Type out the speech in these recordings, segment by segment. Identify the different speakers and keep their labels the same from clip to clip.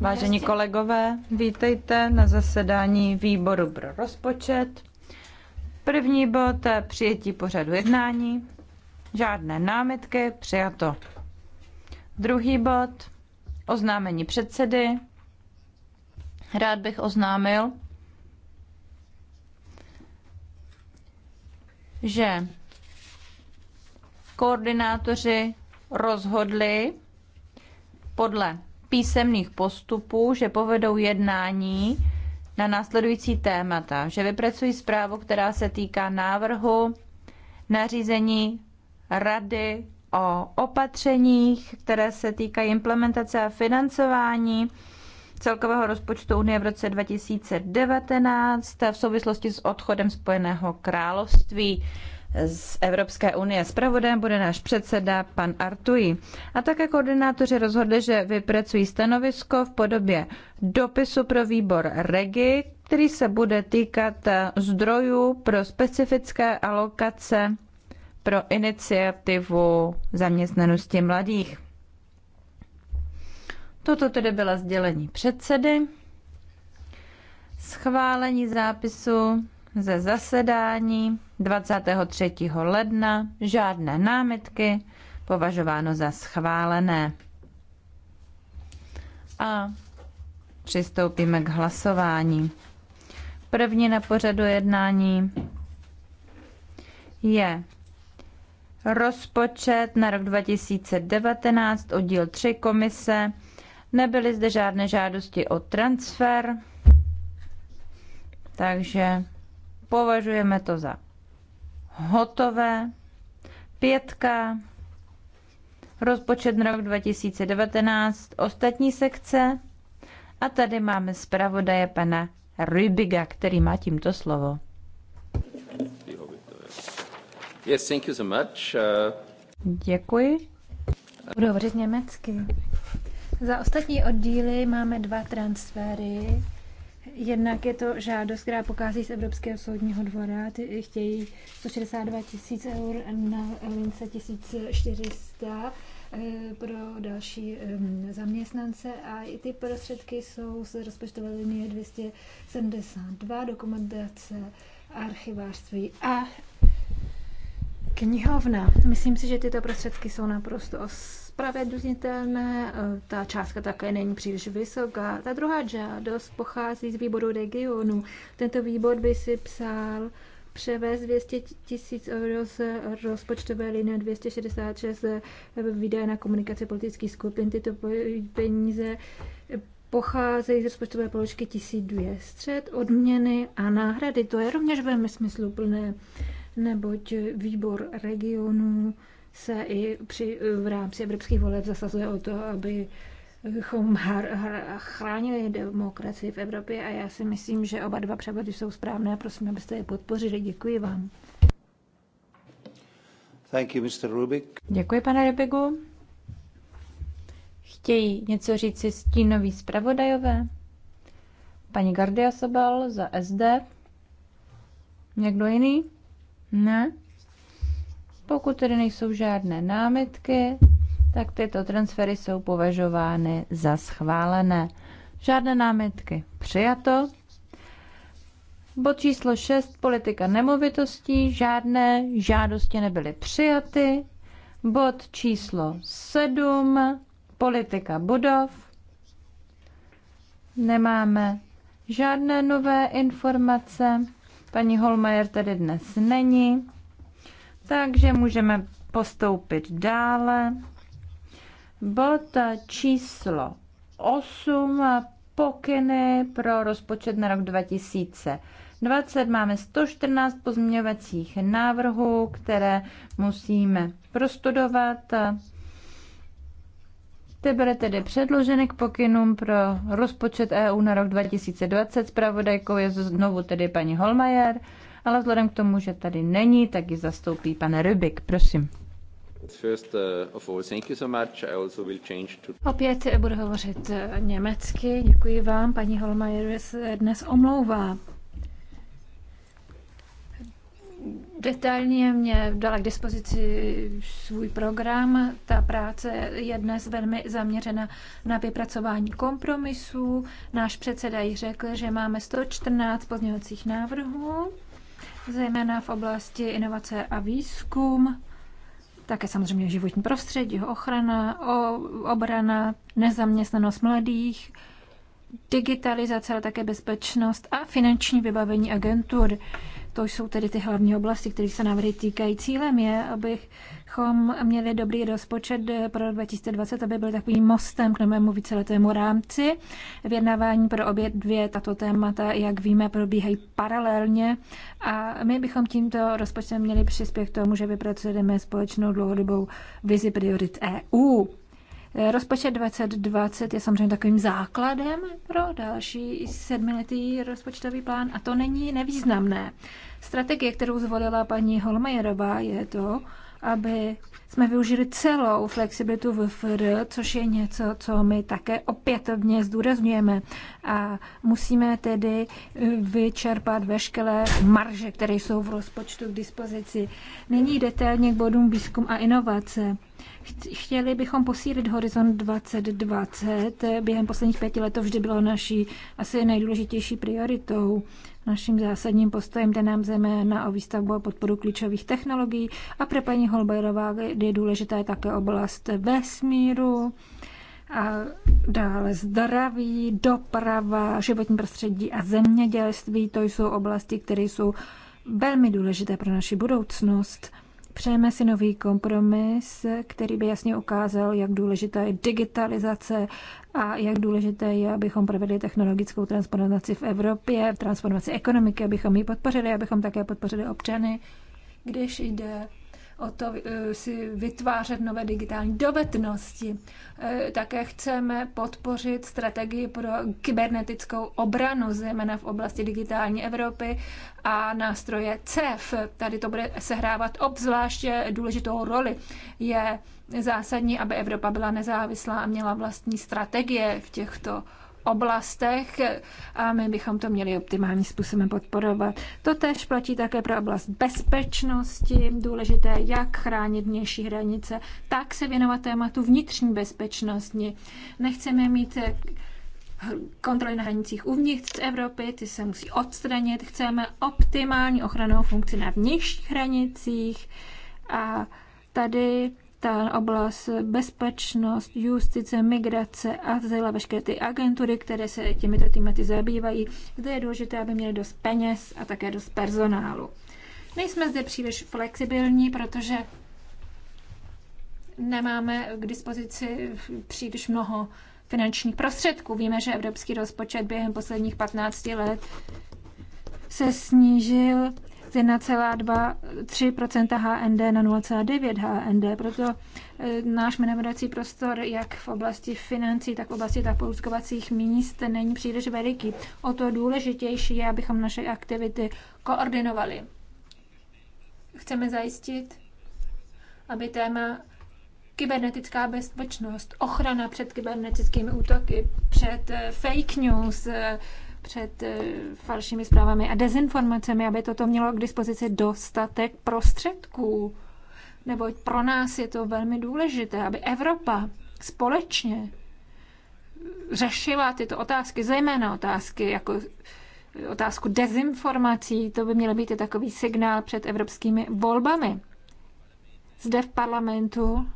Speaker 1: Vážení
Speaker 2: kolegové, vítejte na zasedání výboru pro rozpočet. První bod eh, přijetí pořadu jednání. Žádné námitky, přijato. Druhý bod, oznámení předsedy. Rád bych oznámil, že koordinátoři rozhodli, podle písemných postupů, že povedou jednání na následující témata, že vypracují zprávu, která se týká návrhu nařízení Rady o opatřeních, které se týkají implementace a financování celkového rozpočtu Unie v roce 2019 v souvislosti s odchodem Spojeného království z Evropské unie. Spravodajem bude náš předseda, pan Artui. A také koordinátoři rozhodli, že vypracují stanovisko v podobě dopisu pro výbor REGI, který se bude týkat eh, zdrojů pro specifické alokace pro iniciativu zaměstnanosti mladých. Toto tedy byla sdělení předsedy. Schválení zápisu ze zasedání 23. ledna, žádné námitky, považováno za schválené. A přistoupíme k hlasování. První na pořadu jednání je rozpočet na rok 2019, oddíl 3 komise. Nebyly zde žádné žádosti o transfer, takže považujeme to za hotové. Pětka, rozpočet na rok 2019, ostatní sekce. A tady máme zpravodaje pana Rybiga, který má tímto slovo.
Speaker 3: Yes,
Speaker 1: thank you so much. Uh...
Speaker 2: Děkuji. Budu hovořit německy.
Speaker 4: Za ostatní oddíly máme dva transfery Jednak je to žádost, která pochází z Evropského soudního dvora. Ty chtějí 162 tisíc eur na lince 1400 eh, pro další eh, zaměstnance a i ty prostředky jsou z rozpočtové linie 272, dokumentace, archivářství a knihovna. Myslím si, že tyto prostředky jsou naprosto ospravedlnitelné, eh, ta částka také není příliš vysoká. Ta druhá žádost pochází z výboru regionu. Tento výbor by si psal převést 200 tisíc euro z rozpočtové linie 266 eh, výdaje na komunikaci politických skupin. Tyto peníze pocházejí z rozpočtové položky 1200 střed, odměny a náhrady. To je rovněž velmi smysluplné, neboť výbor regionu se i při, v rámci evropských voleb zasazuje o to, aby bychom chránili demokracii v Evropě a já si myslím, že oba dva převody jsou správné a prosím, abyste je podpořili. Děkuji vám.
Speaker 1: Thank you, Mr. Rubik.
Speaker 2: Děkuji, pane Rubigu. Chtějí něco říct si stínoví zpravodajové? Paní Gardia Sobal za SD. Někdo jiný? Ne? Pokud tedy nejsou žádné námitky, tak tyto transfery jsou považovány za schválené. Žádné námitky přijato. Bod číslo 6, politika nemovitostí, žádné žádosti nebyly přijaty. Bod číslo 7, politika budov. Nemáme žádné nové informace. Paní Holmajer tady dnes není. Takže můžeme postoupit dále. Bod číslo 8. Pokyny pro rozpočet na rok 2020. Máme 114 pozměňovacích návrhů, které musíme prostudovat. Ty byly tedy předloženy k pokynům pro rozpočet EU na rok 2020. Spravodajkou je znovu tedy paní Holmajer ale vzhledem k tomu, že tady není, tak ji zastoupí pan Rybik. Prosím.
Speaker 1: Uh,
Speaker 4: Opět budu hovořit německy. Děkuji vám. Paní Holmajer se dnes omlouvá. Detailně mě dala k dispozici svůj program. Ta práce je dnes velmi zaměřena na vypracování kompromisů. Náš předseda ji řekl, že máme 114 pozměňovacích návrhů zejména v oblasti inovace a výzkum, také samozřejmě životní prostředí, ochrana, obrana, nezaměstnanost mladých, digitalizace, ale také bezpečnost a finanční vybavení agentur. To jsou tedy ty hlavní oblasti, které se návrhy týkají. Cílem je, abychom měli dobrý rozpočet eh, pro 2020, aby byl takovým mostem k novému víceletému rámci. Vědnávání pro obě dvě tato témata, jak víme, probíhají paralelně a my bychom tímto rozpočtem měli přispět k tomu, že vypracujeme společnou dlouhodobou vizi priorit EU. Eh, rozpočet 2020 je samozřejmě takovým základem pro další sedmiletý rozpočtový plán a to není nevýznamné. Strategie, kterou zvolila paní Holmajerová, je to, aby jsme využili celou flexibilitu VFR, což je něco, co my také opětovně zdůrazňujeme. A musíme tedy eh, vyčerpat veškeré marže, které jsou v rozpočtu k dispozici. Není detailně k bodům výzkum a inovace. Chtěli bychom posílit horizont 2020. Během posledních pěti let to vždy bylo naší asi nejdůležitější prioritou. Naším zásadním postojem jde nám zejména o výstavbu a podporu klíčových technologií a pro paní Holbejrová je důležitá je také oblast vesmíru a dále zdraví, doprava, životní prostředí a zemědělství. To jsou oblasti, které jsou velmi důležité pro naši budoucnost. Přejeme si nový kompromis, který by jasně ukázal, jak důležitá je digitalizace a jak důležité je, abychom provedli technologickou transformaci v Evropě, transformaci ekonomiky, abychom ji podpořili, abychom také podpořili občany, když jde o to eh, si vytvářet nové digitální dovednosti. Eh, také chceme podpořit strategii pro kybernetickou obranu, zejména v oblasti digitální Evropy a nástroje CEF. Tady to bude sehrávat obzvláště důležitou roli. Je zásadní, aby Evropa byla nezávislá a měla vlastní strategie v těchto oblastech a my bychom to měli optimálním způsobem podporovat. To tež platí také pro oblast bezpečnosti. Důležité, jak chránit vnější hranice, tak se věnovat tématu vnitřní bezpečnosti. Nechceme mít eh, kontroly na hranicích uvnitř Evropy, ty se musí odstranit. Chceme optimální ochranou funkci na vnějších hranicích a tady ta oblast bezpečnost, justice, migrace, a a veškeré ty agentury, které se těmito tématy zabývají. Zde je důležité, aby měli dost peněz a také dost personálu. Nejsme zde příliš flexibilní, protože nemáme k dispozici příliš mnoho finančních prostředků. Víme, že evropský rozpočet během posledních 15 let se snížil z 1,3 HND na 0,9 HND. Proto e, náš manevrací prostor jak v oblasti financí, tak v oblasti zapoučkovacích míst není příliš veliký. O to důležitější je, abychom naše aktivity koordinovali. Chceme zajistit, aby téma kybernetická bezpečnost, ochrana před kybernetickými útoky, před e, fake news, e, před eh, falšími zprávami a dezinformacemi, aby toto mělo k dispozici dostatek prostředků. Neboť pro nás je to velmi důležité, aby Evropa společně řešila tyto otázky, zejména otázky jako eh, otázku dezinformací, to by měl být i takový signál před evropskými volbami. Zde v parlamentu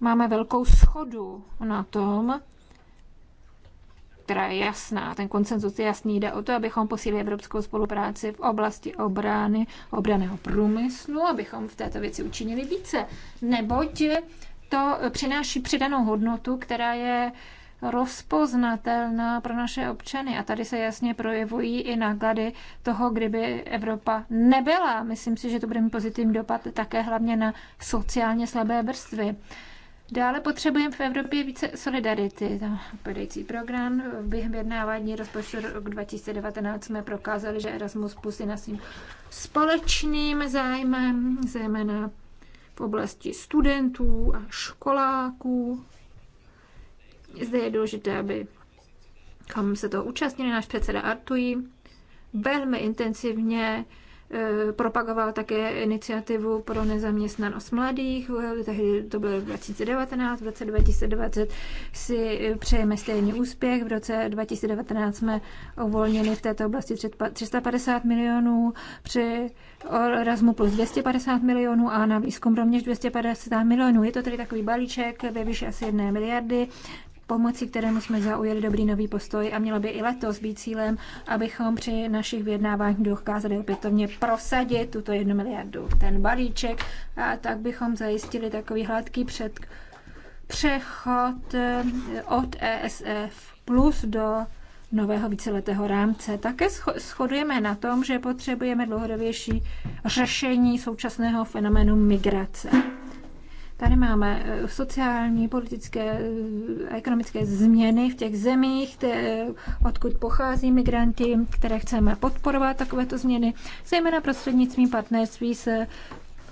Speaker 4: máme velkou schodu na tom, která je jasná, ten koncenzus je jasný, jde o to, abychom posílili evropskou spolupráci v oblasti obrany, obraného průmyslu, abychom v této věci učinili více, neboť to přináší přidanou hodnotu, která je rozpoznatelná pro naše občany. A tady se jasně projevují i náklady toho, kdyby Evropa nebyla. Myslím si, že to bude mít pozitivní dopad také hlavně na sociálně slabé vrstvy. Dále potřebujeme v Evropě více solidarity. Podající program během vyjednávání rozpočtu roku 2019 jsme prokázali, že Erasmus Plus je naším společným zájmem, zejména v oblasti studentů a školáků. Zde je důležité, aby kam se toho účastnili náš předseda Artují, velmi intenzivně Eh, propagoval také iniciativu pro nezaměstnanost mladých, tehdy to bylo v 2019, v roce 2020 si přejeme stejný úspěch, v roce 2019 jsme uvolnili v této oblasti 350 milionů, při Erasmu plus 250 milionů a na výzkum rovněž 250 milionů. Je to tedy takový balíček ve výši asi 1 miliardy pomoci kterému jsme zaujali dobrý nový postoj a mělo by i letos být cílem, abychom při našich vyjednávání dokázali opětovně prosadit tuto jednu miliardu, ten balíček, a tak bychom zajistili takový hladký před, přechod eh, od ESF plus do nového víceletého rámce. Také shodujeme na tom, že potřebujeme dlouhodobější řešení současného fenoménu migrace. Tady máme eh, sociální, politické, eh, ekonomické změny v těch zemích, které, eh, odkud pochází migranti, které chceme podporovat, takovéto změny, zejména prostřednictvím partnerství s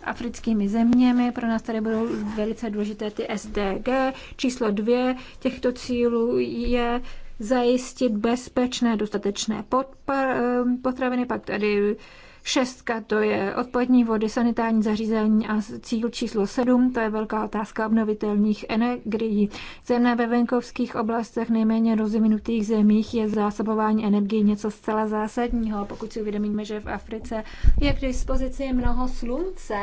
Speaker 4: africkými zeměmi. Pro nás tady budou velice důležité ty SDG. Číslo dvě těchto cílů je zajistit bezpečné, dostatečné potraviny, pak tady Šestka to je odpadní vody, sanitární zařízení a cíl číslo sedm, to je velká otázka obnovitelných energií. Země ve venkovských oblastech nejméně rozvinutých zemích je zásobování energií něco zcela zásadního. Pokud si uvědomíme, že v Africe je k dispozici mnoho slunce,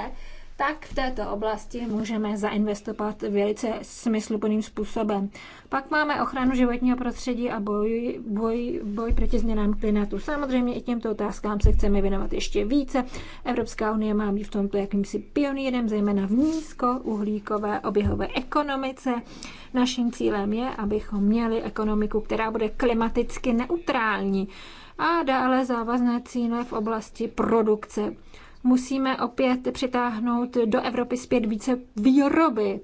Speaker 4: tak v této oblasti můžeme zainvestovat velice smysluplným způsobem. Pak máme ochranu životního prostředí a boj, boj, boj proti změnám klimatu. Samozřejmě i těmto otázkám se chceme věnovat ještě více. Evropská unie má být v tomto jakýmsi pionýrem, zejména v nízkouhlíkové oběhové ekonomice. Naším cílem je, abychom měli ekonomiku, která bude klimaticky neutrální a dále závazné cíle v oblasti produkce musíme opět přitáhnout do Evropy zpět více výroby.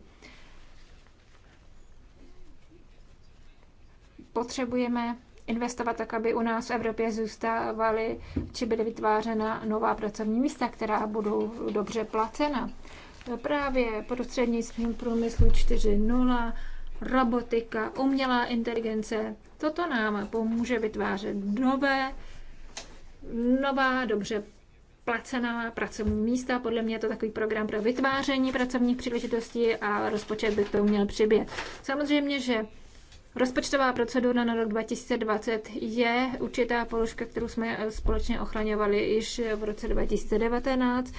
Speaker 4: Potřebujeme investovat tak, aby u nás v Evropě zůstávaly či byly vytvářena nová pracovní místa, která budou dobře placena. Právě prostřednictvím průmyslu 4.0, robotika, umělá inteligence, toto nám pomůže vytvářet nové, nová, dobře placená pracovní místa. Podle mě je to takový program pro vytváření pracovních příležitostí a rozpočet by to měl přibět. Samozřejmě, že Rozpočtová procedura na rok 2020 je určitá položka, kterou jsme eh, společně ochraňovali již v roce 2019.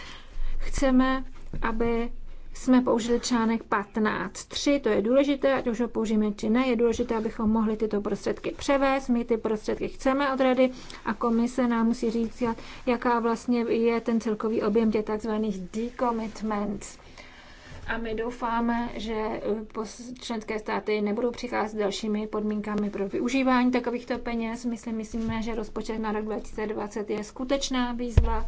Speaker 4: Chceme, aby jsme použili článek 15.3, to je důležité, ať už ho použijeme či ne, je důležité, abychom mohli tyto prostředky převést, my ty prostředky chceme od rady a komise nám musí říct, jaká vlastně je ten celkový objem těch takzvaných decommitments. A my doufáme, že eh, členské státy nebudou přicházet dalšími podmínkami pro využívání takovýchto peněz. My si myslíme, že rozpočet na rok 2020 je skutečná výzva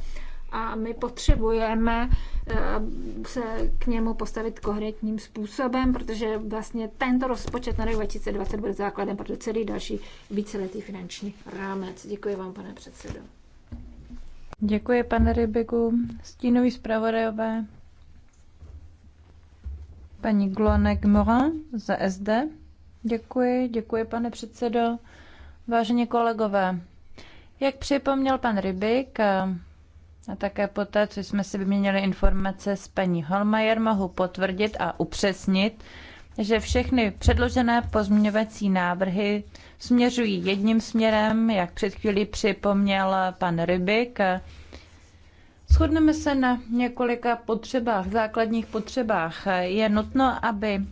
Speaker 4: a my potřebujeme eh, se k němu postavit koherentním způsobem, protože vlastně tento rozpočet na rok 2020 bude základem pro celý další víceletý finanční rámec. Děkuji vám, pane předsedo.
Speaker 2: Děkuji, pane Rybiku. Stínový zpravodajové. Paní Glonek Morin za SD. Děkuji, děkuji, pane předsedo. Vážení kolegové, jak připomněl pan Rybik, a také poté, co jsme si vyměnili informace s paní Holmajer, mohu potvrdit a upřesnit, že všechny předložené pozměňovací návrhy směřují jedním směrem, jak před chvílí připomněl pan Rybik. Shodneme se na několika potřebách, základních potřebách. Je nutno, aby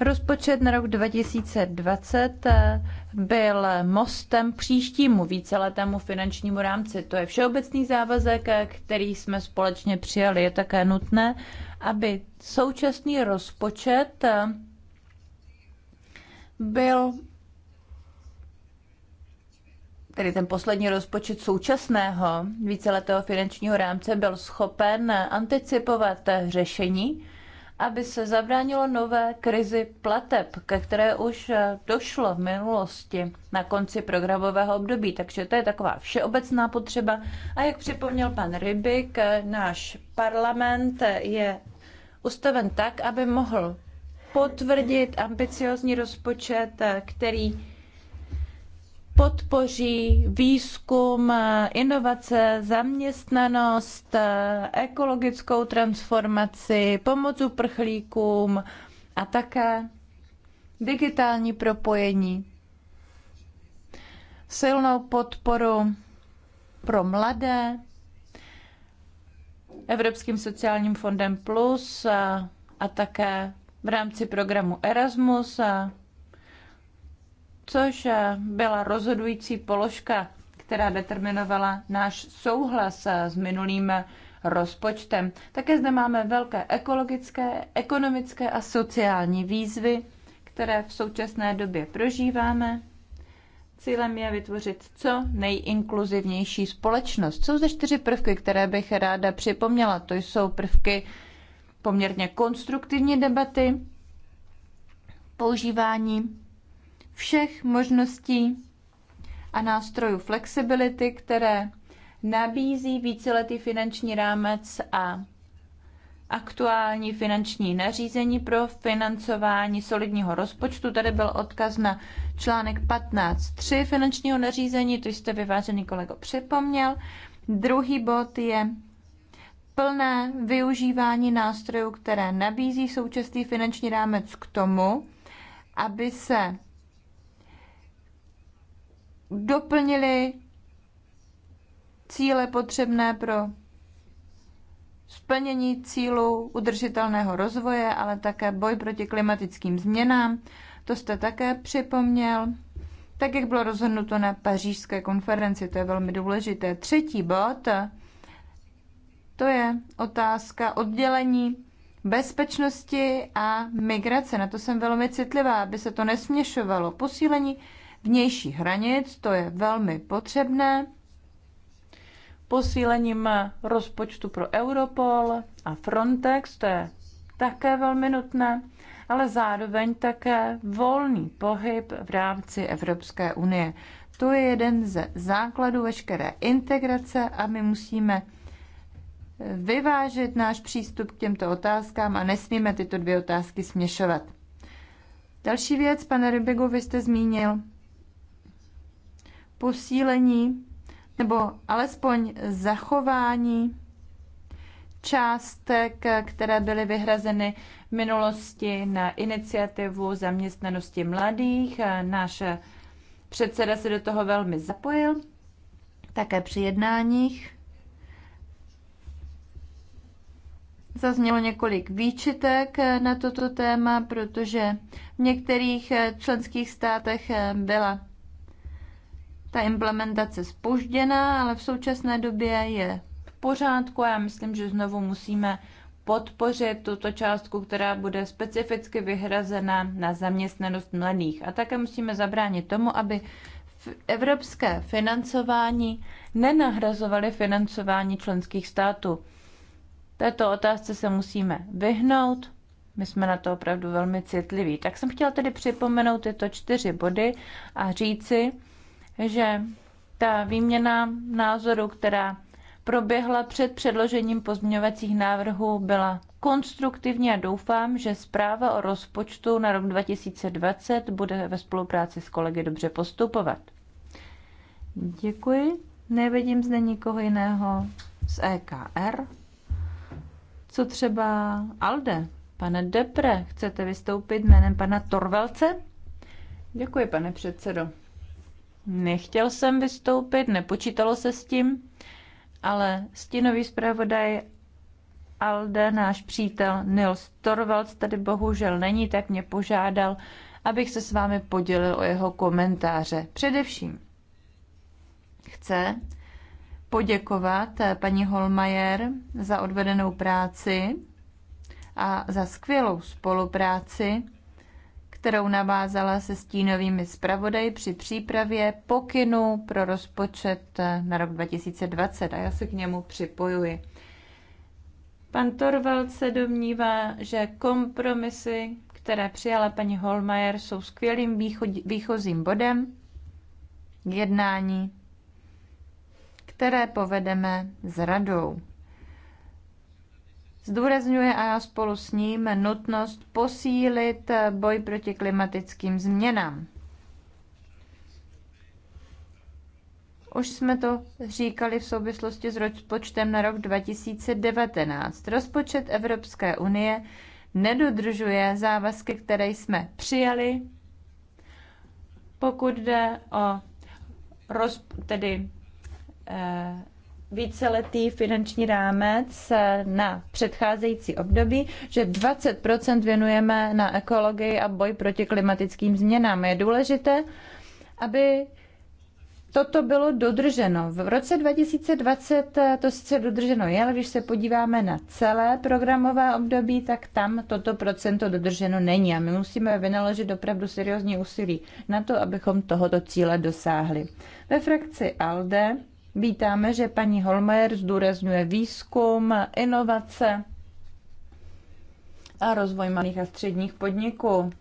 Speaker 2: Rozpočet na rok 2020 eh, byl mostem příštímu víceletému finančnímu rámci. To je všeobecný závazek, eh, který jsme společně přijali. Je také nutné, aby současný rozpočet eh, byl tedy ten poslední rozpočet současného víceletého finančního rámce byl schopen anticipovat řešení, aby se zabránilo nové krizi plateb, ke které už eh, došlo v minulosti na konci programového období. Takže to je taková všeobecná potřeba. A jak připomněl pan Rybik, eh, náš parlament eh, je ustaven tak, aby mohl potvrdit ambiciozní rozpočet, který podpoří výzkum, inovace, zaměstnanost, ekologickou transformaci, pomoc uprchlíkům a také digitální propojení, silnou podporu pro mladé, Evropským sociálním fondem Plus a, a také v rámci programu Erasmus a což eh, byla rozhodující položka, která determinovala náš souhlas eh, s minulým eh, rozpočtem. Také zde máme velké ekologické, ekonomické a sociální výzvy, které v současné době prožíváme. Cílem je vytvořit co nejinkluzivnější společnost. Jsou zde čtyři prvky, které bych ráda připomněla. To jsou prvky poměrně konstruktivní debaty, používání všech možností a nástrojů flexibility, které nabízí víceletý finanční rámec a aktuální finanční nařízení pro financování solidního rozpočtu. Tady byl odkaz na článek 15.3 finančního nařízení, to jste vyvážený kolego připomněl. Druhý bod je plné využívání nástrojů, které nabízí současný finanční rámec k tomu, aby se doplnili cíle potřebné pro splnění cílu udržitelného rozvoje, ale také boj proti klimatickým změnám. To jste také připomněl. Tak, jak bylo rozhodnuto na pařížské konferenci, to je velmi důležité. Třetí bod, to je otázka oddělení bezpečnosti a migrace. Na to jsem velmi citlivá, aby se to nesměšovalo. Posílení vnější hranic, to je velmi potřebné, posílením rozpočtu pro Europol a Frontex, to je také velmi nutné, ale zároveň také volný pohyb v rámci Evropské unie. To je jeden ze základů veškeré integrace a my musíme vyvážet náš přístup k těmto otázkám a nesmíme tyto dvě otázky směšovat. Další věc, pane Rybigu, vy jste zmínil posílení nebo alespoň zachování částek, které byly vyhrazeny v minulosti na iniciativu zaměstnanosti mladých. Náš předseda se do toho velmi zapojil, také při jednáních. Zaznělo několik výčitek na toto téma, protože v některých členských státech byla ta implementace spožděná, ale v současné době je v pořádku a já myslím, že znovu musíme podpořit tuto částku, která bude specificky vyhrazena na zaměstnanost mladých. A také musíme zabránit tomu, aby evropské financování nenahrazovaly financování členských států. Této otázce se musíme vyhnout. My jsme na to opravdu velmi citliví. Tak jsem chtěla tedy připomenout tyto čtyři body a říci, že ta výměna názorů, která proběhla před předložením pozměňovacích návrhů, byla konstruktivní a doufám, že zpráva o rozpočtu na rok 2020 bude ve spolupráci s kolegy dobře postupovat. Děkuji. Nevidím zde nikoho jiného z EKR. Co třeba Alde? Pane Depre, chcete vystoupit jménem pana Torvelce? Děkuji, pane předsedo. Nechtěl jsem vystoupit, nepočítalo se s tím, ale stínový zpravodaj Alde, náš přítel Nils Torvalds, tady bohužel není, tak mě požádal, abych se s vámi podělil o jeho komentáře. Především chce poděkovat eh, paní Holmajer za odvedenou práci a za skvělou spolupráci kterou navázala se stínovými zpravodaji při přípravě pokynu pro rozpočet na rok 2020 a já se k němu připojuji. Pan Torvald se domnívá, že kompromisy, které přijala paní Holmajer, jsou skvělým výchozím bodem jednání, které povedeme s radou. Zdůrazňuje a já spolu s ním nutnost posílit boj proti klimatickým změnám. Už jsme to říkali v souvislosti s rozpočtem na rok 2019. Rozpočet Evropské unie nedodržuje závazky, které jsme přijali, pokud jde o roz, tedy eh, víceletý finanční rámec na předcházející období, že 20 věnujeme na ekologii a boj proti klimatickým změnám. Je důležité, aby toto bylo dodrženo. V roce 2020 to sice dodrženo je, ale když se podíváme na celé programové období, tak tam toto procento dodrženo není a my musíme vynaložit opravdu seriózní úsilí na to, abychom tohoto cíle dosáhli. Ve frakci ALDE Vítáme, že paní Holmer zdůrazňuje výzkum, inovace a rozvoj malých a středních podniků.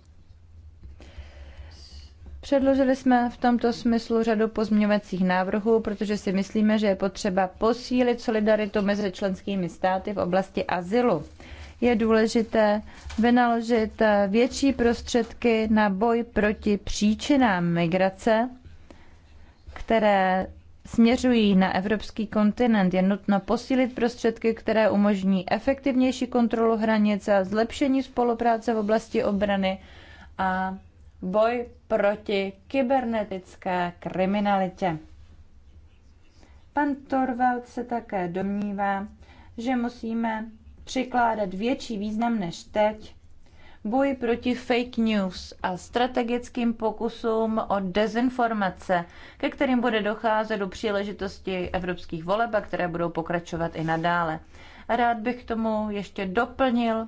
Speaker 2: Předložili jsme v tomto smyslu řadu pozměňovacích návrhů, protože si myslíme, že je potřeba posílit solidaritu mezi členskými státy v oblasti azylu. Je důležité vynaložit větší prostředky na boj proti příčinám migrace, které směřují na evropský kontinent, je nutno posílit prostředky, které umožní efektivnější kontrolu hranic a zlepšení spolupráce v oblasti obrany a boj proti kybernetické kriminalitě. Pan Torvald se také domnívá, že musíme přikládat větší význam než teď boj proti fake news a strategickým pokusům o dezinformace, ke kterým bude docházet do příležitosti evropských voleb a které budou pokračovat i nadále. Rád bych k tomu ještě doplnil,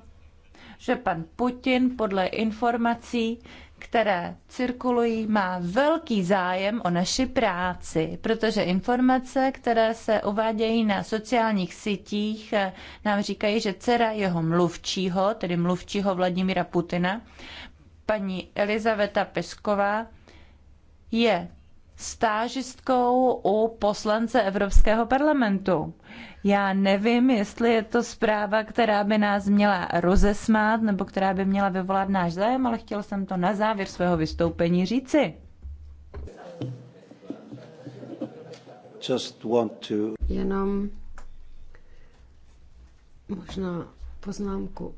Speaker 2: že pan Putin podle informací které cirkulují, má velký zájem o naši práci, protože informace, které se uvádějí na sociálních sítích, eh, nám říkají, že dcera jeho mluvčího, tedy mluvčího Vladimíra Putina, paní Elizaveta Pesková, je stážistkou u poslance Evropského parlamentu. Já nevím, jestli je to zpráva, která by nás měla rozesmát nebo která by měla vyvolat náš zájem, ale chtěl jsem to na závěr svého vystoupení říci.
Speaker 1: Just want to...
Speaker 5: Jenom možná poznámku.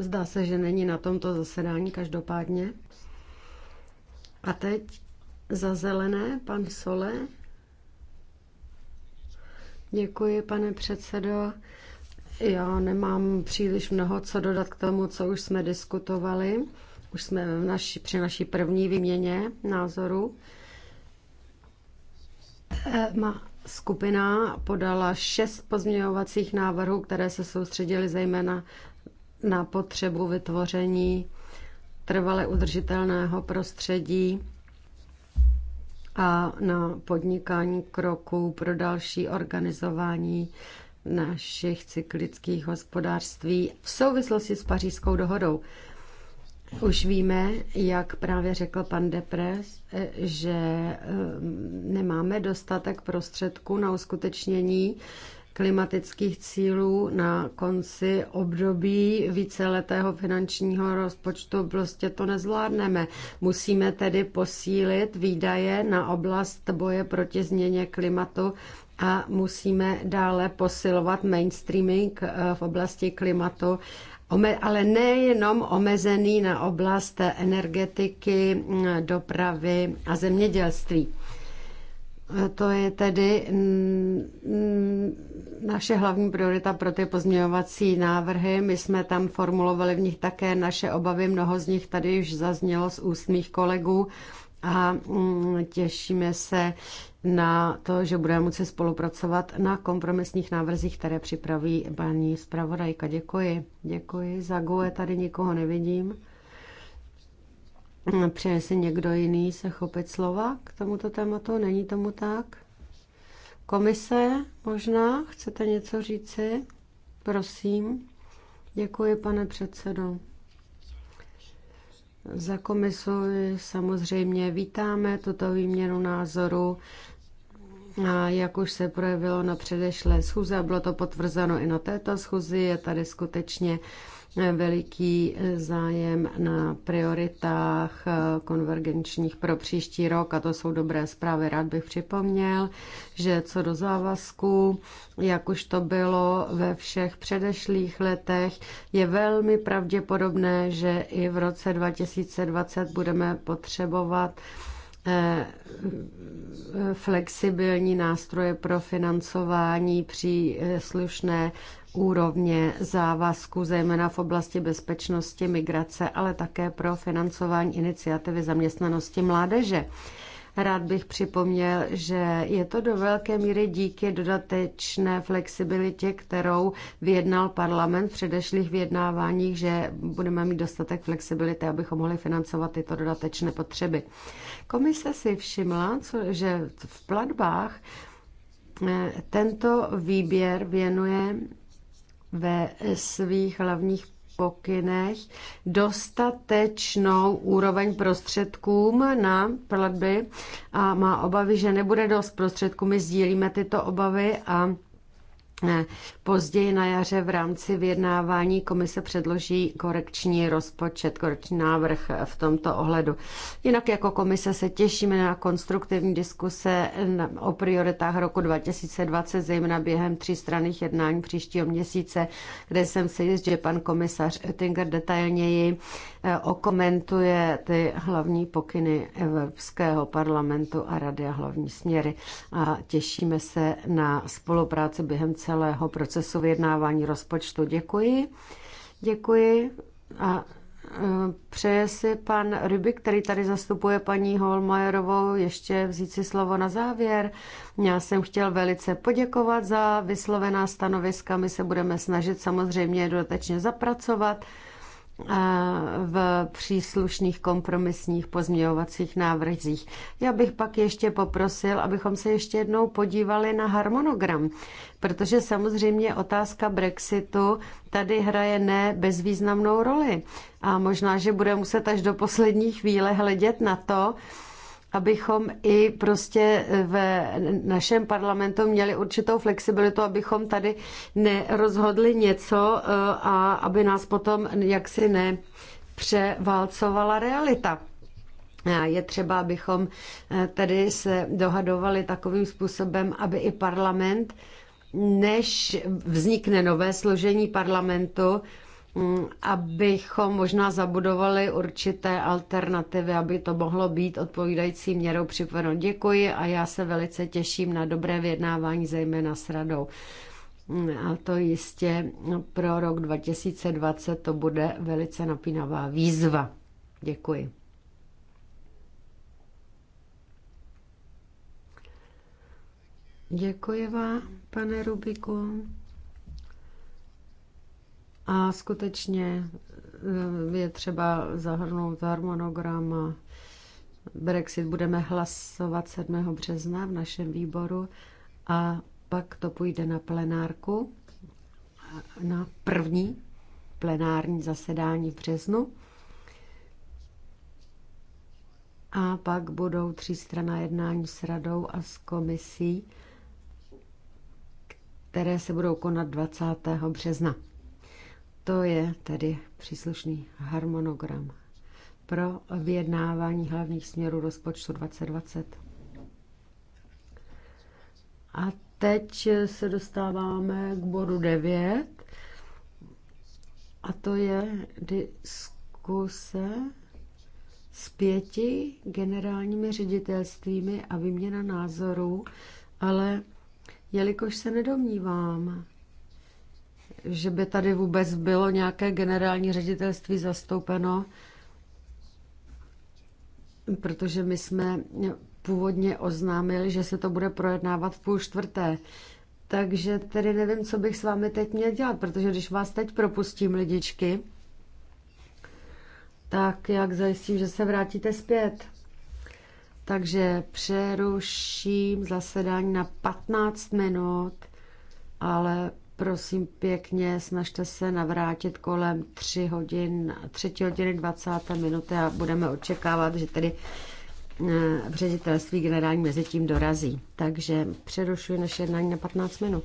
Speaker 5: Zdá se, že není na tomto zasedání každopádně. A teď za zelené pan Sole. Děkuji, pane předsedo. Já nemám příliš mnoho co dodat k tomu, co už jsme diskutovali. Už jsme v naši, při naší první výměně názoru. E, má skupina podala šest pozměňovacích návrhů, které se soustředily zejména na potřebu vytvoření trvale udržitelného prostředí a na podnikání kroků pro další organizování našich cyklických hospodářství v souvislosti s pařížskou dohodou. Už víme, jak právě řekl pan Depres, že eh, nemáme dostatek prostředků na uskutečnění klimatických cílů na konci období víceletého finančního rozpočtu prostě to nezvládneme. Musíme tedy posílit výdaje na oblast boje proti změně klimatu a musíme dále posilovat mainstreaming eh, v oblasti klimatu ale nejenom omezený na oblast energetiky, mm, dopravy a zemědělství. To je tedy naše hlavní priorita pro ty pozměňovací návrhy. My jsme tam formulovali v nich také naše obavy, mnoho z nich tady už zaznělo z úst mých kolegů a mm, těšíme se na to, že budeme moci spolupracovat na kompromisních návrzích, které připraví paní zpravodajka. Děkuji. Děkuji. Za e tady nikoho nevidím. Přeje si někdo jiný se chopit slova k tomuto tématu? Není tomu tak? Komise možná? Chcete něco říci? Prosím. Děkuji, pane předsedo. Za komisu samozřejmě vítáme tuto výměnu názoru. A jak už se projevilo na předešlé schůze a bylo to potvrzeno i na této schůzi, je tady skutečně uh, veliký eh, zájem na prioritách eh, konvergenčních pro příští rok a to jsou dobré zprávy. Rád bych připomněl, že co do závazků, jak už to bylo ve všech předešlých letech, je velmi pravděpodobné, že i v roce 2020 budeme potřebovat eh, flexibilní nástroje pro financování při slušné úrovně závazku, zejména v oblasti bezpečnosti, migrace, ale také pro financování iniciativy zaměstnanosti mládeže. Rád bych připomněl, že je to do velké míry díky dodatečné flexibilitě, kterou vyjednal parlament v předešlých vyjednáváních, že budeme mít dostatek flexibility, abychom mohli financovat tyto dodatečné potřeby. Komise si všimla, že v platbách eh, tento výběr věnuje ve svých hlavních pokynech dostatečnou úroveň prostředkům na platby a má obavy, že nebude dost prostředků. My sdílíme tyto obavy a Později na jaře v rámci vyjednávání komise předloží korekční rozpočet, korekční návrh v tomto ohledu. Jinak jako komise se těšíme na konstruktivní diskuse o prioritách roku 2020, zejména během třístranných jednání příštího měsíce, kde jsem si jist, že pan komisař Oettinger detailněji Eh, okomentuje ty hlavní pokyny Evropského parlamentu a Rady a hlavní směry. A těšíme se na spolupráci během celého procesu vyjednávání rozpočtu. Děkuji. Děkuji. A eh, přeje si pan Rybik, který tady zastupuje paní Holmajerovou, ještě vzít si slovo na závěr. Já jsem chtěl velice poděkovat za vyslovená stanoviska. My se budeme snažit samozřejmě dodatečně zapracovat v příslušných kompromisních pozměňovacích návrzích. Já bych pak ještě poprosil, abychom se ještě jednou podívali na harmonogram, protože samozřejmě otázka Brexitu tady hraje ne bezvýznamnou roli. A možná, že bude muset až do poslední chvíle hledět na to, abychom i prostě v našem parlamentu měli určitou flexibilitu, abychom tady nerozhodli něco eh, a aby nás potom jaksi ne převálcovala realita. Je třeba, abychom eh, tedy se dohadovali takovým způsobem, aby i parlament, než vznikne nové složení parlamentu, Mm, abychom možná zabudovali určité alternativy, aby to mohlo být odpovídající měrou připraveno. Děkuji a já se velice těším na dobré vyjednávání, zejména s radou. Mm, a to jistě no, pro rok 2020 to bude velice napínavá výzva. Děkuji. Děkuji vám, pane Rubiku. A skutečně eh, je třeba zahrnout harmonogram a Brexit budeme hlasovat 7. března v našem výboru a pak to půjde na plenárku, na první plenární zasedání v březnu. A pak budou strana jednání s radou a s komisí, které se budou konat 20. března. To je tedy příslušný harmonogram pro vyjednávání hlavních směrů rozpočtu 2020. A teď se dostáváme k bodu 9. A to je diskuse s pěti generálními ředitelstvími a výměna názorů, ale jelikož se nedomnívám, že by tady vůbec bylo nějaké generální ředitelství zastoupeno, protože my jsme původně oznámili, že se to bude projednávat v půl čtvrté. Takže tedy nevím, co bych s vámi teď měl dělat, protože když vás teď propustím, lidičky, tak jak zajistím, že se vrátíte zpět? Takže přeruším zasedání na 15 minut, ale Prosím pěkně, snažte se navrátit kolem 3 hodin, 3 hodiny 20 minuty a budeme očekávat, že tedy eh, v ředitelství generální mezi tím dorazí. Takže přerušuji naše jednání na 15 minut.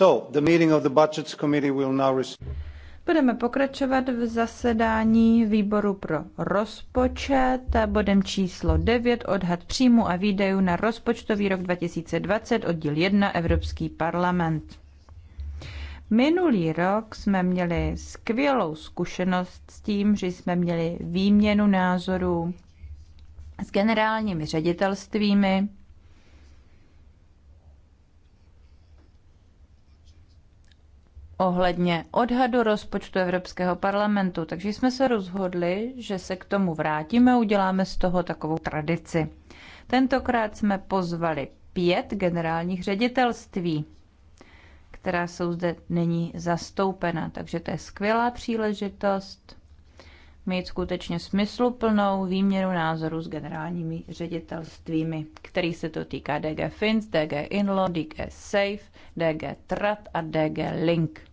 Speaker 1: So, the meeting of the Budgets Committee will now
Speaker 2: Budeme pokračovat v zasedání výboru pro rozpočet bodem číslo 9 odhad příjmu a výdajů na rozpočtový rok 2020 oddíl 1 Evropský parlament. Minulý rok jsme měli skvělou zkušenost s tím, že jsme měli výměnu názorů s generálními ředitelstvími ohledně odhadu rozpočtu Evropského parlamentu, takže jsme se rozhodli, že se k tomu vrátíme, uděláme z toho takovou tradici. Tentokrát jsme pozvali pět generálních ředitelství, která jsou zde není zastoupena, takže to je skvělá příležitost mít skutečně smysluplnou výměnu názorů s generálními ředitelstvími, který se to týká DG Fins, DG Inlo, DG Safe, DG Trat a DG Link.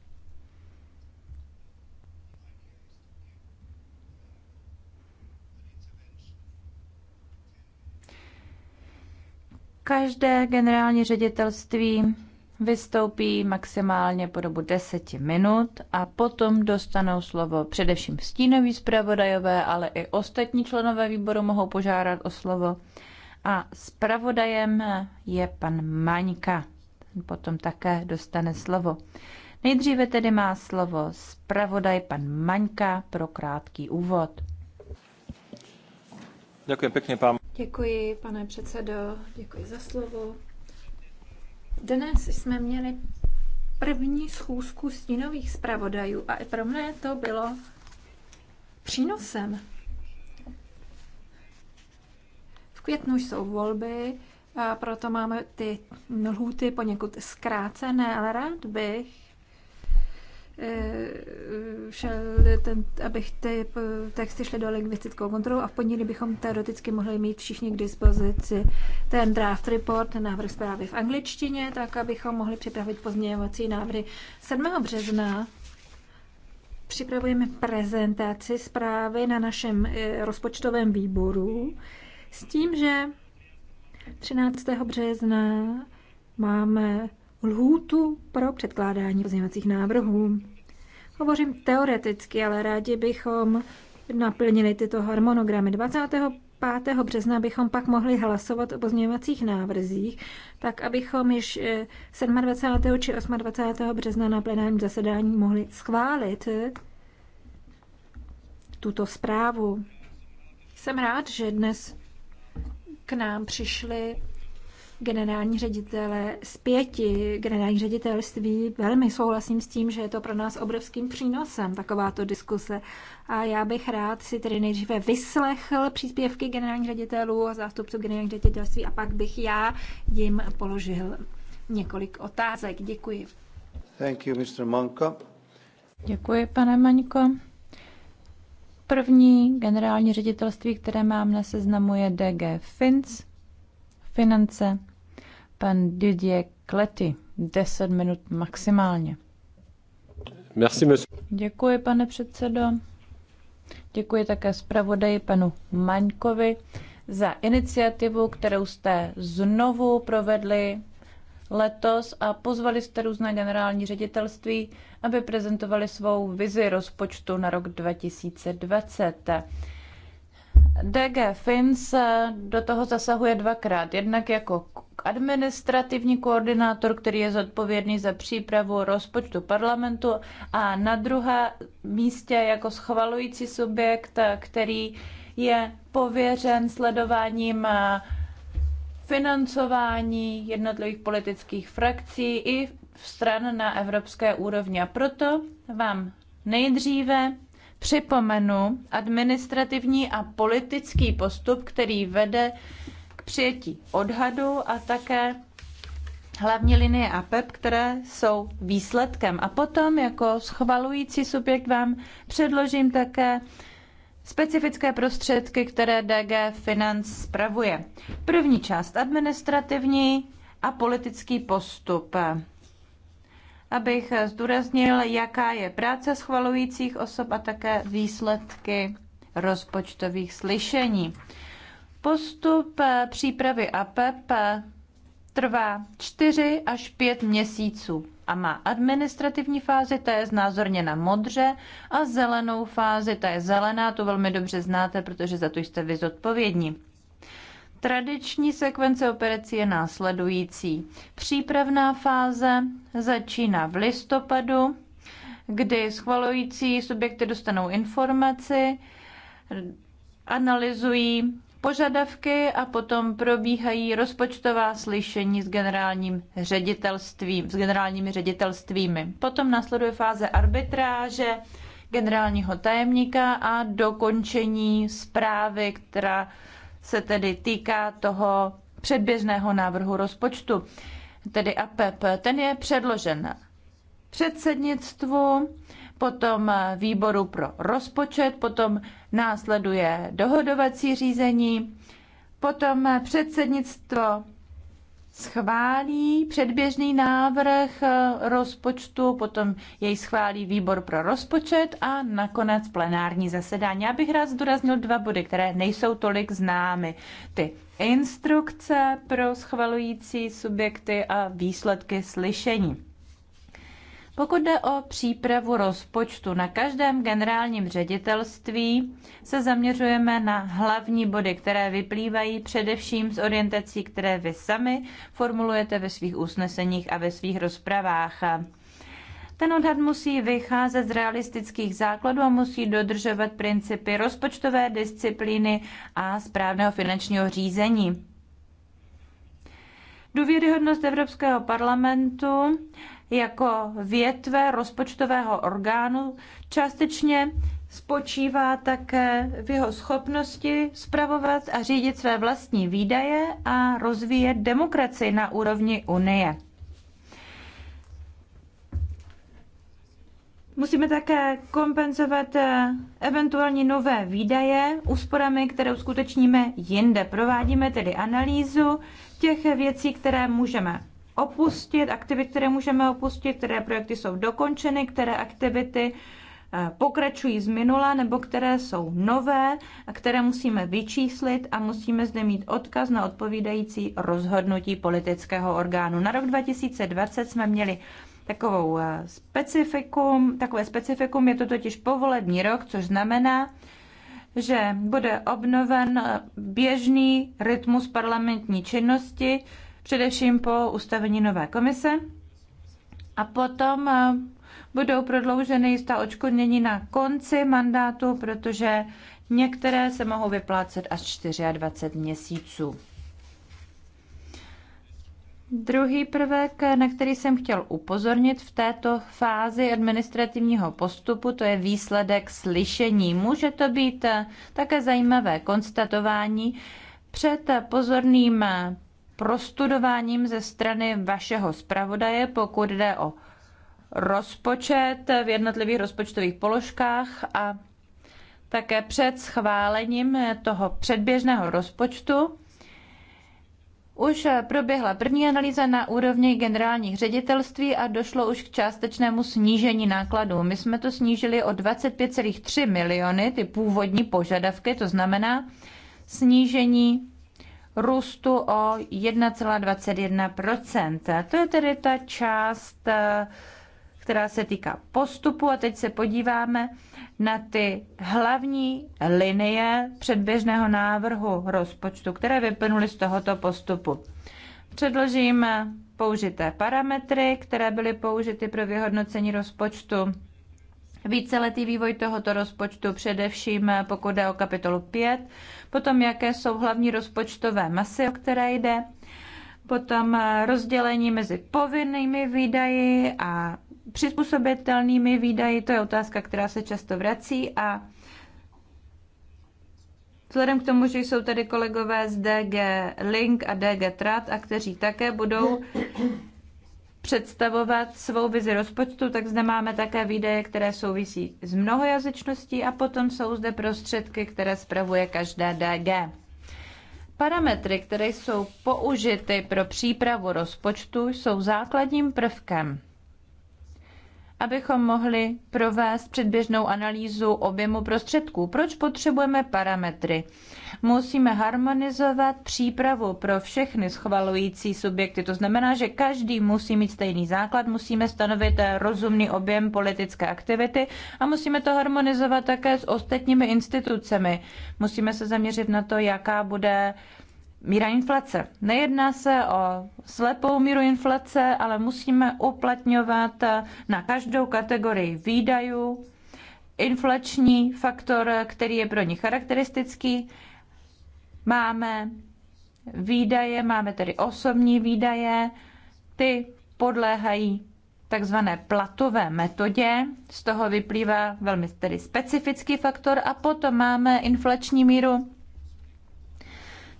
Speaker 2: Každé generální ředitelství vystoupí maximálně po dobu deseti minut a potom dostanou slovo především stínoví zpravodajové, ale i ostatní členové výboru mohou požádat o slovo. A zpravodajem je pan Maňka. Ten potom také dostane slovo. Nejdříve tedy má slovo zpravodaj pan Maňka pro krátký úvod.
Speaker 1: Děkuji pěkně, pán.
Speaker 4: Děkuji, pane předsedo, děkuji za slovo. Dnes jsme měli první schůzku stínových zpravodajů a i pro mě to bylo přínosem. V květnu jsou volby, a proto máme ty lhůty poněkud zkrácené, ale rád bych Eh, šel ten, abych ty texty šly do lingvistickou kontrolu a v pondělí bychom teoreticky mohli mít všichni k dispozici ten draft report, ten návrh zprávy v angličtině, tak abychom mohli připravit pozměňovací návrhy. 7. března připravujeme prezentaci zprávy na našem eh, rozpočtovém výboru s tím, že 13. března máme lhůtu pro předkládání pozměňovacích návrhů. Hovořím teoreticky, ale rádi bychom naplnili tyto harmonogramy. 25. března bychom pak mohli hlasovat o pozměňovacích návrzích, tak abychom již 27. Eh, či 28. března na plenárním zasedání mohli schválit eh, tuto zprávu. Jsem rád, že dnes k nám přišli generální ředitele z pěti generálních ředitelství. Velmi souhlasím s tím, že je to pro nás obrovským přínosem, takováto diskuse. A já bych rád si tedy nejdříve vyslechl příspěvky generálních ředitelů a zástupců generálních ředitelství a pak bych já jim položil několik otázek. Děkuji.
Speaker 1: Thank you, Mr. Manko.
Speaker 2: Děkuji, pane Maňko. První generální ředitelství, které mám na seznamu, je DG Fins, finance Pan Didier Klety, 10 minut maximálně. Merci, monsieur. Děkuji, pane předsedo. Děkuji také zpravodaji panu Maňkovi za iniciativu, kterou jste znovu provedli letos a pozvali jste různé generální ředitelství, aby prezentovali svou vizi rozpočtu na rok 2020. DG Fins eh, do toho zasahuje dvakrát. Jednak jako administrativní koordinátor, který je zodpovědný za přípravu rozpočtu parlamentu a na druhé místě jako schvalující subjekt, eh, který je pověřen sledováním eh, financování jednotlivých politických frakcí i stran na evropské úrovni. A proto vám nejdříve Připomenu administrativní a politický postup, který vede k přijetí odhadu a také hlavní linie a PEP, e které jsou výsledkem. A potom jako schvalující subjekt vám předložím také specifické prostředky, které DG Finance spravuje. První část administrativní a politický postup abych zdůraznil, jaká je práce schvalujících osob a také výsledky rozpočtových slyšení. Postup eh, přípravy APEP e eh, trvá 4 až 5 měsíců a má administrativní fázi, ta je znázorněna modře, a zelenou fázi, ta je zelená, to velmi dobře znáte, protože za to jste vy zodpovědní. Tradiční sekvence operací je následující. Přípravná fáze začíná v listopadu, kdy schvalující subjekty dostanou informaci, analyzují požadavky a potom probíhají rozpočtová slyšení s generálním ředitelstvím, s generálními ředitelstvími. Potom následuje fáze arbitráže generálního tajemníka a dokončení zprávy, která se tedy týká toho předběžného návrhu rozpočtu, tedy APEP. Ten je předložen předsednictvu, potom výboru pro rozpočet, potom následuje dohodovací řízení, potom předsednictvo schválí předběžný návrh eh, rozpočtu, potom jej schválí výbor pro rozpočet a nakonec plenární zasedání. Já bych rád zdůraznil dva body, které nejsou tolik známy. Ty instrukce pro schvalující subjekty a výsledky slyšení. Pokud jde o přípravu rozpočtu, na každém generálním ředitelství se zaměřujeme na hlavní body, které vyplývají především z orientací, které vy sami formulujete ve svých usneseních a ve svých rozpravách. Ten odhad musí vycházet z realistických základů a musí dodržovat principy rozpočtové disciplíny a správného finančního řízení. Důvěryhodnost Evropského parlamentu jako větve rozpočtového orgánu částečně spočívá také v jeho schopnosti spravovat a řídit své vlastní výdaje a rozvíjet demokracii na úrovni Unie. Musíme také kompenzovat eh, eventuální nové výdaje úsporami, které uskutečníme jinde. Provádíme tedy analýzu těch věcí, které můžeme opustit, aktivity, které můžeme opustit, které projekty jsou dokončeny, které aktivity eh, pokračují z minula nebo které jsou nové a které musíme vyčíslit a musíme zde mít odkaz na odpovídající rozhodnutí politického orgánu. Na rok 2020 jsme měli takovou eh, specifikum, takové specifikum, je to totiž povolební rok, což znamená, že bude obnoven eh, běžný rytmus parlamentní činnosti, především po ustavení nové komise. A potom eh, budou prodlouženy jistá očkodnění na konci mandátu, protože některé se mohou vyplácet až 24 měsíců. Druhý prvek, na který jsem chtěl upozornit v této fázi administrativního postupu, to je výsledek slyšení. Může to být eh, také zajímavé konstatování před pozorným eh, prostudováním ze strany vašeho zpravodaje, pokud jde o rozpočet v jednotlivých rozpočtových položkách a také před schválením toho předběžného rozpočtu. Už proběhla první analýza na úrovni generálních ředitelství a došlo už k částečnému snížení nákladů. My jsme to snížili o 25,3 miliony, ty původní požadavky, to znamená snížení růstu o 1,21 To je tedy ta část, eh, která se týká postupu. A teď se podíváme na ty hlavní linie předběžného návrhu rozpočtu, které vyplnuly z tohoto postupu. Předložím použité parametry, které byly použity pro vyhodnocení rozpočtu víceletý vývoj tohoto rozpočtu, především pokud jde o kapitolu 5, potom jaké jsou hlavní rozpočtové masy, o které jde, potom rozdělení mezi povinnými výdaji a přizpůsobitelnými výdaji, to je otázka, která se často vrací a Vzhledem k tomu, že jsou tady kolegové z DG Link a DG Trat, a kteří také budou představovat svou vizi rozpočtu, tak zde máme také výdaje, které souvisí s mnohojazyčností a potom jsou zde prostředky, které spravuje každá DG. Parametry, které jsou použity pro přípravu rozpočtu, jsou základním prvkem abychom mohli provést předběžnou analýzu objemu prostředků. Proč potřebujeme parametry? musíme harmonizovat přípravu pro všechny schvalující subjekty. To znamená, že každý musí mít stejný základ, musíme stanovit rozumný objem politické aktivity a musíme to harmonizovat také s ostatními institucemi. Musíme se zaměřit na to, jaká bude míra inflace. Nejedná se o slepou míru inflace, ale musíme uplatňovat na každou kategorii výdajů inflační faktor, který je pro ně charakteristický máme výdaje, máme tedy osobní výdaje, ty podléhají takzvané platové metodě, z toho vyplývá velmi tedy specifický faktor a potom máme inflační míru,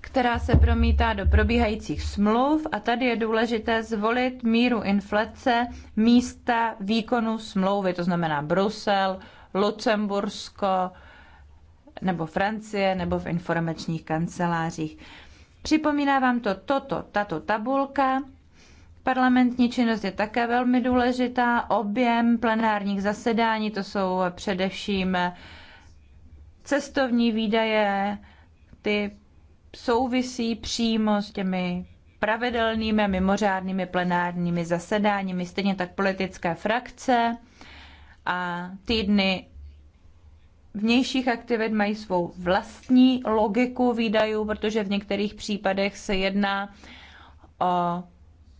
Speaker 2: která se promítá do probíhajících smluv a tady je důležité zvolit míru inflace místa výkonu smlouvy, to znamená Brusel, Lucembursko, nebo Francie nebo v informačních kancelářích. Připomíná vám to toto, tato tabulka. Parlamentní činnost je také velmi důležitá. Objem plenárních zasedání, to jsou především cestovní výdaje, ty souvisí přímo s těmi pravidelnými a mimořádnými plenárními zasedáními, stejně tak politické frakce a týdny vnějších aktivit mají svou vlastní logiku výdajů, protože v některých případech se jedná o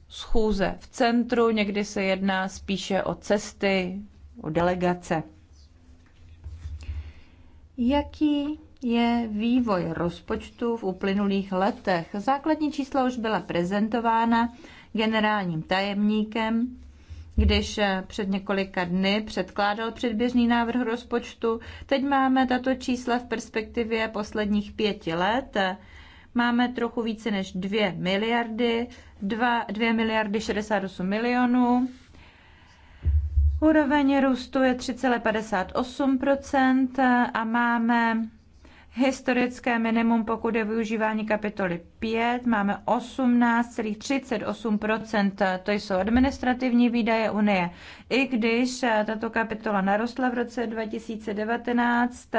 Speaker 2: schůze v centru, někdy se jedná spíše o cesty, o delegace.
Speaker 5: Jaký je
Speaker 2: vývoj rozpočtu v uplynulých letech? Základní čísla už byla prezentována generálním tajemníkem když eh, před několika dny předkládal předběžný návrh rozpočtu. Teď máme tato čísla v perspektivě posledních pěti let. Máme trochu více než 2 miliardy, 2, 2 miliardy 68 milionů. Úroveň růstu je 3,58% a máme historické minimum, pokud je využívání kapitoly 5, máme 18,38%, to jsou administrativní výdaje Unie. I když tato kapitola narostla v roce 2019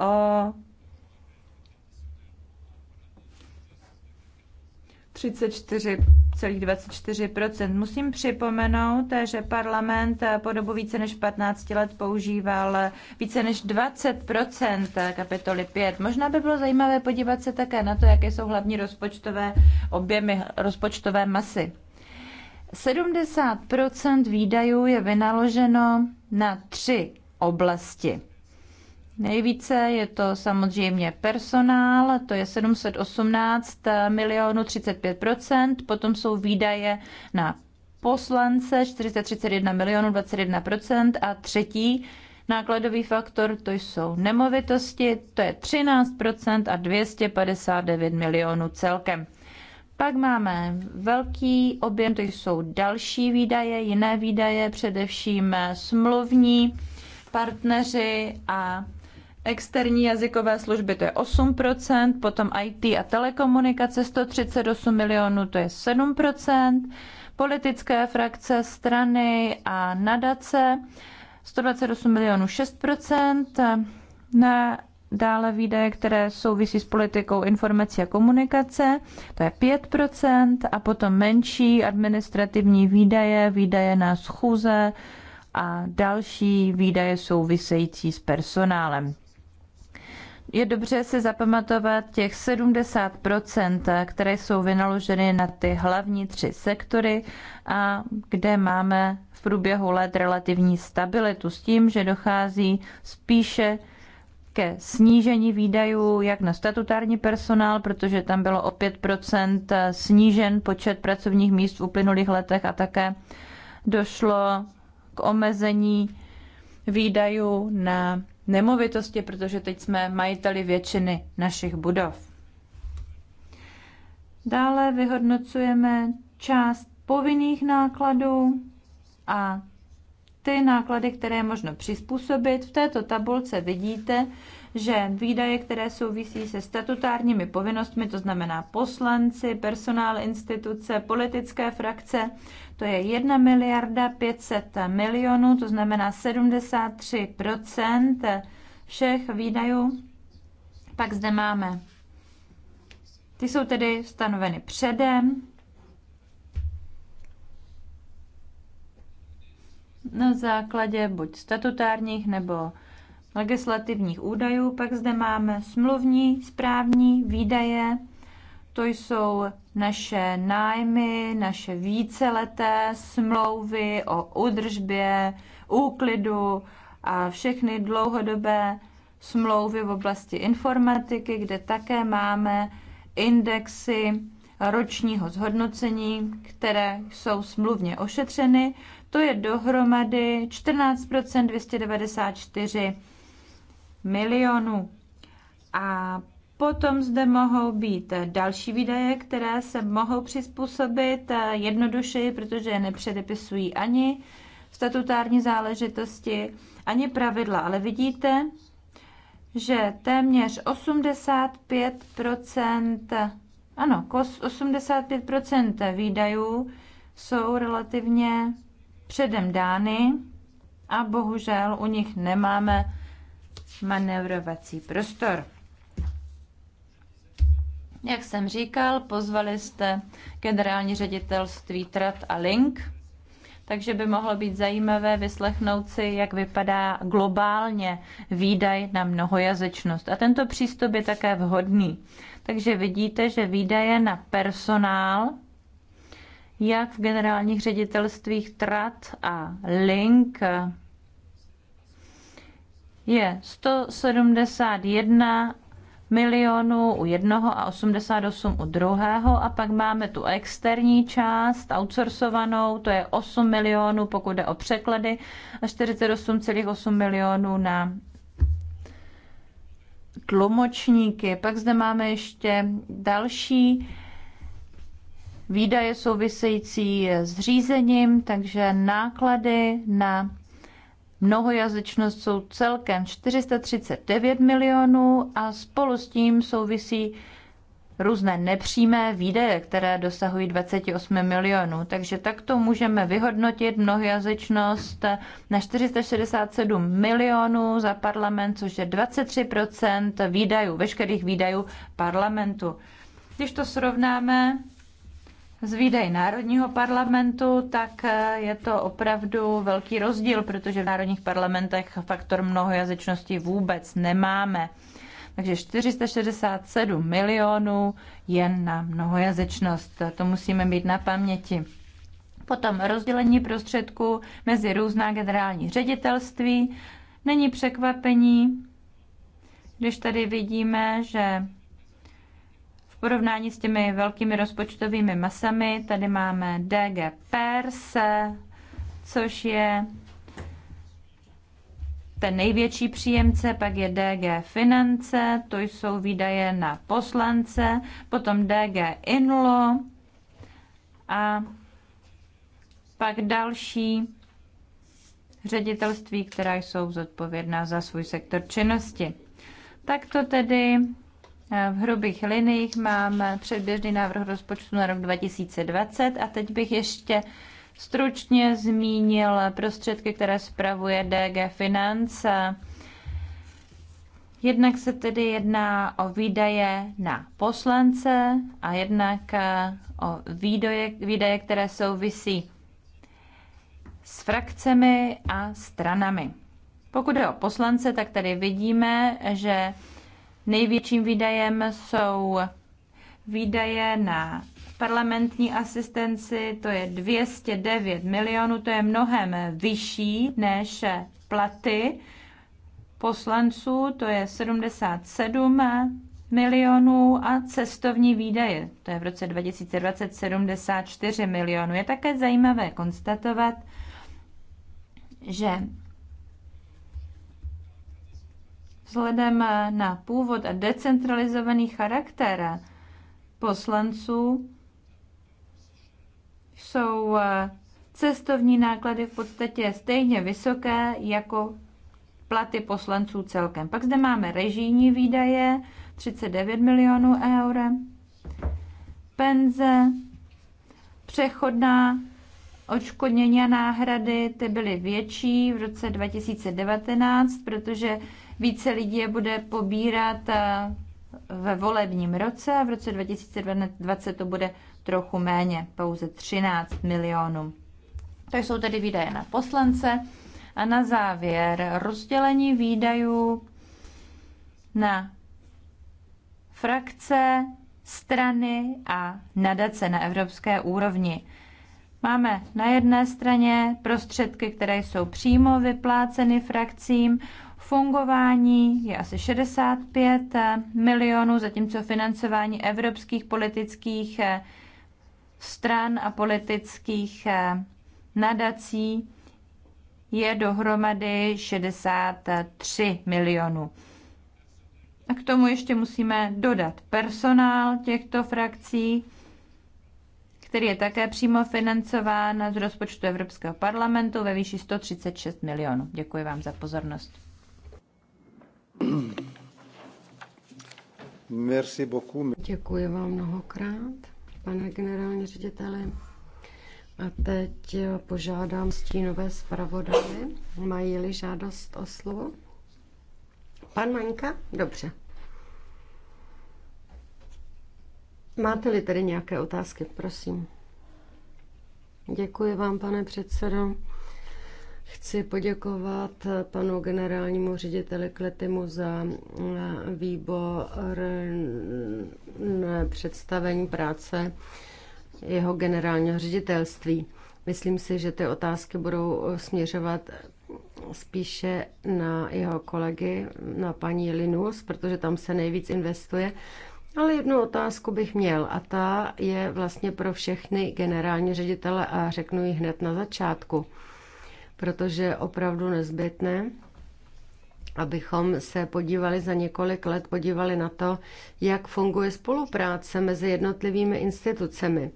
Speaker 2: o 34,24%. Musím připomenout, že parlament po dobu více než 15 let používal více než 20% kapitoly 5. Možná by bylo zajímavé podívat se také na to, jaké jsou hlavní rozpočtové objemy, rozpočtové masy. 70% výdajů je vynaloženo na tři oblasti. Nejvíce je to samozřejmě personál, to je 718 eh, milionů 35 potom jsou výdaje na poslance 431 milionů 21 a třetí nákladový faktor to jsou nemovitosti, to je 13 a 259 milionů celkem. Pak máme velký objem, to jsou další výdaje, jiné výdaje, především eh, smluvní partneři a externí jazykové služby to je 8%, potom IT a telekomunikace 138 milionů to je 7%, politické frakce, strany a nadace 128 milionů 6%, na dále výdaje, které souvisí s politikou informací a komunikace, to je 5%, a potom menší administrativní výdaje, výdaje na schůze, a další výdaje související s personálem je dobře si zapamatovat těch 70 které jsou vynaloženy na ty hlavní tři sektory a kde máme v průběhu let relativní stabilitu s tím, že dochází spíše ke snížení výdajů jak na statutární personál, protože tam bylo o 5 snížen počet pracovních míst v uplynulých letech a také došlo k omezení výdajů na nemovitosti, protože teď jsme majiteli většiny našich budov. Dále vyhodnocujeme část povinných nákladů a ty náklady, které je možno přizpůsobit. V této tabulce vidíte, že výdaje, které souvisí se statutárními povinnostmi, to znamená poslanci, personál instituce, politické frakce, to je 1 miliarda 500 milionů, to znamená 73% všech výdajů. Pak zde máme. Ty jsou tedy stanoveny předem, na základě buď statutárních nebo legislativních údajů. Pak zde máme smluvní správní výdaje, to jsou naše nájmy, naše víceleté smlouvy o údržbě, úklidu a všechny dlouhodobé smlouvy v oblasti informatiky, kde také máme indexy ročního zhodnocení, které jsou smluvně ošetřeny. To je dohromady 14 294 milionů. A potom zde mohou být další výdaje, které se mohou přizpůsobit eh, jednodušeji, protože je nepředepisují ani statutární záležitosti, ani pravidla. Ale vidíte, že téměř 85 ano, 85 výdajů jsou relativně předem dány a bohužel u nich nemáme manévrovací prostor. Jak jsem říkal, pozvali jste generální ředitelství TRAT a LINK, takže by mohlo být zajímavé vyslechnout si, jak vypadá globálně výdaj na mnohojazyčnost. A tento přístup je také vhodný. Takže vidíte, že výdaje na personál, jak v generálních ředitelstvích TRAT a LINK, je 171 milionů u jednoho a 88 u druhého a pak máme tu externí část outsourcovanou, to je 8 milionů, pokud jde o překlady a 48,8 milionů na tlumočníky. Pak zde máme ještě další výdaje související s řízením, takže náklady na mnohojazyčnost jsou celkem 439 milionů a spolu s tím souvisí různé nepřímé výdaje, které dosahují 28 milionů. Takže takto můžeme vyhodnotit mnohojazyčnost na 467 milionů za parlament, což je 23 výdajů, veškerých výdajů parlamentu. Když to srovnáme z výdej Národního parlamentu, tak eh, je to opravdu velký rozdíl, protože v národních parlamentech faktor mnohojazyčnosti vůbec nemáme. Takže 467 milionů jen na mnohojazyčnost. To musíme mít na paměti. Potom rozdělení prostředků mezi různá generální ředitelství. Není překvapení, když tady vidíme, že porovnání s těmi velkými rozpočtovými masami, tady máme DG Perse, což je ten největší příjemce, pak je DG Finance, to jsou výdaje na poslance, potom DG Inlo a pak další ředitelství, která jsou zodpovědná za svůj sektor činnosti. Tak to tedy v hrubých liniích máme předběžný návrh rozpočtu na rok 2020 a teď bych ještě stručně zmínil prostředky, které spravuje DG Finance. Jednak se tedy jedná o výdaje na poslance a jednak eh, o výdaje, výdaje které souvisí s frakcemi a stranami. Pokud je o poslance, tak tady vidíme, že Největším výdajem jsou výdaje na parlamentní asistenci, to je 209 milionů, to je mnohem vyšší než platy poslanců, to je 77 milionů a cestovní výdaje, to je v roce 2020 74 milionů. Je také zajímavé konstatovat, že Vzhledem eh, na původ a decentralizovaný charakter poslanců jsou eh, cestovní náklady v podstatě stejně vysoké jako platy poslanců celkem. Pak zde máme režijní výdaje 39 milionů eur, penze, přechodná odškodnění a náhrady, ty byly větší v roce 2019, protože více lidí je bude pobírat eh, ve volebním roce a v roce 2020 to bude trochu méně, pouze 13 milionů. To jsou tedy výdaje na poslance. A na závěr rozdělení výdajů na frakce, strany a nadace na evropské úrovni. Máme na jedné straně prostředky, které jsou přímo vypláceny frakcím, fungování je asi 65 milionů, zatímco financování evropských politických eh, stran a politických eh, nadací je dohromady 63 milionů. A k tomu ještě musíme dodat personál těchto frakcí, který je také přímo financován z rozpočtu Evropského parlamentu ve výši 136 milionů. Děkuji vám za pozornost.
Speaker 1: Merci beaucoup.
Speaker 5: Děkuji vám mnohokrát, pane generální řediteli. A teď požádám stínové zpravodaje. Mají-li žádost o slovo? Pan Maňka? Dobře. Máte-li tedy nějaké otázky, prosím. Děkuji vám, pane předsedo. Chci poděkovat panu generálnímu řediteli Kletimu za eh, výbor eh, představení práce jeho generálního ředitelství. Myslím si, že ty otázky budou směřovat spíše na jeho kolegy, na paní Linus, protože tam se nejvíc investuje. Ale jednu otázku bych měl a ta je vlastně pro všechny generální ředitele a řeknu ji hned na začátku protože je opravdu nezbytné, abychom se podívali za několik let, podívali na to, jak funguje spolupráce mezi jednotlivými institucemi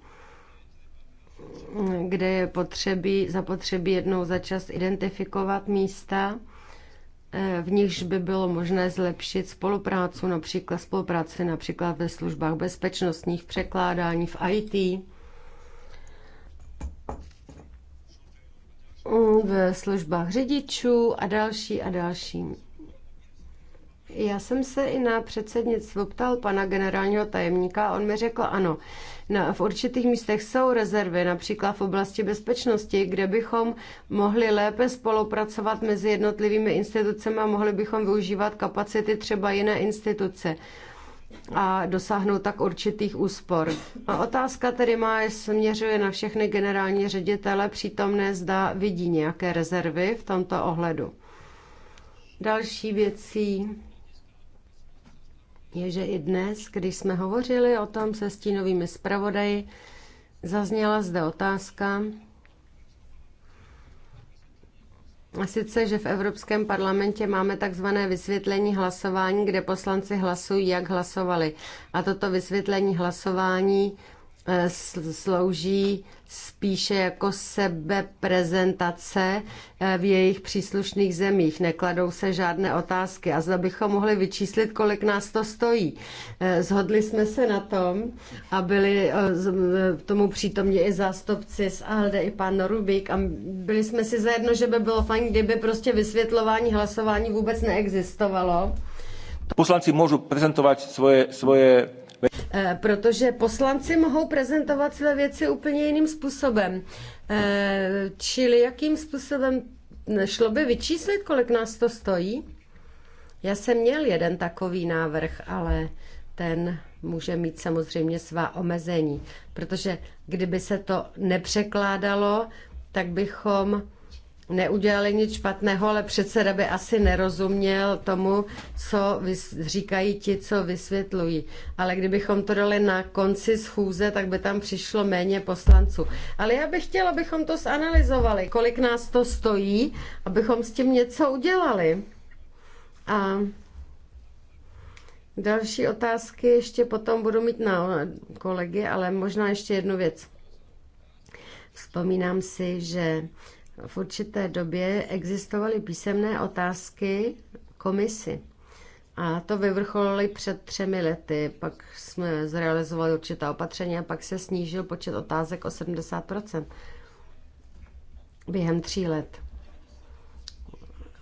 Speaker 5: kde je potřebí, zapotřebí jednou za čas identifikovat místa, eh, v nichž by bylo možné zlepšit spolupráci, například spolupráci například ve službách bezpečnostních, překládání, v IT. v službách řidičů a další a další. Já jsem se i na předsednictvo ptal pana generálního tajemníka a on mi řekl ano, na, v určitých místech jsou rezervy, například v oblasti bezpečnosti, kde bychom mohli lépe spolupracovat mezi jednotlivými institucemi a mohli bychom využívat kapacity třeba jiné instituce a dosáhnout tak určitých úspor. A otázka tedy má, směřuje na všechny generální ředitele přítomné, zda vidí nějaké rezervy v tomto ohledu. Další věcí je, že i dnes, když jsme hovořili o tom se stínovými zpravodaji, zazněla zde otázka, Sice, že v Evropském parlamentě máme takzvané vysvětlení hlasování, kde poslanci hlasují, jak hlasovali. A toto vysvětlení hlasování Eh, slouží spíše jako sebeprezentace eh, v jejich příslušných zemích. Nekladou se žádné otázky. A zda bychom mohli vyčíslit, kolik nás to stojí. Zhodli eh, jsme se na tom a byli tomu přítomně i zástupci z ALDE, i pan Rubik a byli jsme si zajedno, že by bylo fajn, kdyby prostě vysvětlování hlasování vůbec neexistovalo.
Speaker 1: Poslanci můžou prezentovat svoje, svoje
Speaker 5: Eh, protože poslanci mohou prezentovat své věci úplně jiným způsobem. Eh, čili jakým způsobem šlo by vyčíslit, kolik nás to stojí? Já jsem měl jeden takový návrh, ale ten může mít samozřejmě svá omezení, protože kdyby se to nepřekládalo, tak bychom neudělali nic špatného, ale předseda by asi nerozuměl tomu, co říkají ti, co vysvětlují. Ale kdybychom to dali na konci schůze, tak by tam přišlo méně poslanců. Ale já bych chtěla, abychom to zanalizovali, kolik nás to stojí, abychom s tím něco udělali. A další otázky ještě potom budu mít na kolegy, ale možná ještě jednu věc. Vzpomínám si, že v určité době existovaly písemné otázky komisi. A to vyvrcholili před třemi lety. Pak jsme zrealizovali určitá opatření a pak se snížil počet otázek o 70 během tří let.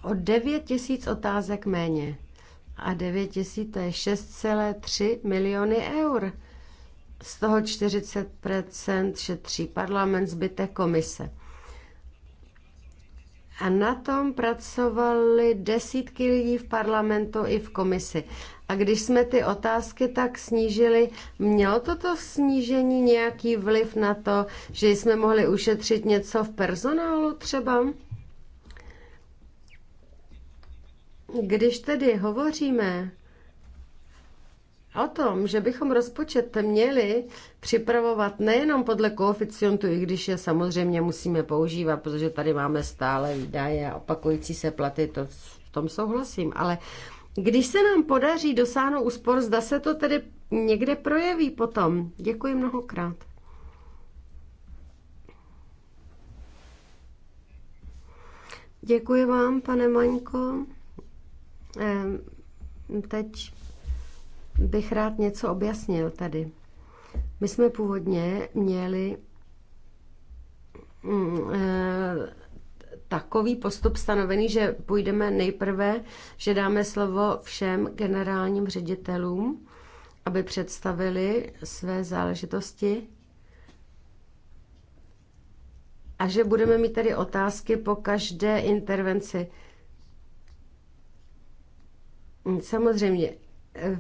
Speaker 5: O 9 tisíc otázek méně. A 9 tisíc to je 6,3 miliony eur. Z toho 40 šetří parlament, zbytek komise. A na tom pracovali desítky lidí v parlamentu i v komisi. A když jsme ty otázky tak snížili, mělo toto snížení nějaký vliv na to, že jsme mohli ušetřit něco v personálu třeba? Když tedy hovoříme O tom, že bychom rozpočet měli připravovat nejenom podle koeficientu, i když je samozřejmě musíme používat, protože tady máme stále výdaje a opakující se platy, to v tom souhlasím, ale když se nám podaří dosáhnout úspor, zda se to tedy někde projeví potom. Děkuji mnohokrát. Děkuji vám, pane Maňko. Ehm, teď bych rád něco objasnil tady. My jsme původně měli mm, eh, takový postup stanovený, že půjdeme nejprve, že dáme slovo všem generálním ředitelům, aby představili své záležitosti a že budeme mít tady otázky po každé intervenci. Samozřejmě,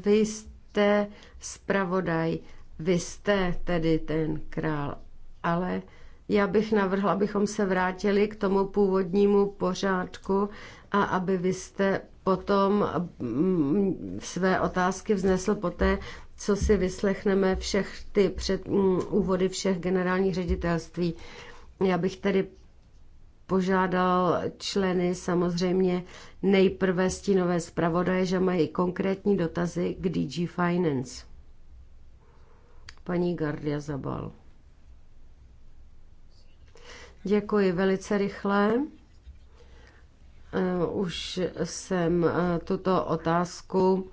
Speaker 5: vy jste zpravodaj, vy jste tedy ten král, ale já bych navrhla, abychom se vrátili k tomu původnímu pořádku a aby vy jste potom mm, své otázky vznesl poté, co si vyslechneme všech ty před, mm, úvody všech generálních ředitelství. Já bych tedy požádal členy samozřejmě nejprve stínové zpravodaje, že mají konkrétní dotazy k DG Finance. Paní Gardia Zabal. Děkuji velice rychle. Eh, už jsem eh, tuto otázku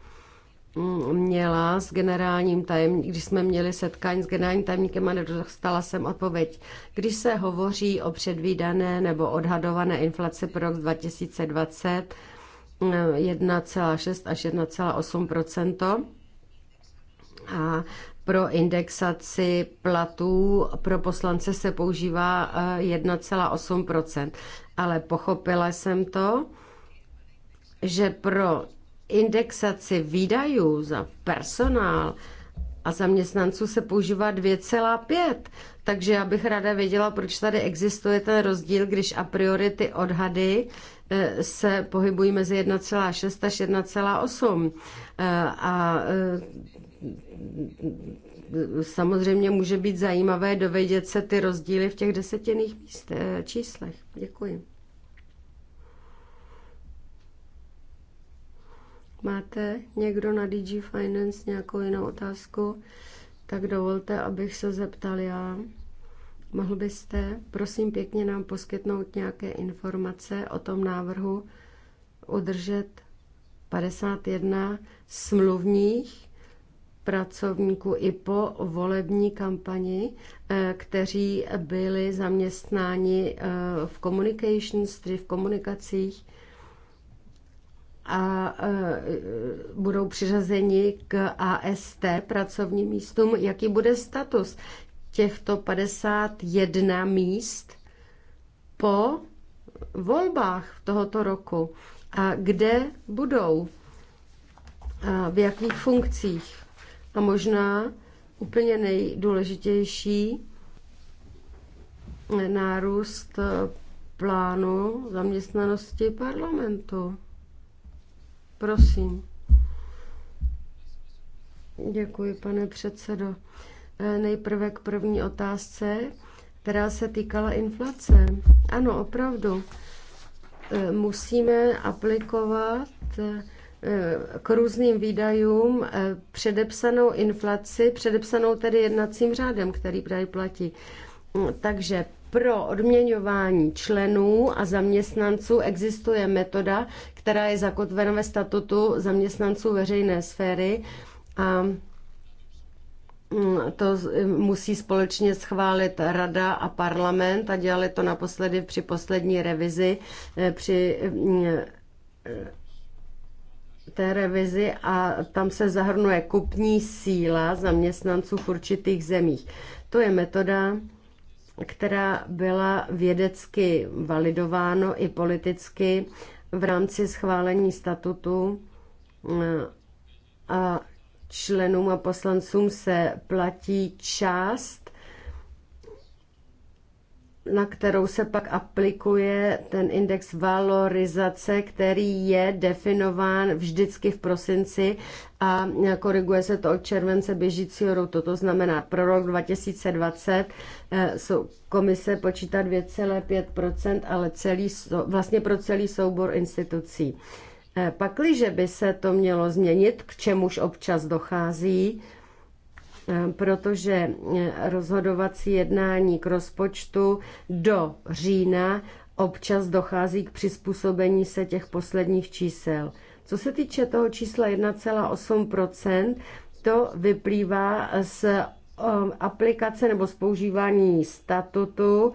Speaker 5: měla s generálním tajemníkem, když jsme měli setkání s generálním tajemníkem a nedostala jsem odpověď. Když se hovoří o předvídané nebo odhadované inflaci pro rok 2020 1,6 až 1,8 a pro indexaci platů pro poslance se používá 1,8 e, ale pochopila jsem to, že pro indexaci výdajů za personál a zaměstnanců se používá 2,5. Takže já bych ráda věděla, proč tady existuje ten rozdíl, když a priori ty odhady eh, se pohybují mezi 1,6 až 1,8. Eh, a eh, samozřejmě může být zajímavé dovědět se ty rozdíly v těch desetinných číslech. Děkuji. Máte někdo na DG Finance nějakou jinou otázku? Tak dovolte, abych se zeptal já. Mohl byste, prosím pěkně, nám poskytnout nějaké informace o tom návrhu udržet 51 smluvních pracovníků i po volební kampani, eh, kteří byli zaměstnáni eh, v communications, tedy v komunikacích, a e, budou přiřazeni k AST pracovním místům. Jaký bude status těchto 51 míst po volbách tohoto roku? A kde budou? A v jakých funkcích? A možná úplně nejdůležitější e, nárůst e, plánu zaměstnanosti parlamentu. Prosím. Děkuji, pane předsedo. E, nejprve k první otázce, která se týkala inflace. Ano, opravdu. E, musíme aplikovat e, k různým výdajům předepsanou inflaci, předepsanou tedy jednacím řádem, který tady platí. Takže pro odměňování členů a zaměstnanců existuje metoda, která je zakotvena ve statutu zaměstnanců veřejné sféry a mm, to musí společně schválit rada a parlament a dělali to naposledy při poslední revizi, eh, při mm, eh, té revizi a tam se zahrnuje kupní síla zaměstnanců v určitých zemích. To je metoda, která byla vědecky validováno i politicky v rámci schválení statutu eh, a členům a poslancům se platí část na kterou se pak aplikuje ten index valorizace, který je definován vždycky v prosinci a koriguje se to od července běžícího roku. To znamená, pro rok 2020 eh, jsou komise počítá 2,5%, ale celý, vlastně pro celý soubor institucí. Eh, Pakliže by se to mělo změnit, k čemuž občas dochází, Eh, protože eh, rozhodovací jednání k rozpočtu do října občas dochází k přizpůsobení se těch posledních čísel. Co se týče toho čísla 1,8%, to vyplývá z eh, aplikace nebo z používání statutu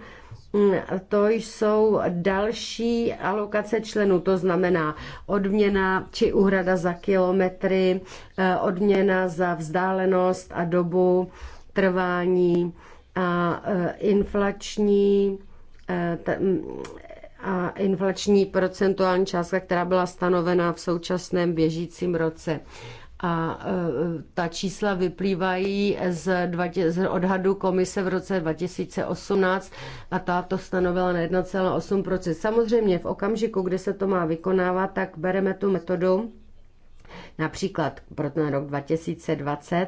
Speaker 5: Mm, to jsou další alokace členů, to znamená odměna či uhrada za kilometry, eh, odměna za vzdálenost a dobu trvání a eh, inflační eh, mm, a inflační procentuální částka, která byla stanovena v současném běžícím roce. A e, ta čísla vyplývají z, odhadu komise v roce 2018 a ta to stanovila na 1,8 Samozřejmě v okamžiku, kdy se to má vykonávat, tak bereme tu metodu Například pro ten rok 2020 e,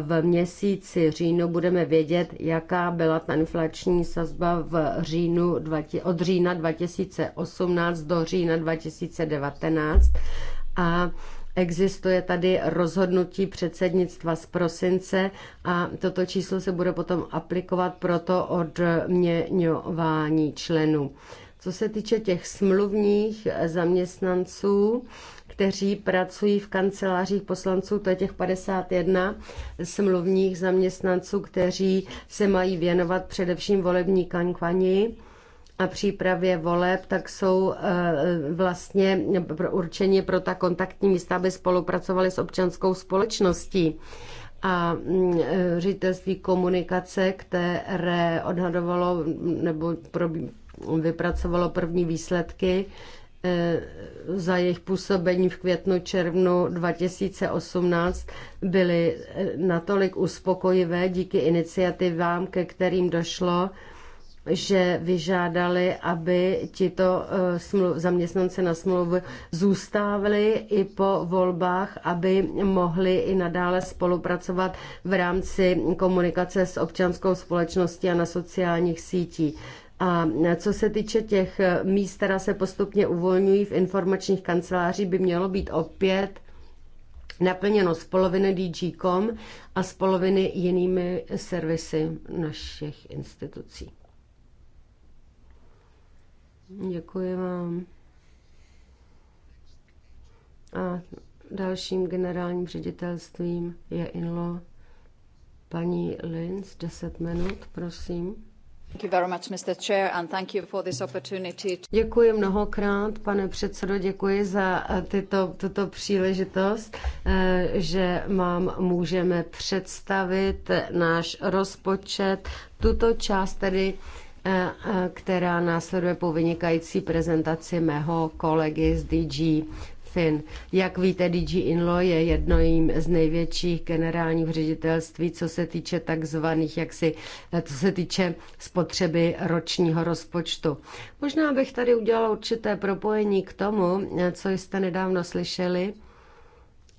Speaker 5: v měsíci říjnu budeme vědět, jaká byla ta inflační sazba v říjnu, od října 2018 do října 2019 a Existuje tady rozhodnutí předsednictva z prosince a toto číslo se bude potom aplikovat proto odměňování členů. Co se týče těch smluvních zaměstnanců, kteří pracují v kancelářích poslanců, to je těch 51 smluvních zaměstnanců, kteří se mají věnovat především volební kampani, a přípravě voleb, tak jsou eh, vlastně určeni pro ta kontaktní místa, aby spolupracovali s občanskou společností a mm, eh, ředitelství komunikace, které odhadovalo nebo vypracovalo první výsledky eh, za jejich působení v květnu červnu 2018 byly natolik uspokojivé díky iniciativám, ke kterým došlo, že vyžádali, aby tito eh, zaměstnanci na smlouvu zůstávali i po volbách, aby mohli i nadále spolupracovat v rámci komunikace s občanskou společností a na sociálních sítích. A co se týče těch eh, míst, která se postupně uvolňují v informačních kancelářích, by mělo být opět naplněno z poloviny DG.com a z poloviny jinými servisy našich institucí. Děkuji vám. A dalším generálním ředitelstvím je INLO. Paní Linz, 10 minut, prosím. Děkuji mnohokrát, pane předsedo, děkuji za eh, tyto, tuto příležitost, eh, že mám můžeme představit náš rozpočet, tuto část tedy která následuje po vynikající prezentaci mého kolegy z DG Fin. Jak víte, DG Inlo je jedním z největších generálních ředitelství, co se týče takzvaných, jak si, co se týče spotřeby ročního rozpočtu. Možná bych tady udělala určité propojení k tomu, co jste nedávno slyšeli.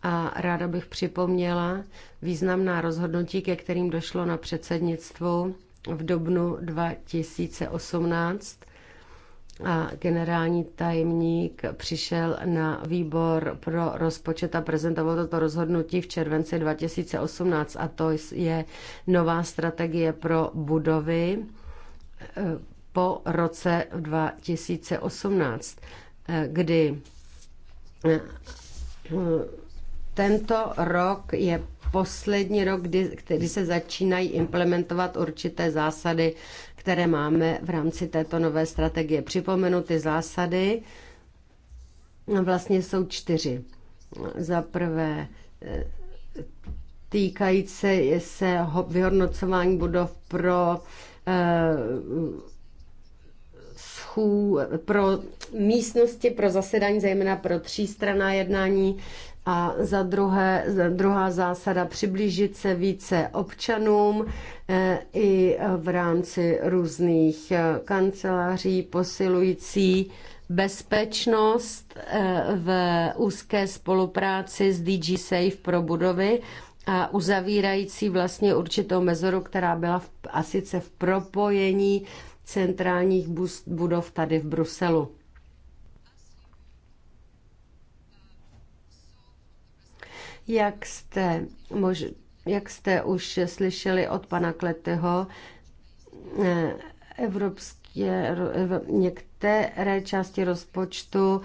Speaker 5: A ráda bych připomněla významná rozhodnutí, ke kterým došlo na předsednictvu v dobnu 2018 a generální tajemník přišel na výbor pro rozpočet a prezentoval toto rozhodnutí v červenci 2018 a to je nová strategie pro budovy eh, po roce 2018, eh, kdy eh, tento rok je poslední rok, kdy, kdy se začínají implementovat určité zásady, které máme v rámci této nové strategie. Připomenu ty zásady. Vlastně jsou čtyři. Za prvé eh, týkající se vyhodnocování budov pro eh, pro místnosti pro zasedání, zejména pro třístraná jednání, a za druhé, druhá zásada přiblížit se více občanům eh, i v rámci různých eh, kanceláří posilující bezpečnost eh, v úzké spolupráci s DG Safe pro budovy a uzavírající vlastně určitou mezoru, která byla v, a sice v propojení centrálních budov tady v Bruselu. Jak jste, mož, jak jste už slyšeli od pana Kletyho eh, evropské, některé části rozpočtu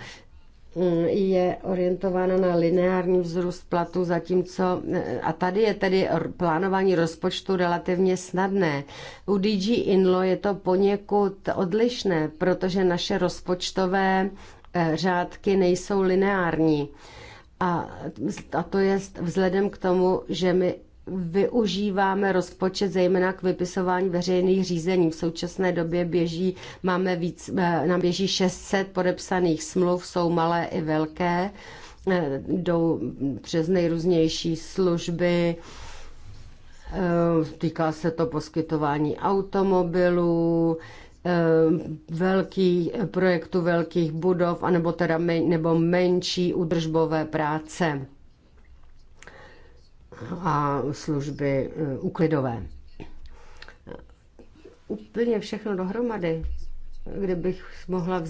Speaker 5: mm, je orientována na lineární vzrůst platu, zatímco, eh, a tady je tedy plánování rozpočtu relativně snadné. U DG Inlo je to poněkud odlišné, protože naše rozpočtové eh, řádky nejsou lineární. A, a to je vzhledem k tomu, že my využíváme rozpočet zejména k vypisování veřejných řízení. V současné době běží, máme víc, eh, nám běží 600 podepsaných smluv, jsou malé i velké, eh, jdou přes nejrůznější služby, eh, týká se to poskytování automobilů, Eh, velkých projektů, velkých budov, anebo teda men, nebo menší údržbové práce a služby eh, uklidové. Úplně všechno dohromady, kdybych mohla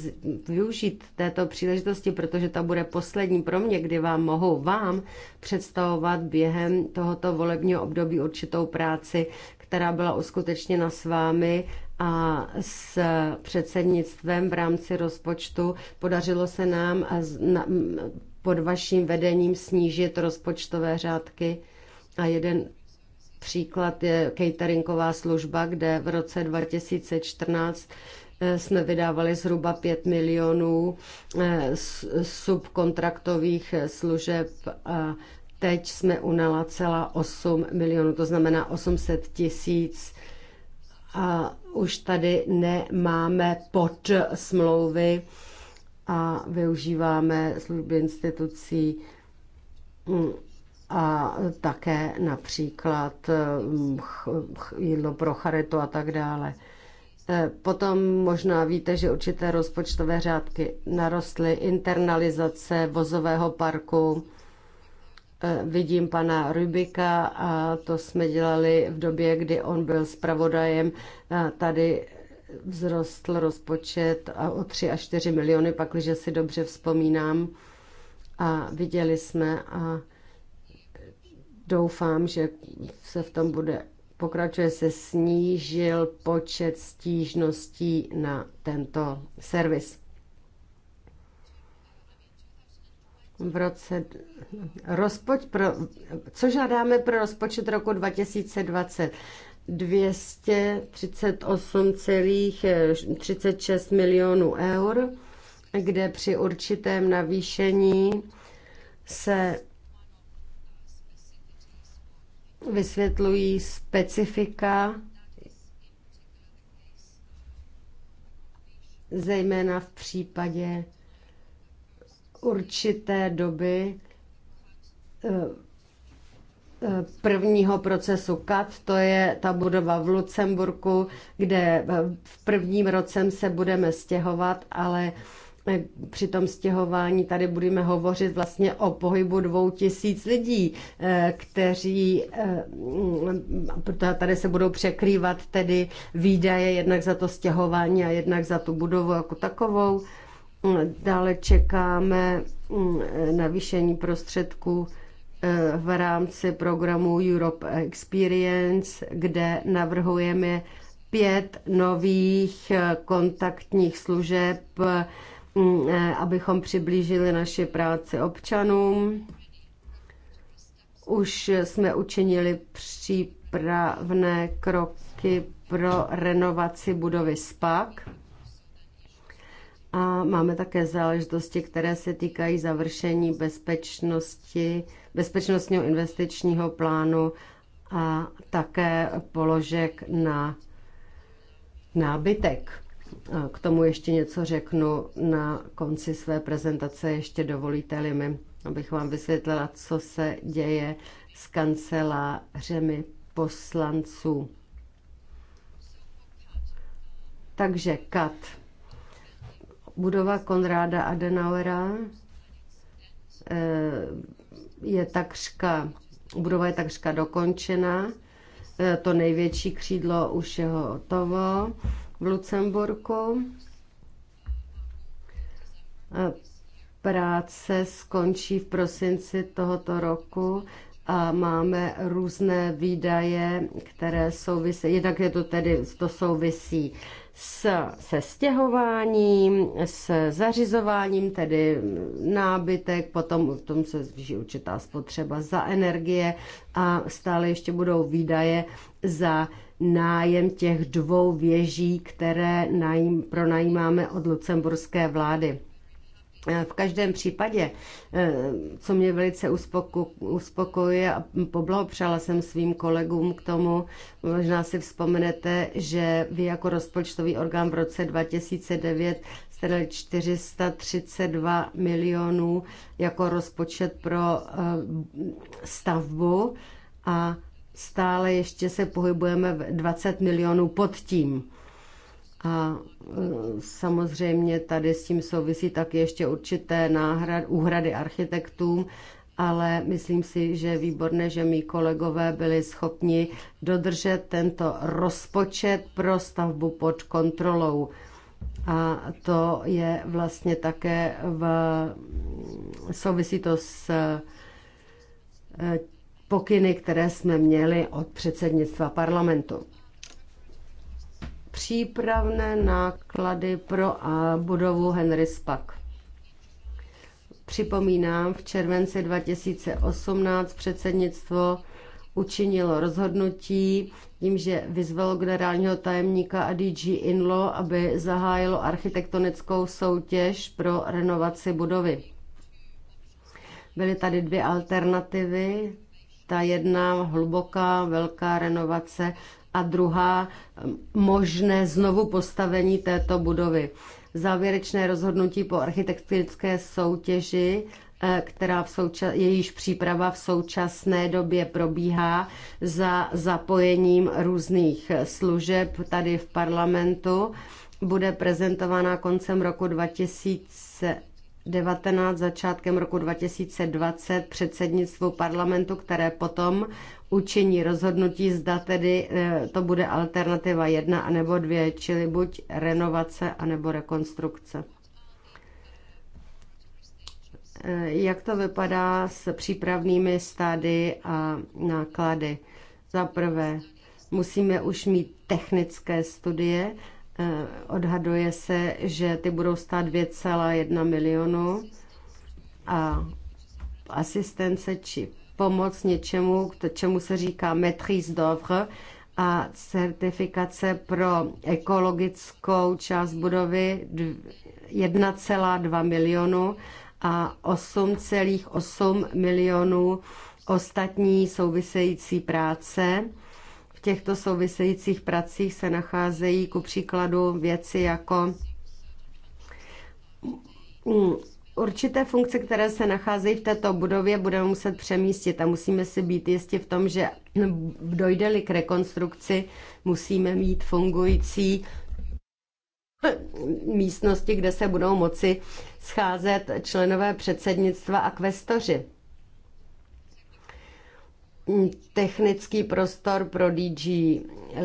Speaker 5: využít této příležitosti, protože ta bude poslední pro mě, kdy vám mohu vám představovat během tohoto volebního období určitou práci, která byla uskutečněna s vámi a s předsednictvem v rámci rozpočtu podařilo se nám pod vaším vedením snížit rozpočtové řádky a jeden příklad je cateringová služba, kde v roce 2014 eh, jsme vydávali zhruba 5 milionů eh, subkontraktových služeb a teď jsme unala celá 8 milionů, to znamená 800 tisíc a už tady nemáme pod smlouvy a využíváme služby institucí mm, a také například mm, jídlo pro charitu a tak dále. E, potom možná víte, že určité rozpočtové řádky narostly, internalizace vozového parku, Eh, vidím pana Rubika a to jsme dělali v době, kdy on byl zpravodajem. Eh, tady vzrostl rozpočet o 3 až 4 miliony, pakliže si dobře vzpomínám. A viděli jsme a doufám, že se v tom bude pokračuje se snížil počet stížností na tento servis. v roce rozpoč, pro, co žádáme pro rozpočet roku 2020? 238,36 milionů eur, kde při určitém navýšení se vysvětlují specifika, zejména v případě určité doby eh, eh, prvního procesu kat to je ta budova v Lucemburku, kde eh, v prvním roce se budeme stěhovat, ale při tom stěhování tady budeme hovořit vlastně o pohybu dvou tisíc lidí, kteří tady se budou překrývat tedy výdaje jednak za to stěhování a jednak za tu budovu jako takovou. Dále čekáme mm, navýšení prostředků eh, v rámci programu Europe Experience, kde navrhujeme pět nových eh, kontaktních služeb, mm, eh, abychom přiblížili naše práci občanům. Už jsme učinili přípravné kroky pro renovaci budovy SPAK. A máme také záležitosti, které se týkají završení bezpečnosti, bezpečnostního investičního plánu a také položek na nábytek. K tomu ještě něco řeknu na konci své prezentace, ještě dovolíte-li mi, abych vám vysvětlila, co se děje s kancelářemi poslanců. Takže kat Budova Konráda Adenauera eh, je takřka, budova je takřka dokončena. Eh, to největší křídlo už je hotovo v Lucemburku. Eh, práce skončí v prosinci tohoto roku a máme různé výdaje, které souvisí, jednak je to tedy, to souvisí s, se stěhováním, s zařizováním, tedy nábytek, potom v tom se zvýší určitá spotřeba za energie a stále ještě budou výdaje za nájem těch dvou věží, které najím, pronajímáme od lucemburské vlády. Eh, v každém případě, eh, co mě velice uspokojuje a poblahopřála jsem svým kolegům k tomu, možná si vzpomenete, že vy jako rozpočtový orgán v roce 2009 jste dali 432 milionů jako rozpočet pro eh, stavbu a stále ještě se pohybujeme v 20 milionů pod tím. A mm, samozřejmě tady s tím souvisí taky ještě určité náhrad, úhrady architektům, ale myslím si, že je výborné, že mý kolegové byli schopni dodržet tento rozpočet pro stavbu pod kontrolou. A to je vlastně také v souvisí to s e, pokyny, které jsme měli od předsednictva parlamentu přípravné náklady pro budovu Henry Spack. Připomínám, v červenci 2018 předsednictvo učinilo rozhodnutí tím, že vyzvalo generálního tajemníka a DG Inlo, aby zahájilo architektonickou soutěž pro renovaci budovy. Byly tady dvě alternativy. Ta jedna hluboká, velká renovace a druhá možné znovu postavení této budovy. Závěrečné rozhodnutí po architektonické soutěži eh, která v souča- jejíž příprava v současné době probíhá za zapojením různých eh, služeb tady v parlamentu. Bude prezentována koncem roku 2019, začátkem roku 2020 předsednictvu parlamentu, které potom učiní rozhodnutí, zda tedy eh, to bude alternativa jedna anebo dvě, čili buď renovace anebo rekonstrukce. Eh, jak to vypadá s přípravnými stády a náklady? Za prvé, musíme už mít technické studie. Eh, odhaduje se, že ty budou stát 2,1 milionu a asistence či pomoc něčemu, čemu se říká maîtrise d'oeuvre a certifikace pro ekologickou část budovy 1,2 milionu a 8,8 milionů ostatní související práce. V těchto souvisejících pracích se nacházejí ku příkladu věci jako určité funkce, které se nacházejí v této budově, budeme muset přemístit a musíme si být jistí v tom, že dojde-li k rekonstrukci, musíme mít fungující místnosti, kde se budou moci scházet členové předsednictva a kvestoři. Technický prostor pro DG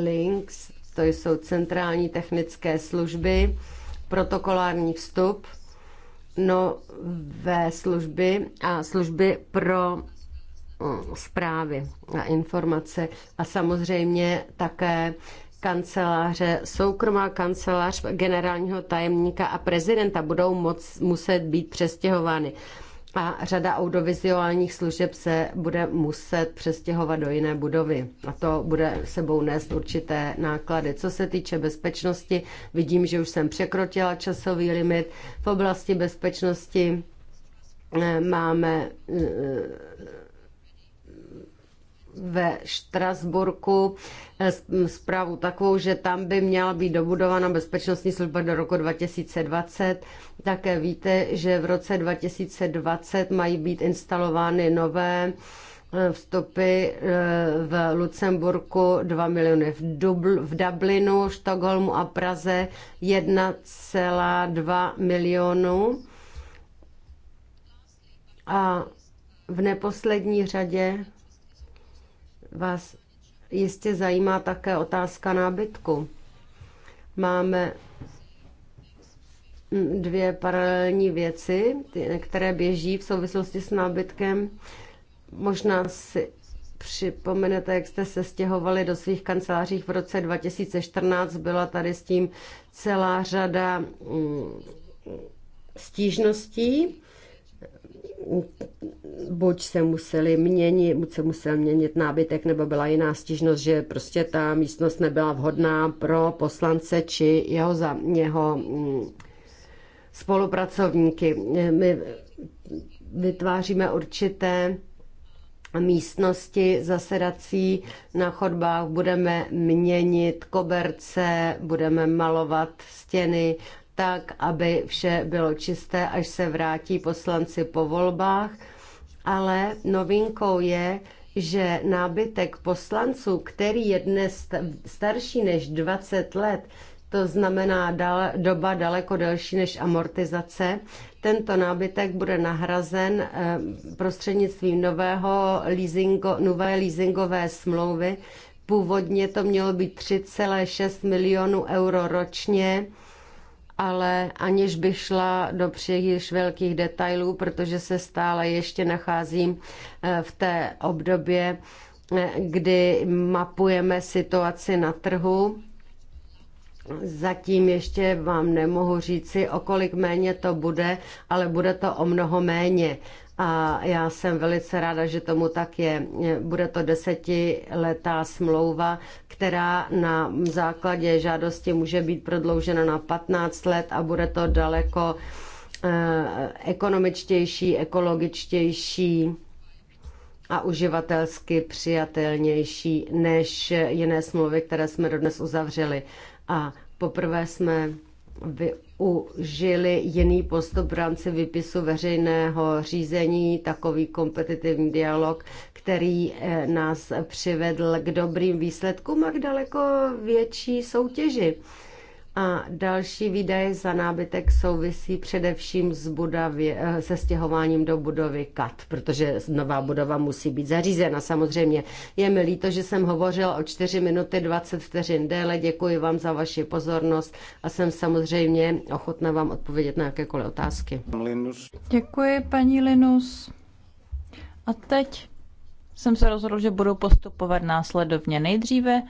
Speaker 5: Links, to jsou centrální technické služby, protokolární vstup – nové služby a služby pro zprávy a informace a samozřejmě také kanceláře, soukromá kancelář generálního tajemníka a prezidenta budou moc, muset být přestěhovány a řada audiovizuálních služeb se bude muset přestěhovat do jiné budovy a to bude sebou nést určité náklady. Co se týče bezpečnosti, vidím, že už jsem překrotila časový limit. V oblasti bezpečnosti eh, máme eh, ve Štrasburku eh, zprávu takovou, že tam by měla být dobudována bezpečnostní služba do roku 2020. Také víte, že v roce 2020 mají být instalovány nové eh, vstupy eh, v Lucemburku 2 miliony, v, Dubl, v Dublinu, Štokholmu a Praze 1,2 milionu. A v neposlední řadě vás jistě zajímá také otázka nábytku. Máme dvě paralelní věci, které běží v souvislosti s nábytkem. Možná si připomenete, jak jste se stěhovali do svých kancelářích v roce 2014. Byla tady s tím celá řada mm, stížností buď se museli měnit, buď se musel měnit nábytek, nebo byla jiná stížnost, že prostě ta místnost nebyla vhodná pro poslance či jeho, za, jeho mm, spolupracovníky. My vytváříme určité místnosti zasedací na chodbách, budeme měnit koberce, budeme malovat stěny tak aby vše bylo čisté, až se vrátí poslanci po volbách. Ale novinkou je, že nábytek poslanců, který je dnes starší než 20 let, to znamená dal, doba daleko delší než amortizace. Tento nábytek bude nahrazen eh, prostřednictvím nového leasingo, nové leasingové smlouvy. Původně to mělo být 3,6 milionů euro ročně ale aniž bych šla do příliš velkých detailů, protože se stále ještě nacházím eh, v té obdobě, eh, kdy mapujeme situaci na trhu. Zatím ještě vám nemohu říci, o kolik méně to bude, ale bude to o mnoho méně a já jsem velice ráda, že tomu tak je. Bude to desetiletá smlouva, která na základě žádosti může být prodloužena na 15 let a bude to daleko eh, ekonomičtější, ekologičtější a uživatelsky přijatelnější než jiné smlouvy, které jsme dodnes uzavřeli. A poprvé jsme vy užili jiný postup v rámci vypisu veřejného řízení, takový kompetitivní dialog, který eh, nás přivedl k dobrým výsledkům a k daleko větší soutěži. A další výdaje za nábytek souvisí především s budavě, eh, se stěhováním do budovy KAT, protože nová budova musí být zařízena samozřejmě. Je mi líto, že jsem hovořil o 4 minuty 20 vteřin déle. Děkuji vám za vaši pozornost a jsem samozřejmě ochotná vám odpovědět na jakékoliv otázky. Linus. Děkuji,
Speaker 2: paní Linus. A teď jsem se rozhodl, že budu postupovat následovně. Nejdříve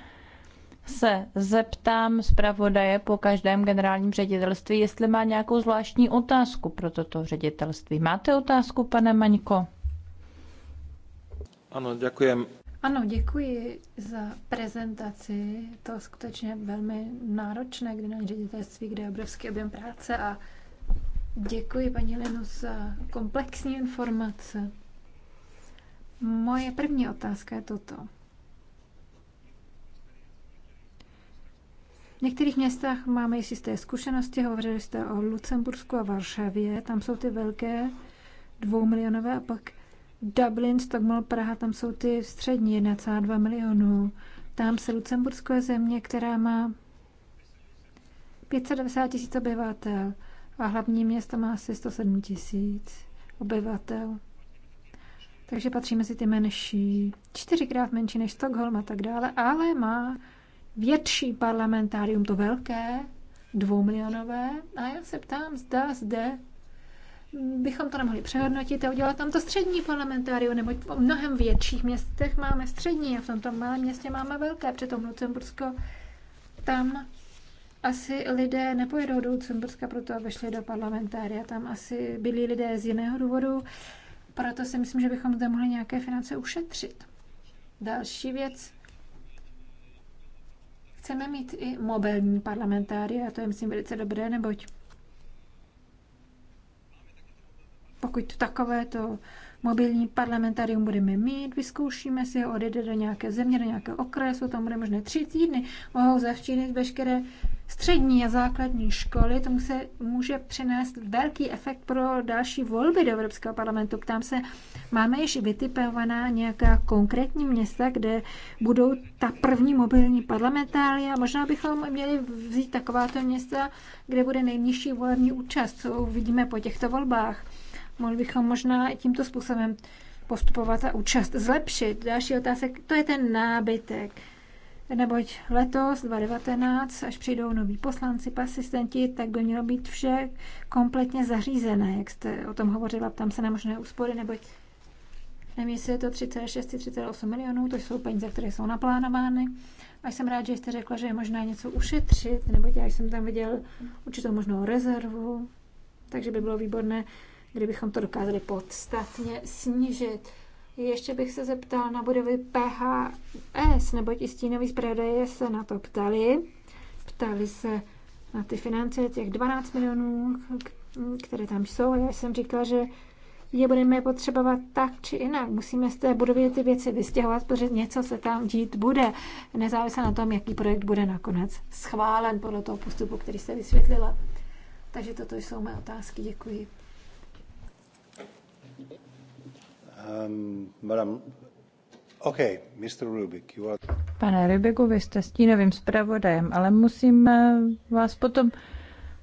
Speaker 2: se zeptám zpravodaje po každém generálním ředitelství, jestli má nějakou zvláštní otázku pro toto ředitelství. Máte otázku, pane Maňko?
Speaker 1: Ano, děkujem.
Speaker 4: Ano, děkuji za prezentaci. To skutečně velmi náročné na ředitelství, kde je obrovský objem práce a děkuji paní Lenu za komplexní informace. Moje první otázka je toto. některých městech máme jistě jisté zkušenosti, hovořili jste o Lucembursku a Varšavě, tam jsou ty velké dvoumilionové a pak Dublin, Stockholm, Praha, tam jsou ty střední 1,2 milionů. Tam se Lucembursko je země, která má 590 tisíc obyvatel a hlavní město má asi 107 tisíc obyvatel. Takže patří mezi ty menší, čtyřikrát menší než Stockholm a tak dále, ale má větší parlamentárium, to velké, dvoumilionové. A já se ptám, zda zde bychom to nemohli přehodnotit a udělat tam to střední parlamentárium, neboť v mnohem větších městech máme střední a v tomto malém městě máme velké. Přitom Lucembursko tam asi lidé nepojedou do Lucemburska proto, aby šli do parlamentária. Tam asi byli lidé z jiného důvodu, proto si myslím, že bychom zde mohli nějaké finance ušetřit. Další věc, Chceme mít i mobilní parlamentáry a to je, myslím, velice dobré, neboť pokud takové to mobilní parlamentárium budeme mít, vyzkoušíme si ho, odejde do nějaké země, do nějakého okresu, tam bude možná tři týdny, mohou zavštívit veškeré střední a základní školy, tomu se může přinést velký efekt pro další volby do Evropského parlamentu. Ptám se, máme již vytipovaná nějaká konkrétní města, kde budou ta první mobilní A Možná bychom měli vzít takováto města, kde bude nejnižší volební účast, co uvidíme po těchto volbách. Mohli bychom možná tímto způsobem postupovat a účast zlepšit. Další otázek, to je ten nábytek neboť letos 2019, až přijdou noví poslanci, asistenti, tak by mělo být vše kompletně zařízené, jak jste o tom hovořila, tam se na možné úspory, neboť nevím, jestli je to 36, 38 milionů, to jsou peníze, které jsou naplánovány. A jsem rád, že jste řekla, že je možná něco ušetřit, neboť já jsem tam viděl určitou možnou rezervu, takže by bylo výborné, kdybychom to dokázali podstatně snížit. Ještě bych se zeptal na budovy PHS, nebo ti stínový zpravodaje se na to ptali. Ptali se na ty finance, těch 12 milionů, které tam jsou. Já jsem říkala, že je budeme potřebovat tak či jinak. Musíme z té budovy ty věci vystěhovat, protože něco se tam dít bude, nezávisle na tom, jaký projekt bude nakonec
Speaker 5: schválen
Speaker 4: podle toho postupu, který jste vysvětlila. Takže toto jsou mé otázky. Děkuji.
Speaker 1: Um, okay, Mr. Rubik, you are...
Speaker 2: Pane Rybiku, vy jste stínovým zpravodajem, ale musím eh, vás potom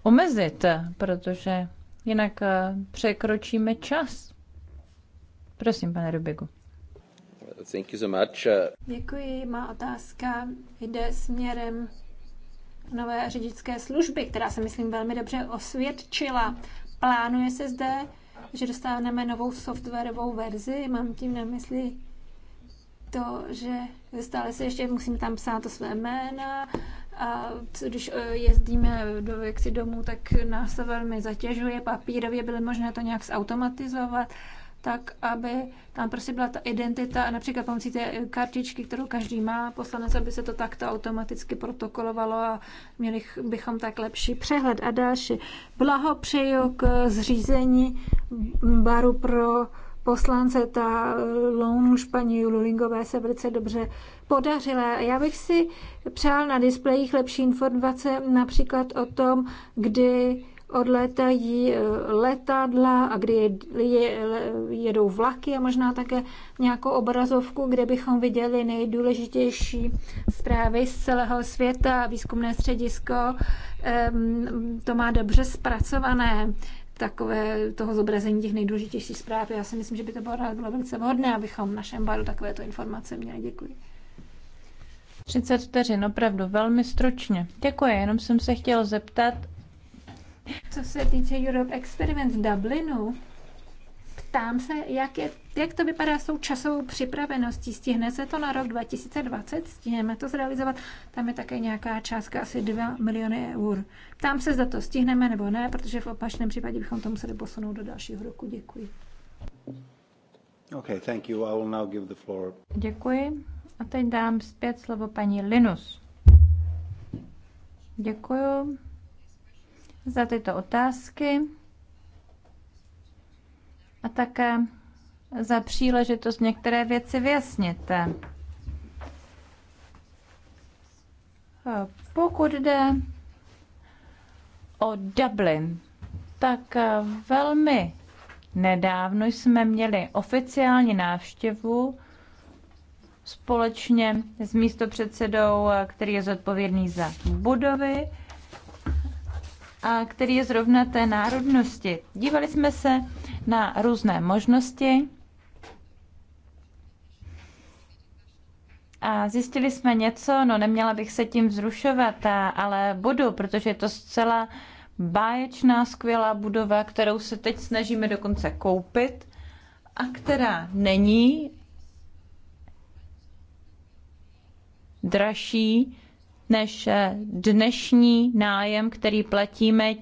Speaker 2: omezit, protože jinak eh, překročíme čas. Prosím, pane Rubigu. Thank you so much. Uh,
Speaker 4: Děkuji. Má otázka jde směrem nové řidičské služby, která se, myslím, velmi dobře osvědčila. Plánuje se zde že dostaneme novou softwarovou verzi. Mám tím na mysli to, že stále se ještě musím tam psát to své jména a když eh, jezdíme do, jaksi domů, tak nás to velmi zatěžuje. Papírově bylo možné to nějak zautomatizovat tak aby tam prostě byla ta identita, například pomocí té kartičky, kterou každý má, poslanec, aby se to takto automaticky protokolovalo a měli bychom tak lepší přehled. A další, blahopřeju k zřízení baru pro poslance, ta eh, lounu paní Lulingové se velice dobře podařila. Já bych si přál na displejích lepší informace například o tom, kdy odlétají eh, letadla a kdy jedou vlaky a možná také nějakou obrazovku, kde bychom viděli nejdůležitější zprávy z celého světa. Výzkumné středisko to má dobře zpracované takové toho zobrazení těch nejdůležitějších zpráv. Já si myslím, že by to bylo, bylo velice vhodné, abychom v našem baru takovéto informace měli. Děkuji.
Speaker 2: 30 vteřin, opravdu velmi stručně. Děkuji, jenom jsem se chtěl zeptat, co se týče Europe Experiment v Dublinu,
Speaker 4: ptám se, jak, je, jak to vypadá s tou časovou připraveností. Stihne se to na rok 2020? Stihneme to zrealizovat? Tam je také nějaká částka, asi 2 miliony eur. Ptám se, zda to stihneme nebo ne, protože v opačném případě bychom to museli posunout do dalšího roku. Děkuji.
Speaker 1: Okay, thank you. I will now give the floor.
Speaker 2: Děkuji. A teď dám zpět slovo paní Linus. Děkuji za tyto otázky a také za příležitost některé věci vyjasnit. Pokud jde o Dublin, tak velmi nedávno jsme měli oficiální návštěvu společně s místopředsedou, který je zodpovědný za budovy a který je zrovna té národnosti. Dívali jsme se na různé možnosti a zjistili jsme něco, no neměla bych se tím vzrušovat, ale budu, protože je to zcela báječná, skvělá budova, kterou se teď snažíme dokonce koupit a která není dražší než eh, dnešní nájem, který platíme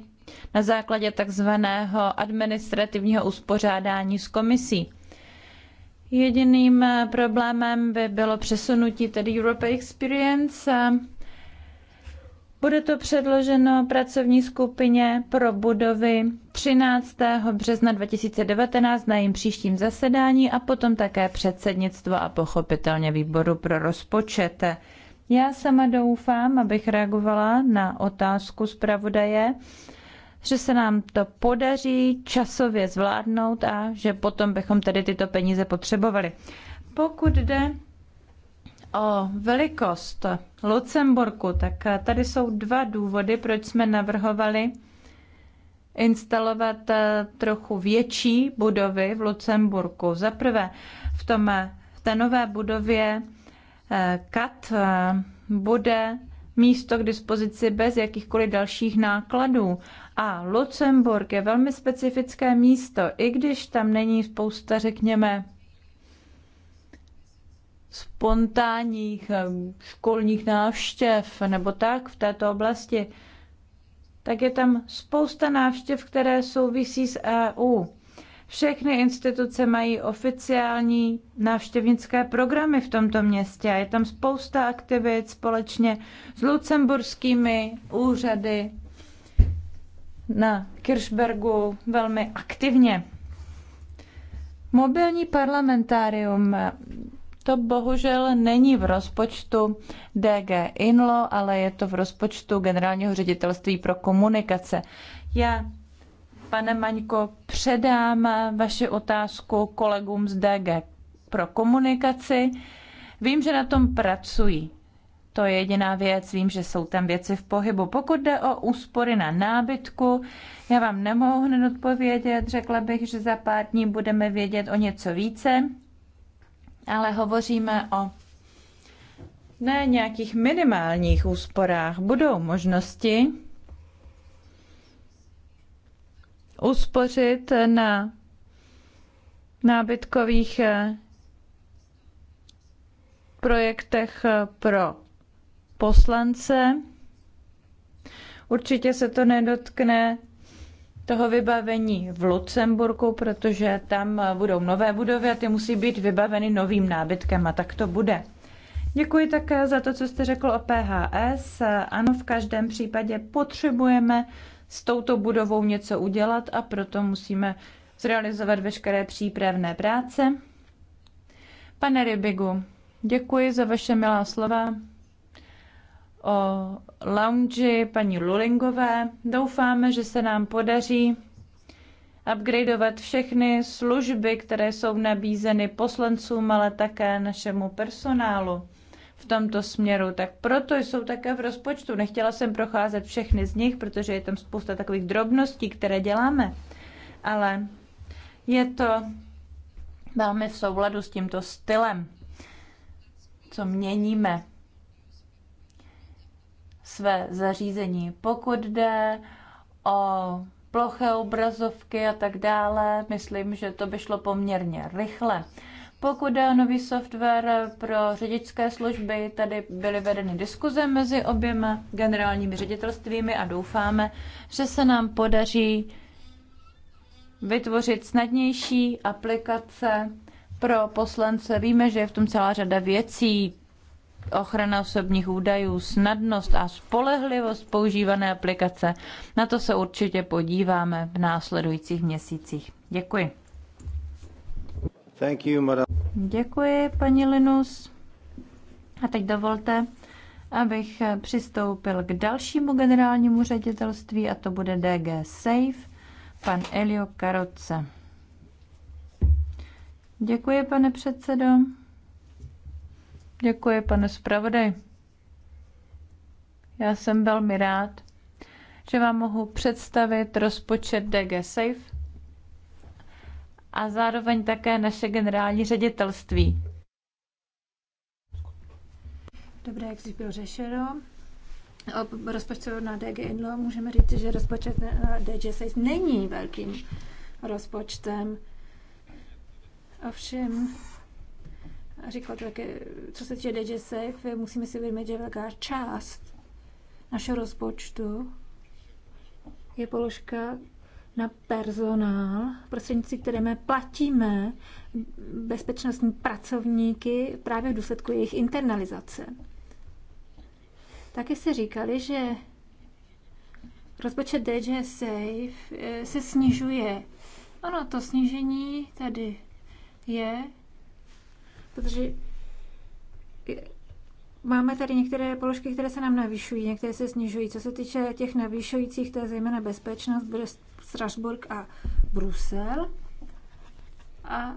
Speaker 2: na základě takzvaného administrativního uspořádání s komisí. Jediným eh, problémem by bylo přesunutí tedy Europe Experience. Bude to předloženo pracovní skupině pro budovy 13. března 2019 na jejím příštím zasedání a potom také předsednictvo a pochopitelně výboru pro rozpočet. Já sama doufám, abych reagovala na otázku zpravodaje, že se nám to podaří časově zvládnout a že potom bychom tedy tyto peníze potřebovali. Pokud jde o velikost Lucemburku, tak tady jsou dva důvody, proč jsme navrhovali instalovat eh, trochu větší budovy v Lucemburku. Za prvé, v, tom, eh, v té nové budově kat eh, bude místo k dispozici bez jakýchkoliv dalších nákladů. A Lucemburg je velmi specifické místo, i když tam není spousta, řekněme, spontánních eh, školních návštěv nebo tak v této oblasti, tak je tam spousta návštěv, které souvisí s EU. Všechny instituce mají oficiální návštěvnické programy v tomto městě a je tam spousta aktivit společně s lucemburskými úřady na Kirchbergu velmi aktivně. Mobilní parlamentárium to bohužel není v rozpočtu DG Inlo, ale je to v rozpočtu Generálního ředitelství pro komunikace. Já Pane Maňko, předám vaši otázku kolegům z DG pro komunikaci. Vím, že na tom pracují. To je jediná věc, vím, že jsou tam věci v pohybu. Pokud jde o úspory na nábytku, já vám nemohu hned odpovědět, řekla bych, že za pár dní budeme vědět o něco více, ale hovoříme o ne nějakých minimálních úsporách. Budou možnosti, uspořit na nábytkových eh, projektech eh, pro poslance. Určitě se to nedotkne toho vybavení v Lucemburku, protože tam eh, budou nové budovy a ty musí být vybaveny novým nábytkem a tak to bude. Děkuji také za to, co jste řekl o PHS. Ano, v každém případě potřebujeme s touto budovou něco udělat a proto musíme zrealizovat veškeré přípravné práce. Pane Rybigu, děkuji za vaše milá slova o lounge, paní Lulingové. Doufáme, že se nám podaří upgradeovat všechny služby, které jsou nabízeny poslancům, ale také našemu personálu tomto směru, tak proto jsou také v rozpočtu. Nechtěla jsem procházet všechny z nich, protože je tam spousta takových drobností, které děláme. Ale je to velmi v souladu s tímto stylem, co měníme své zařízení. Pokud jde o ploché obrazovky a tak dále, myslím, že to by šlo poměrně rychle. Pokud jde o nový software pro řidičské služby, tady byly vedeny diskuze mezi oběma generálními ředitelstvími a doufáme, že se nám podaří vytvořit snadnější aplikace pro poslance. Víme, že je v tom celá řada věcí, ochrana osobních údajů, snadnost a spolehlivost používané aplikace. Na to se určitě podíváme v následujících měsících. Děkuji. Thank you, Děkuji, paní Linus. A teď dovolte, abych přistoupil k dalšímu generálnímu ředitelství, a to bude DG Safe, pan Elio Karoce. Děkuji, pane předsedo. Děkuji, pane zpravodaj. Já jsem velmi rád, že vám mohu představit rozpočet DG Safe a zároveň také naše generální ředitelství.
Speaker 4: Dobré, jak jsi bylo řešeno, o rozpočtu na DG Inlo můžeme říct, že rozpočet na DG Size není velkým rozpočtem. Ovšem, říkal to také, co se týče DG Safe, musíme si uvědomit, že velká část našeho rozpočtu je položka, na personál, prostřednictví my platíme bezpečnostní pracovníky právě v důsledku jejich internalizace. Taky se říkali, že rozpočet DJ Safe eh, se snižuje. Ano, to snížení tady je, protože eh, Máme tady některé položky, které se nám navyšují, některé se snižují. Co se týče těch navyšujících, to je zejména bezpečnost, Strasburg a Brusel. A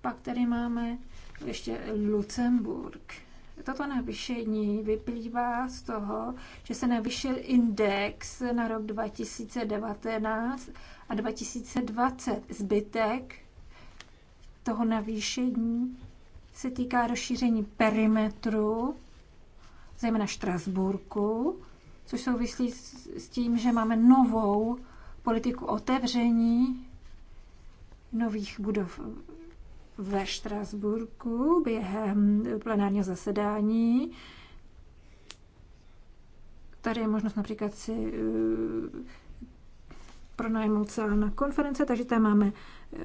Speaker 4: pak tady máme ještě Lucemburg. Toto navýšení vyplývá z toho, že se navýšil index na rok 2019 a 2020. Zbytek toho navýšení se týká rozšíření perimetru, zejména Štrasburku, což souvisí s tím, že máme novou politiku otevření nových budov ve Štrasburku během plenárního zasedání. Tady je možnost například si eh, pronajmout sál na konference, takže tam máme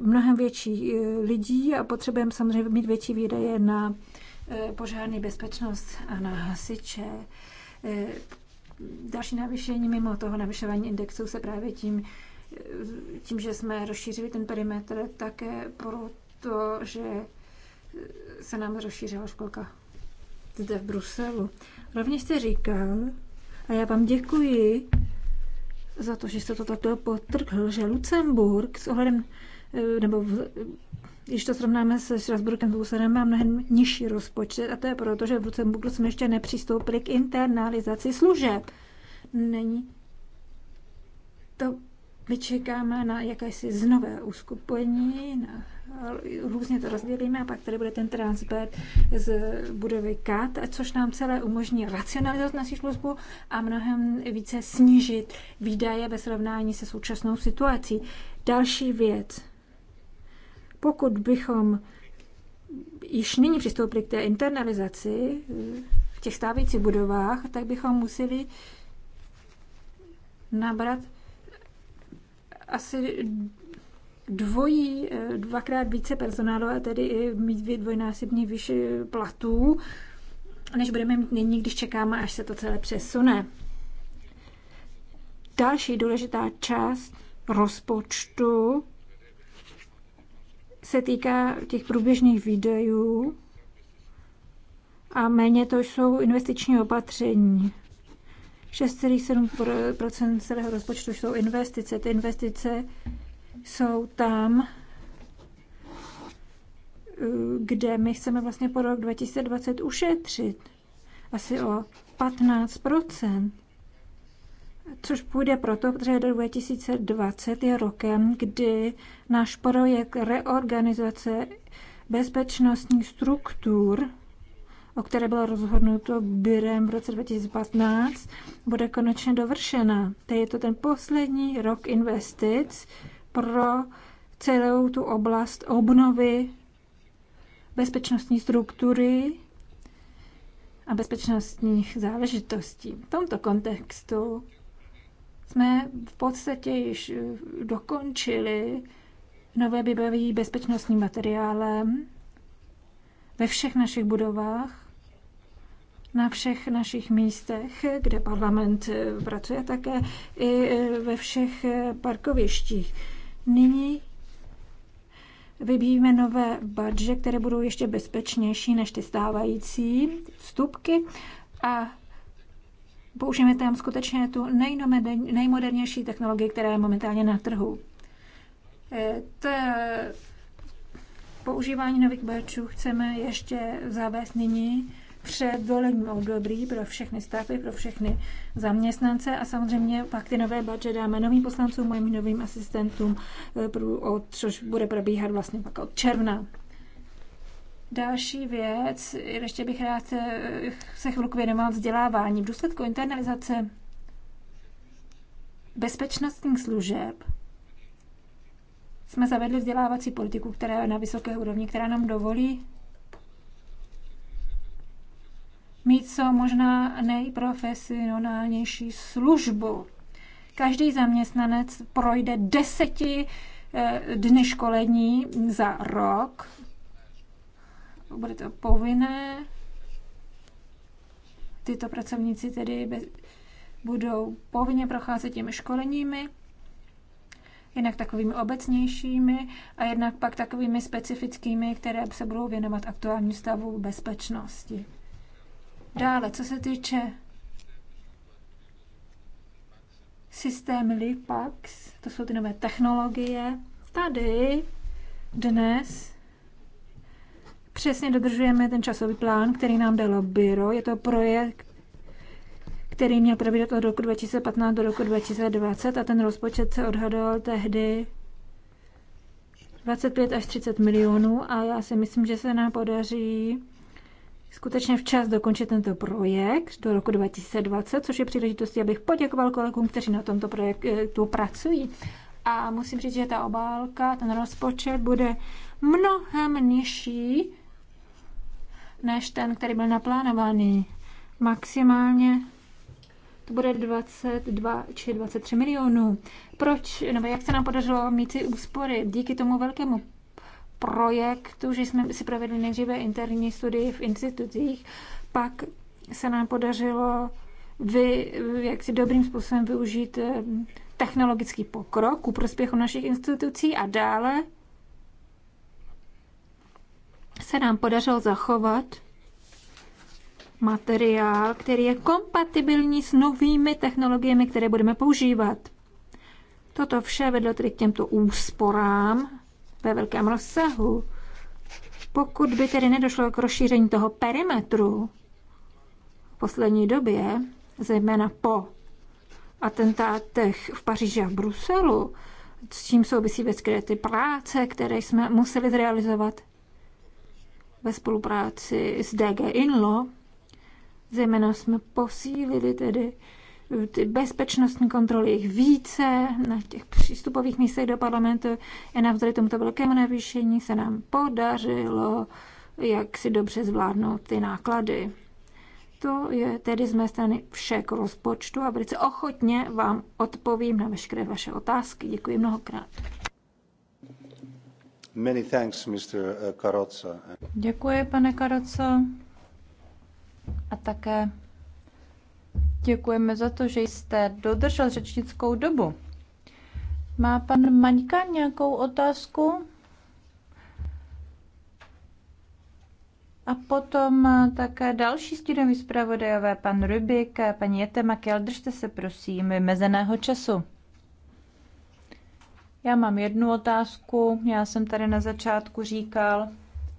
Speaker 4: mnohem větší eh, lidí a potřebujeme samozřejmě mít větší výdaje na eh, požární bezpečnost a na hasiče další navyšení mimo toho navyšování indexu se právě tím, tím, že jsme rozšířili ten perimetr, také proto, že se nám rozšířila školka zde v Bruselu. Rovněž jste říkal, a já vám děkuji za to, že jste to takto potrhl, že Lucemburg s ohledem eh, nebo když to srovnáme se s Lucerem, má mnohem nižší rozpočet a to je proto, že v Lucemburku jsme ještě nepřistoupili k internalizaci služeb. Není to my čekáme na jakési znové uskupení, na, různě to rozdělíme a pak tady bude ten transfer z budovy KAT, což nám celé umožní racionalizovat naši službu a mnohem více snížit výdaje ve srovnání se současnou situací. Další věc. Pokud bychom již nyní přistoupili k té internalizaci eh, v těch stávajících budovách, tak bychom museli nabrat asi dvojí, eh, dvakrát více personálu a tedy i mít dvojnásobně vyšší platů, než budeme mít nyní, když čekáme, až se to celé přesune. Další důležitá část rozpočtu se týká těch průběžných výdajů a méně to jsou investiční opatření. 6,7 celého rozpočtu jsou investice. Ty investice jsou tam, kde my chceme vlastně po rok 2020 ušetřit asi o 15 Což půjde proto, protože 2020 je rokem, kdy náš projekt reorganizace bezpečnostních struktur, o které bylo rozhodnuto Birem v roce 2015, bude konečně dovršena. To je to ten poslední rok investic pro celou tu oblast obnovy bezpečnostní struktury a bezpečnostních záležitostí. V tomto kontextu jsme v podstatě již eh, dokončili nové vybavení bezpečnostním materiálem ve všech našich budovách, na všech našich místech, kde parlament eh, pracuje také, i eh, ve všech parkovištích. Nyní vybíjíme nové badže, které budou ještě bezpečnější než ty stávající vstupky a Použijeme tam skutečně tu nejmodernější technologii, která je momentálně na trhu. Eh, to používání nových barčů chceme ještě zavést nyní před volením období pro všechny státy, pro všechny zaměstnance a samozřejmě pak ty nové badže dáme novým poslancům, mojim novým asistentům, eh, což bude probíhat vlastně pak od června. Další věc, ještě bych rád eh, se chvilku věnoval vzdělávání. V důsledku internalizace bezpečnostních služeb jsme zavedli vzdělávací politiku, která je na vysoké úrovni, která nám dovolí mít co možná nejprofesionálnější službu. Každý zaměstnanec projde deseti eh, dny školení za rok bude to povinné. Tyto pracovníci tedy bez, budou povinně procházet těmi školeními, jednak takovými obecnějšími a jednak pak takovými specifickými, které se budou věnovat aktuálnímu stavu bezpečnosti. Dále, co se týče systém LIPAX, to jsou ty nové technologie, tady dnes přesně dodržujeme ten časový plán, který nám dalo byro. Je to projekt, který měl probíhat od roku 2015 do roku 2020 a ten rozpočet se odhadoval tehdy 25 až 30 milionů a já si myslím, že se nám podaří skutečně včas dokončit tento projekt do roku 2020, což je příležitostí, abych poděkoval kolegům, kteří na tomto projektu pracují. A musím říct, že ta obálka, ten rozpočet bude mnohem nižší, než ten, který byl naplánovaný. Maximálně to bude 22 či 23 milionů. Proč, nebo jak se nám podařilo mít si úspory? Díky tomu velkému projektu, že jsme si provedli nejdříve interní studii v institucích, pak se nám podařilo vy, jak si dobrým způsobem využít eh, technologický pokrok ku prospěchu našich institucí a dále se nám podařilo zachovat materiál, který je kompatibilní s novými technologiemi, které budeme používat. Toto vše vedlo tedy k těmto úsporám ve velkém rozsahu. Pokud by tedy nedošlo k rozšíření toho perimetru v poslední době, zejména po atentátech v Paříži a v Bruselu, s čím souvisí veškeré ty práce, které jsme museli zrealizovat, ve spolupráci s DG Inlo. Zejména jsme posílili tedy eh, ty bezpečnostní kontroly jich více na těch přístupových místech do parlamentu. I navzdory tomuto velkému navýšení se nám podařilo jak si dobře zvládnout ty náklady. To je tedy z mé strany vše k rozpočtu a velice ochotně vám odpovím
Speaker 2: na veškeré vaše otázky. Děkuji mnohokrát.
Speaker 1: Many thanks, Mr. Uh,
Speaker 2: Děkuji, pane Karoco. A také děkujeme za to, že jste dodržel řečnickou dobu. Má pan Maňka nějakou otázku? A potom také další stínový zpravodajové, pan Rybik, paní Jetemakel, držte se prosím vymezeného času. Já mám jednu otázku. Já jsem tady na začátku říkal,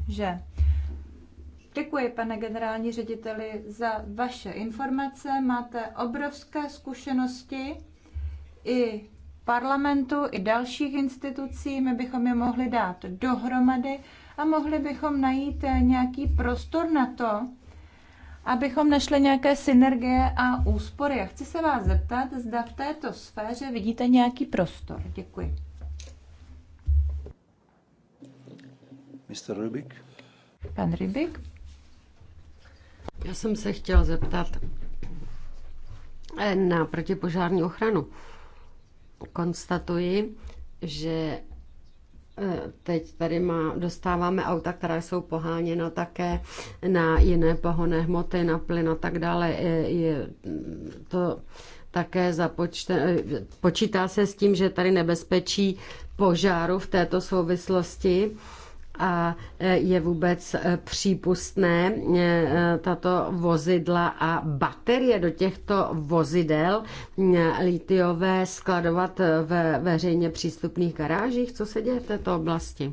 Speaker 2: že děkuji, pane generální řediteli, za vaše informace. Máte obrovské zkušenosti i parlamentu, i dalších institucí. My bychom je mohli dát dohromady a mohli bychom najít nějaký prostor na to, abychom našli nějaké synergie a úspory. Já chci se vás zeptat, zda v této sféře vidíte nějaký prostor. Děkuji.
Speaker 1: Mr. Rubik.
Speaker 5: Pan Rybik. Já jsem se chtěl zeptat eh, na protipožární ochranu. Konstatuji, že eh, teď tady má, dostáváme auta, která jsou poháněna také na jiné pohonné hmoty, na plyn a tak dále. Je, je to také započte, eh, počítá se s tím, že tady nebezpečí požáru v této souvislosti a e, je vůbec e, přípustné e, tato vozidla a baterie do těchto vozidel litiové skladovat ve veřejně přístupných garážích? Co se děje v této oblasti?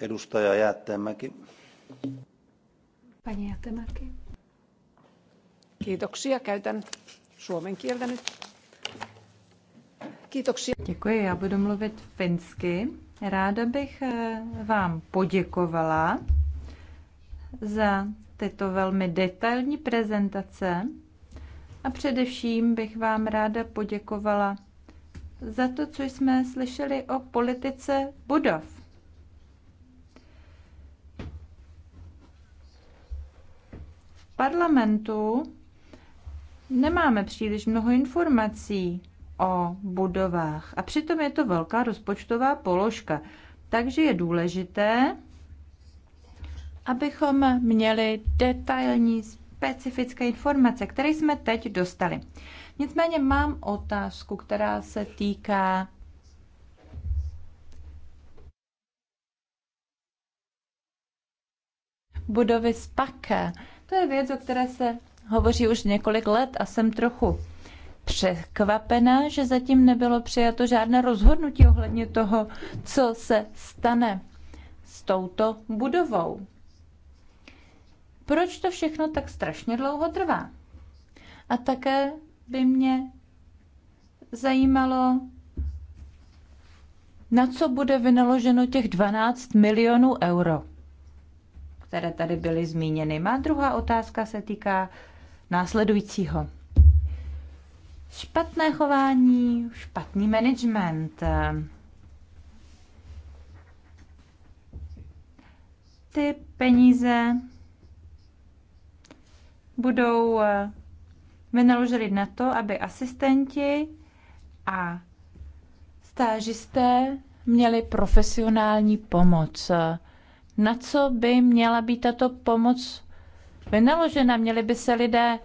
Speaker 1: Edustaja Jäätteenmäki.
Speaker 4: Pani Jäätteenmäki. Kiitoksia. Käytän suomen kieltä nyt.
Speaker 2: Kiitoksia. Děkuji, já budu mluvit finsky. Ráda bych eh, vám poděkovala za tyto velmi detailní prezentace a především bych vám ráda poděkovala za to, co jsme slyšeli o politice budov. V parlamentu nemáme příliš mnoho informací o budovách. A přitom je to velká rozpočtová položka. Takže je důležité, abychom měli detailní specifické informace, které jsme teď dostali. Nicméně mám otázku, která se týká budovy SPAKE. To je věc, o které se hovoří už několik let a jsem trochu překvapená, že zatím nebylo přijato žádné rozhodnutí ohledně toho, co se stane s touto budovou. Proč to všechno tak strašně dlouho trvá? A také by mě zajímalo, na co bude vynaloženo těch 12 milionů euro, které tady byly zmíněny. Má druhá otázka se týká následujícího. Špatné chování, špatný management. Ty peníze budou eh, vynaložili na to, aby asistenti a stážisté měli profesionální pomoc. Na co by měla být tato pomoc vynaložena? Měli by se lidé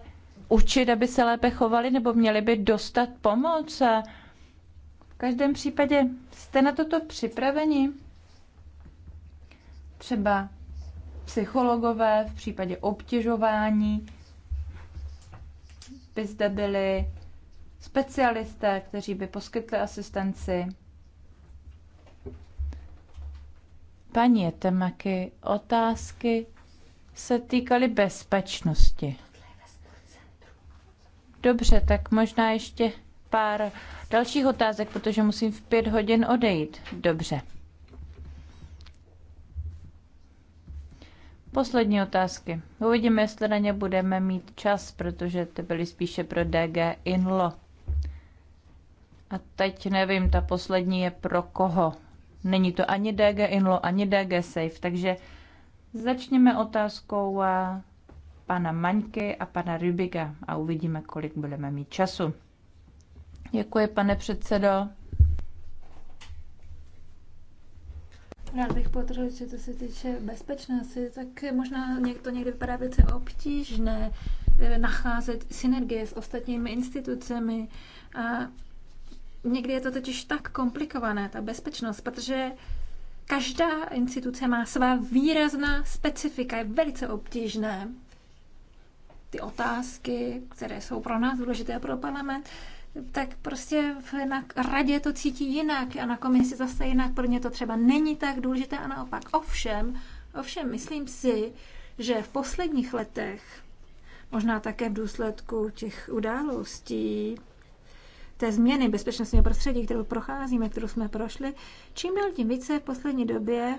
Speaker 2: učit, aby se lépe chovali, nebo měli by dostat pomoc? V každém případě jste na toto připraveni? Třeba psychologové v případě obtěžování by zde byli specialisté, kteří by poskytli asistenci. Paní Temaky, otázky se týkaly bezpečnosti. Dobře, tak možná ještě pár dalších otázek, protože musím v pět hodin odejít. Dobře. Poslední otázky. Uvidíme, jestli na ně budeme mít čas, protože ty byly spíše pro DG Inlo. A teď nevím, ta poslední je pro koho. Není to ani DG Inlo, ani DG Safe, takže začněme otázkou a pana Maňky a pana Rybiga a uvidíme, kolik budeme mít času. Děkuji, pane předsedo.
Speaker 3: Rád
Speaker 4: bych potrhl, že to se týče bezpečnosti, tak možná někdo někdy vypadá věci obtížné eh, nacházet synergie s ostatními institucemi. A někdy je to totiž tak komplikované, ta bezpečnost, protože každá instituce má svá výrazná specifika, je velice obtížné ty otázky, které jsou pro nás důležité pro parlament, tak prostě v, na radě to cítí jinak a na komisi zase jinak. Pro ně to třeba není tak důležité a naopak. Ovšem, ovšem, myslím si, že v posledních letech, možná také v důsledku těch událostí, té změny bezpečnostního prostředí, kterou procházíme, kterou jsme prošli, čím dál tím více v poslední době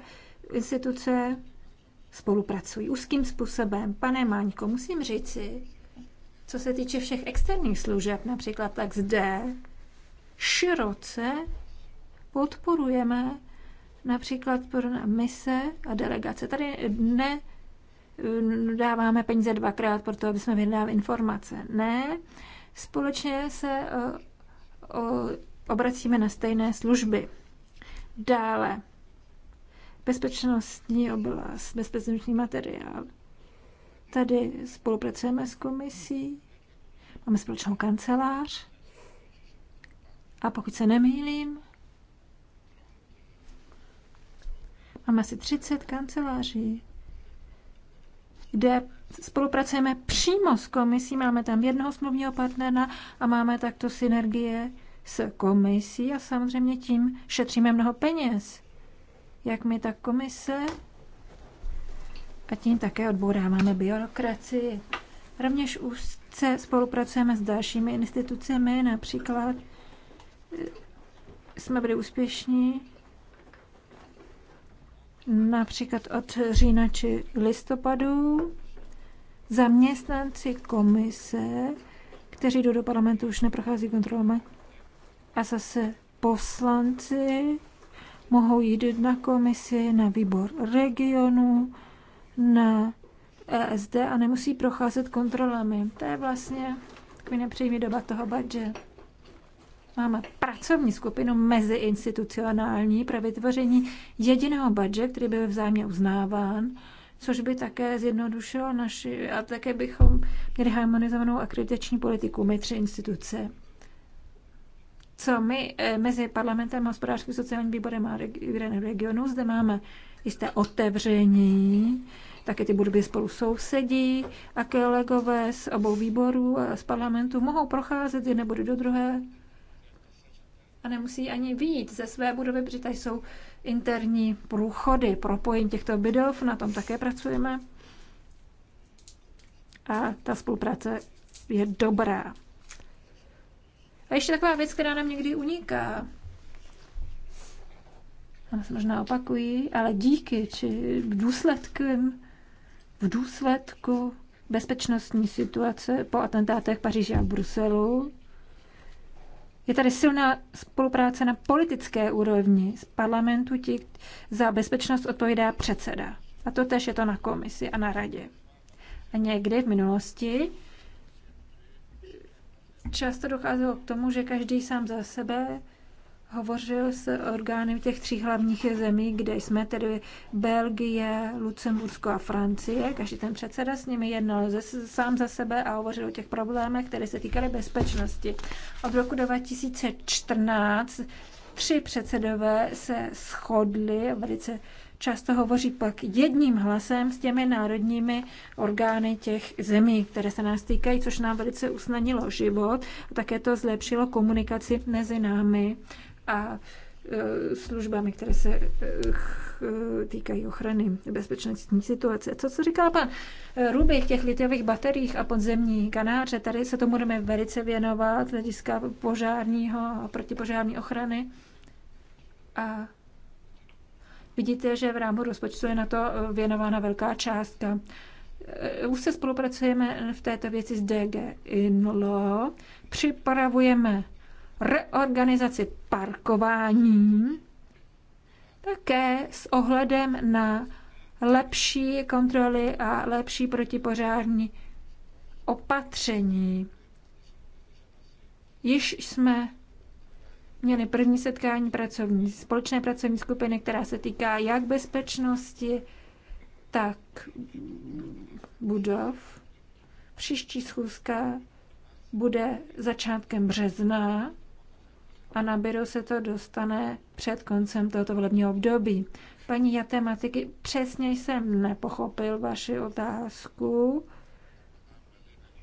Speaker 4: instituce spolupracují úzkým způsobem. Pane Maňko, musím říci, co se týče všech externích služeb, například tak zde, široce podporujeme například pro mise a delegace. Tady ne dáváme peníze dvakrát, to, aby jsme vydávali informace. Ne, společně se o, o, obracíme na stejné služby. Dále, bezpečnostní oblast, bezpečnostní materiál. Tady spolupracujeme s komisí, máme společnou kancelář a pokud se nemýlím, máme asi 30 kanceláří, kde spolupracujeme přímo s komisí, máme tam jednoho smluvního partnera a máme takto synergie s komisí a samozřejmě tím šetříme mnoho peněz jak mi ta komise. A tím také odbouráváme byrokracii. Rovněž úzce spolupracujeme s dalšími institucemi, například eh, jsme byli úspěšní například od října či listopadu zaměstnanci komise, kteří jdou do parlamentu, už neprochází kontrolami, a zase poslanci mohou jít na komisi, na výbor regionu, na ESD a nemusí procházet kontrolami. To je vlastně takový nepříjemný doba toho badže. Máme pracovní skupinu meziinstitucionální pro vytvoření jediného badže, který byl vzájemně uznáván, což by také zjednodušilo naši, a také bychom měli harmonizovanou akreditační politiku, my tři instituce co my e, mezi parlamentem, a hospodářským sociálním výborem a regionu, zde máme jisté otevření, také ty budovy spolu sousedí a kolegové z obou výborů a z parlamentu mohou procházet z jedné budovy do druhé a nemusí ani výjít ze své budovy, protože tady jsou interní průchody, propojení těchto budov, na tom také pracujeme. A ta spolupráce je dobrá. A ještě taková věc, která nám někdy uniká. Já se možná opakují, ale díky, či v důsledkem, v důsledku bezpečnostní situace po atentátech Paříže a Bruselu je tady silná spolupráce na politické úrovni z parlamentu, ti za bezpečnost odpovídá předseda. A to tež je to na komisi a na radě. A někdy v minulosti často docházelo k tomu, že každý sám za sebe hovořil s orgány těch tří hlavních zemí, kde jsme, tedy Belgie, Lucembursko a Francie. Každý ten předseda s nimi jednal ze, sám za sebe a hovořil o těch problémech, které se týkaly bezpečnosti. Od roku 2014 tři předsedové se shodli velice často hovoří pak jedním hlasem s těmi národními orgány těch zemí, které se nás týkají, což nám velice usnadnilo život a také to zlepšilo komunikaci mezi námi a e, službami, které se e, e, týkají ochrany bezpečnostní situace. Co, co říká pan Ruby v těch litových bateriích a podzemní kanáře, tady se tomu budeme velice věnovat, hlediska požárního a protipožární ochrany. A Vidíte, že v rámu rozpočtu je na to eh, věnována velká částka. Eh, už se spolupracujeme v této věci s DG Inlo. Připravujeme reorganizaci parkování také s ohledem na lepší kontroly a lepší protipožární opatření. Již jsme měli první setkání pracovní, společné pracovní skupiny, která se týká jak bezpečnosti, tak budov. Příští schůzka bude začátkem března a na byro se to dostane před koncem tohoto volebního období. Paní Jatematiky, přesně jsem nepochopil vaši otázku.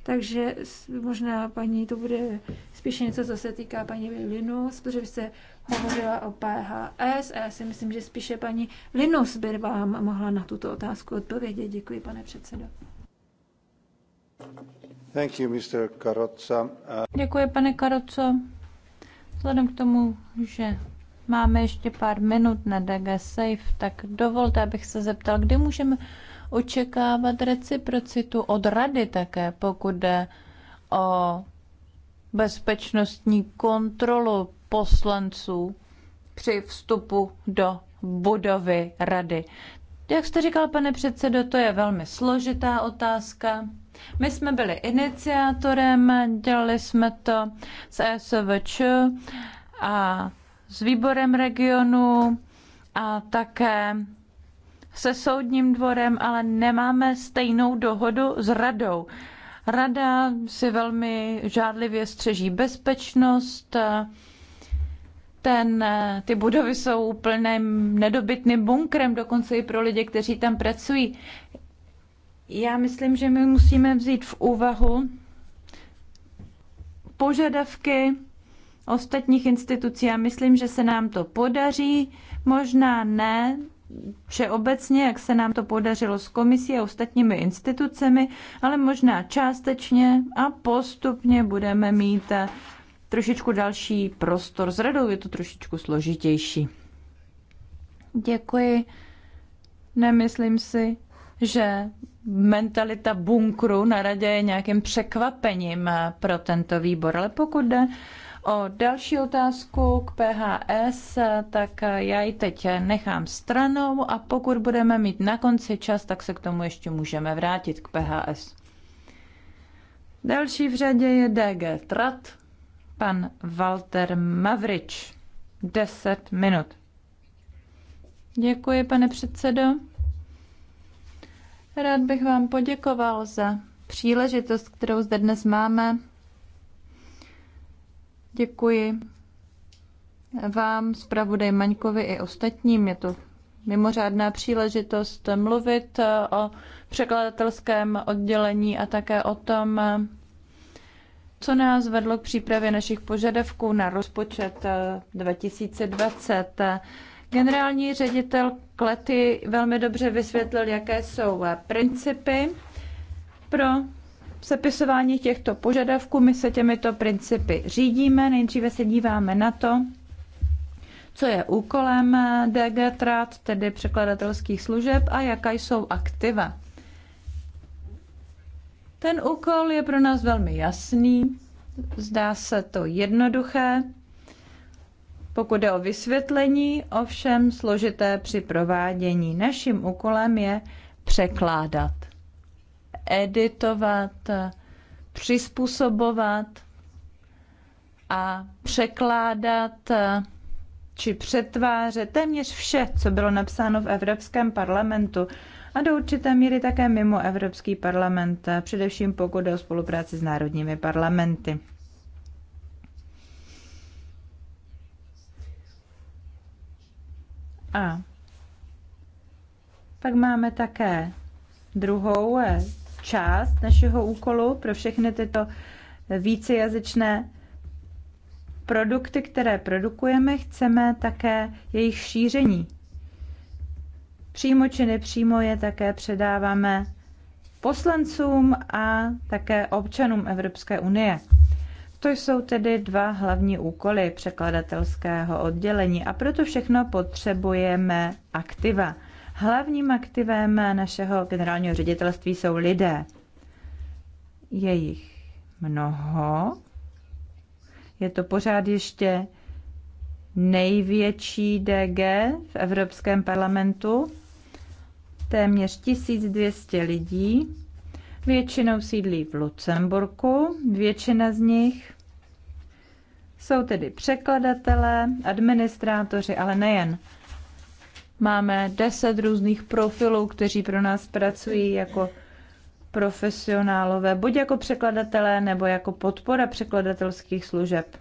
Speaker 4: Takže možná paní to bude spíše něco, co se týká paní Linus, protože byste hovořila o PHS a já si myslím, že spíše paní Linus
Speaker 2: by vám mohla na tuto otázku odpovědět. Děkuji, pane předsedo.
Speaker 1: Thank you, Mr. Karoca.
Speaker 2: Děkuji, pane Karoco. Vzhledem k tomu, že máme ještě pár minut na DG Safe, tak dovolte, abych se zeptal, kdy můžeme očekávat reciprocitu od rady také, pokud jde o bezpečnostní kontrolu poslanců při vstupu do budovy rady. Jak jste říkal, pane předsedo, to je velmi složitá otázka. My jsme byli iniciátorem, dělali jsme to s ESVČ a s výborem regionu a také se soudním dvorem, ale nemáme stejnou dohodu s radou. Rada si velmi žádlivě střeží bezpečnost, ten, ty budovy jsou úplným nedobytným bunkrem, dokonce i pro lidi, kteří tam pracují. Já myslím, že my musíme vzít v úvahu požadavky ostatních institucí. Já myslím, že se nám to podaří, možná ne všeobecně, jak se nám to podařilo s komisí a ostatními institucemi, ale možná částečně a postupně budeme mít eh, trošičku další prostor. S radou je to trošičku složitější. Děkuji. Nemyslím si, že mentalita bunkru na radě je nějakým překvapením eh, pro tento výbor, ale pokud jde O další otázku k PHS, tak já ji teď nechám stranou a pokud budeme mít na konci čas, tak se k tomu ještě můžeme vrátit k PHS. Další v řadě je DG Trat, pan Walter Mavrič. 10 minut. Děkuji, pane předsedo. Rád bych vám poděkoval za příležitost, kterou zde dnes máme Děkuji vám, zpravodaj Maňkovi i ostatním. Je to mimořádná příležitost mluvit o překladatelském oddělení a také o tom, co nás vedlo k přípravě našich požadavků na rozpočet 2020. Eh, Generální ředitel Klety velmi dobře vysvětlil, jaké jsou eh, principy pro sepisování těchto požadavků my se těmito principy řídíme. Nejdříve se díváme na to, co je úkolem DG Trat, tedy překladatelských služeb, a jaká jsou aktiva. Ten úkol je pro nás velmi jasný, zdá se to jednoduché, pokud je o vysvětlení, ovšem složité při provádění. Naším úkolem je překládat editovat, přizpůsobovat a překládat či přetvářet téměř vše, co bylo napsáno v Evropském parlamentu a do určité míry také mimo Evropský parlament, především pokud jde o spolupráci s národními parlamenty. A pak máme také druhou část našeho úkolu pro všechny tyto vícejazyčné produkty, které produkujeme, chceme také jejich šíření. Přímo či nepřímo je také předáváme poslancům a také občanům Evropské unie. To jsou tedy dva hlavní úkoly překladatelského oddělení a proto všechno potřebujeme aktiva – Hlavním aktivem našeho generálního ředitelství jsou lidé. Je jich mnoho. Je to pořád ještě největší DG v Evropském parlamentu. Téměř 1200 lidí. Většinou sídlí v Lucemburku. Většina z nich jsou tedy překladatelé, administrátoři, ale nejen. Máme deset různých profilů, kteří pro nás pracují jako profesionálové, buď jako překladatelé nebo jako podpora překladatelských služeb.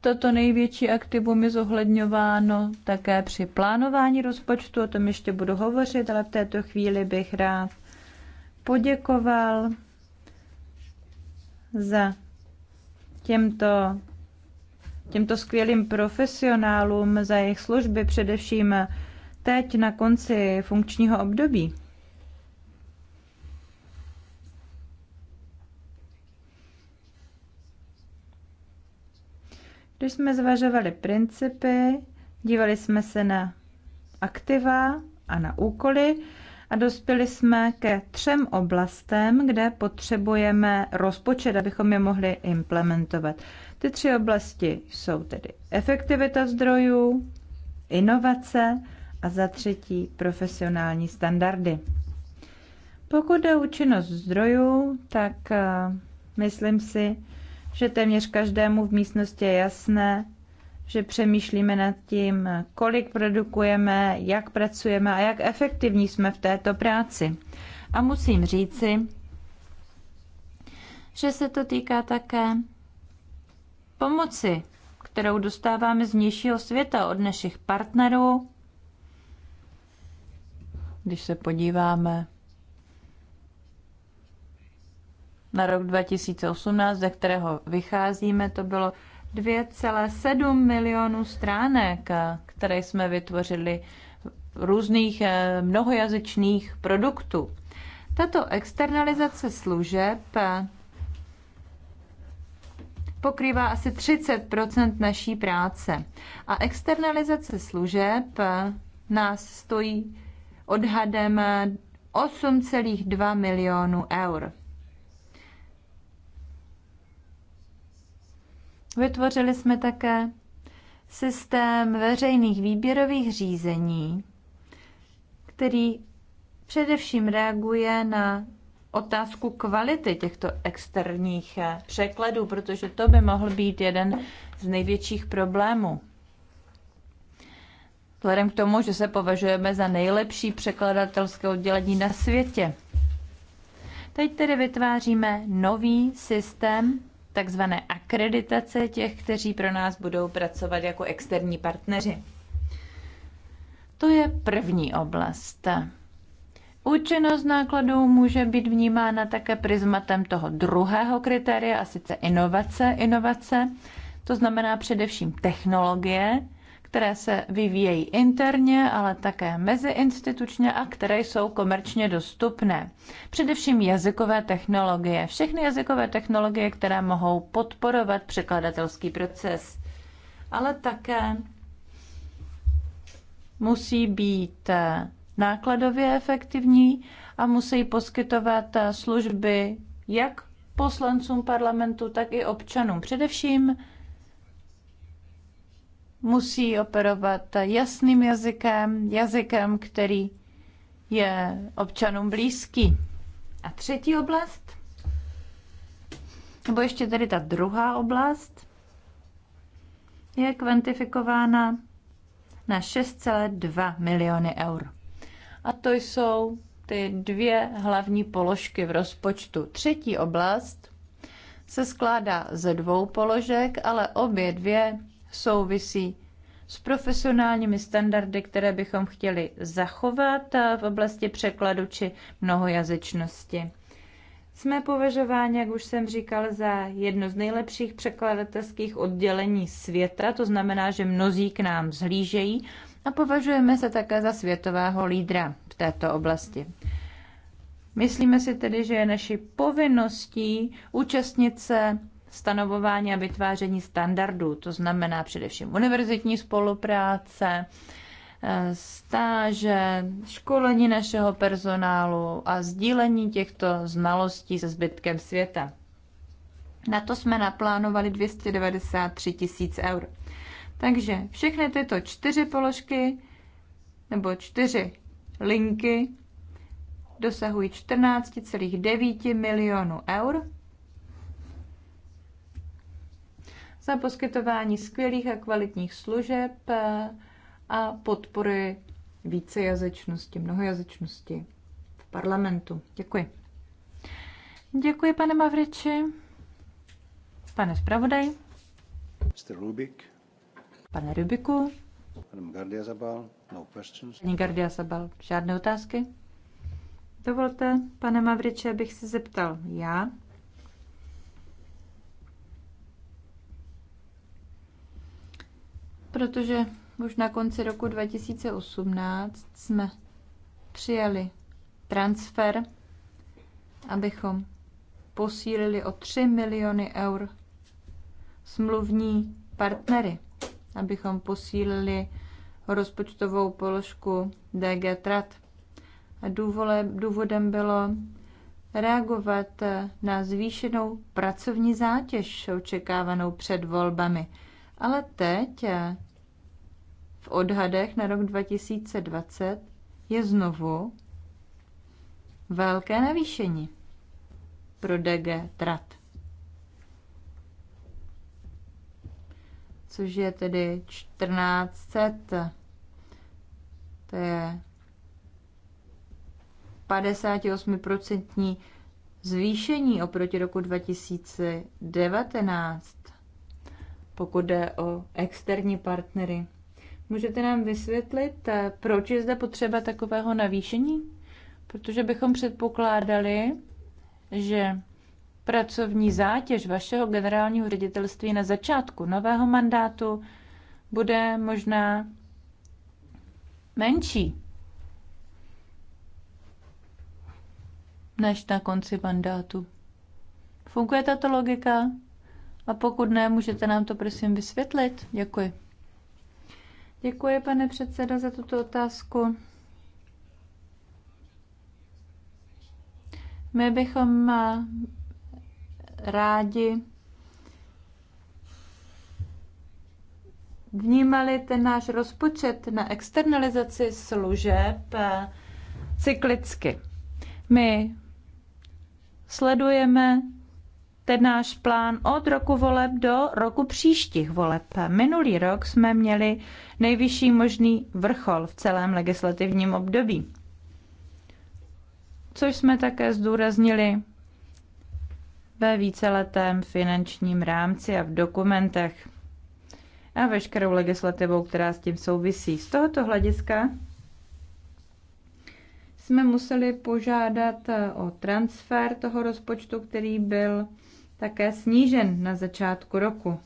Speaker 2: Toto největší aktivum je zohledňováno také při plánování rozpočtu, o tom ještě budu hovořit, ale v této chvíli bych rád poděkoval za těmto, těmto skvělým profesionálům za jejich služby, především teď na konci funkčního období. Když jsme zvažovali principy, dívali jsme se na aktiva a na úkoly a dospěli jsme ke třem oblastem, kde potřebujeme rozpočet, abychom je mohli implementovat. Ty tři oblasti jsou tedy efektivita zdrojů, inovace a za třetí profesionální standardy. Pokud jde o zdrojů, tak eh, myslím si, že téměř každému v místnosti je jasné, že přemýšlíme nad tím, kolik produkujeme, jak pracujeme a jak efektivní jsme v této práci. A musím říci, že se to týká také pomoci, kterou dostáváme z vnějšího světa od našich partnerů. Když se podíváme na rok 2018, ze kterého vycházíme, to bylo 2,7 milionů stránek, které jsme vytvořili různých eh, mnohojazyčných produktů. Tato externalizace služeb eh, pokrývá asi 30 naší práce. A externalizace služeb eh, nás stojí odhadem 8,2 milionů eur. Vytvořili jsme také systém veřejných výběrových řízení, který především reaguje na otázku kvality těchto externích eh, překladů, protože to by mohl být jeden z největších problémů. Vzhledem k tomu, že se považujeme za nejlepší překladatelské oddělení na světě. Teď tedy vytváříme nový systém takzvané akreditace těch, kteří pro nás budou pracovat jako externí partneři. To je první oblast. Účinnost nákladů může být vnímána také prismatem toho druhého kritéria, a sice inovace. Inovace, to znamená především technologie, které se vyvíjejí interně, ale také meziinstitučně a které jsou komerčně dostupné. Především jazykové technologie. Všechny jazykové technologie, které mohou podporovat překladatelský proces, ale také musí být eh, nákladově efektivní a musí poskytovat eh, služby jak poslancům parlamentu, tak i občanům. Především musí operovat jasným jazykem, jazykem, který je občanům blízký. A třetí oblast, nebo ještě tady ta druhá oblast, je kvantifikována na 6,2 miliony eur. A to jsou ty dvě hlavní položky v rozpočtu. Třetí oblast se skládá ze dvou položek, ale obě dvě souvisí s profesionálními standardy, které bychom chtěli zachovat v oblasti překladu či mnohojazyčnosti. Jsme považováni, jak už jsem říkal, za jedno z nejlepších překladatelských oddělení světa, to znamená, že mnozí k nám zhlížejí a považujeme se také za světového lídra v této oblasti. Myslíme si tedy, že je naší povinností účastnit se stanovování a vytváření standardů, to znamená především univerzitní spolupráce, eh, stáže, školení našeho personálu a sdílení těchto znalostí se zbytkem světa. Na to jsme naplánovali 293 tisíc eur. Takže všechny tyto čtyři položky nebo čtyři linky dosahují 14,9 milionů eur za poskytování skvělých a kvalitních služeb eh, a podpory vícejazyčnosti, mnohojazyčnosti v parlamentu. Děkuji. Děkuji, pane Mavriči. Pane zpravodaj.
Speaker 1: Mr. Rubik.
Speaker 2: Pane Rubiku.
Speaker 1: Pane Gardia Zabal, no questions. Pane
Speaker 2: Gardia Zabal, žádné otázky? Dovolte, pane Mavriče, abych se zeptal já protože už na konci roku 2018 jsme přijali transfer, abychom posílili o 3 miliony eur smluvní partnery, abychom posílili rozpočtovou položku DG Trat. A důvodem bylo reagovat na zvýšenou pracovní zátěž očekávanou před volbami. Ale teď eh, v odhadech na rok 2020 je znovu velké navýšení pro DG Trat. Což je tedy 1400. To je 58% zvýšení oproti roku 2019 pokud jde o externí partnery. Můžete nám vysvětlit, eh, proč je zde potřeba takového navýšení? Protože bychom předpokládali, že pracovní zátěž vašeho generálního ředitelství na začátku nového mandátu bude možná menší než na konci mandátu. Funguje tato logika? A pokud ne, můžete nám to prosím vysvětlit? Děkuji. Děkuji, pane předsedo, za tuto otázku. My bychom eh, rádi vnímali ten náš rozpočet na externalizaci služeb eh, cyklicky. My sledujeme ten náš plán od roku voleb do roku příštích voleb. Minulý rok jsme měli nejvyšší možný vrchol v celém legislativním období. Což jsme také zdůraznili ve víceletém finančním rámci a v dokumentech a veškerou legislativou, která s tím souvisí. Z tohoto hlediska jsme museli požádat o transfer toho rozpočtu, který byl také snížen na začátku roku.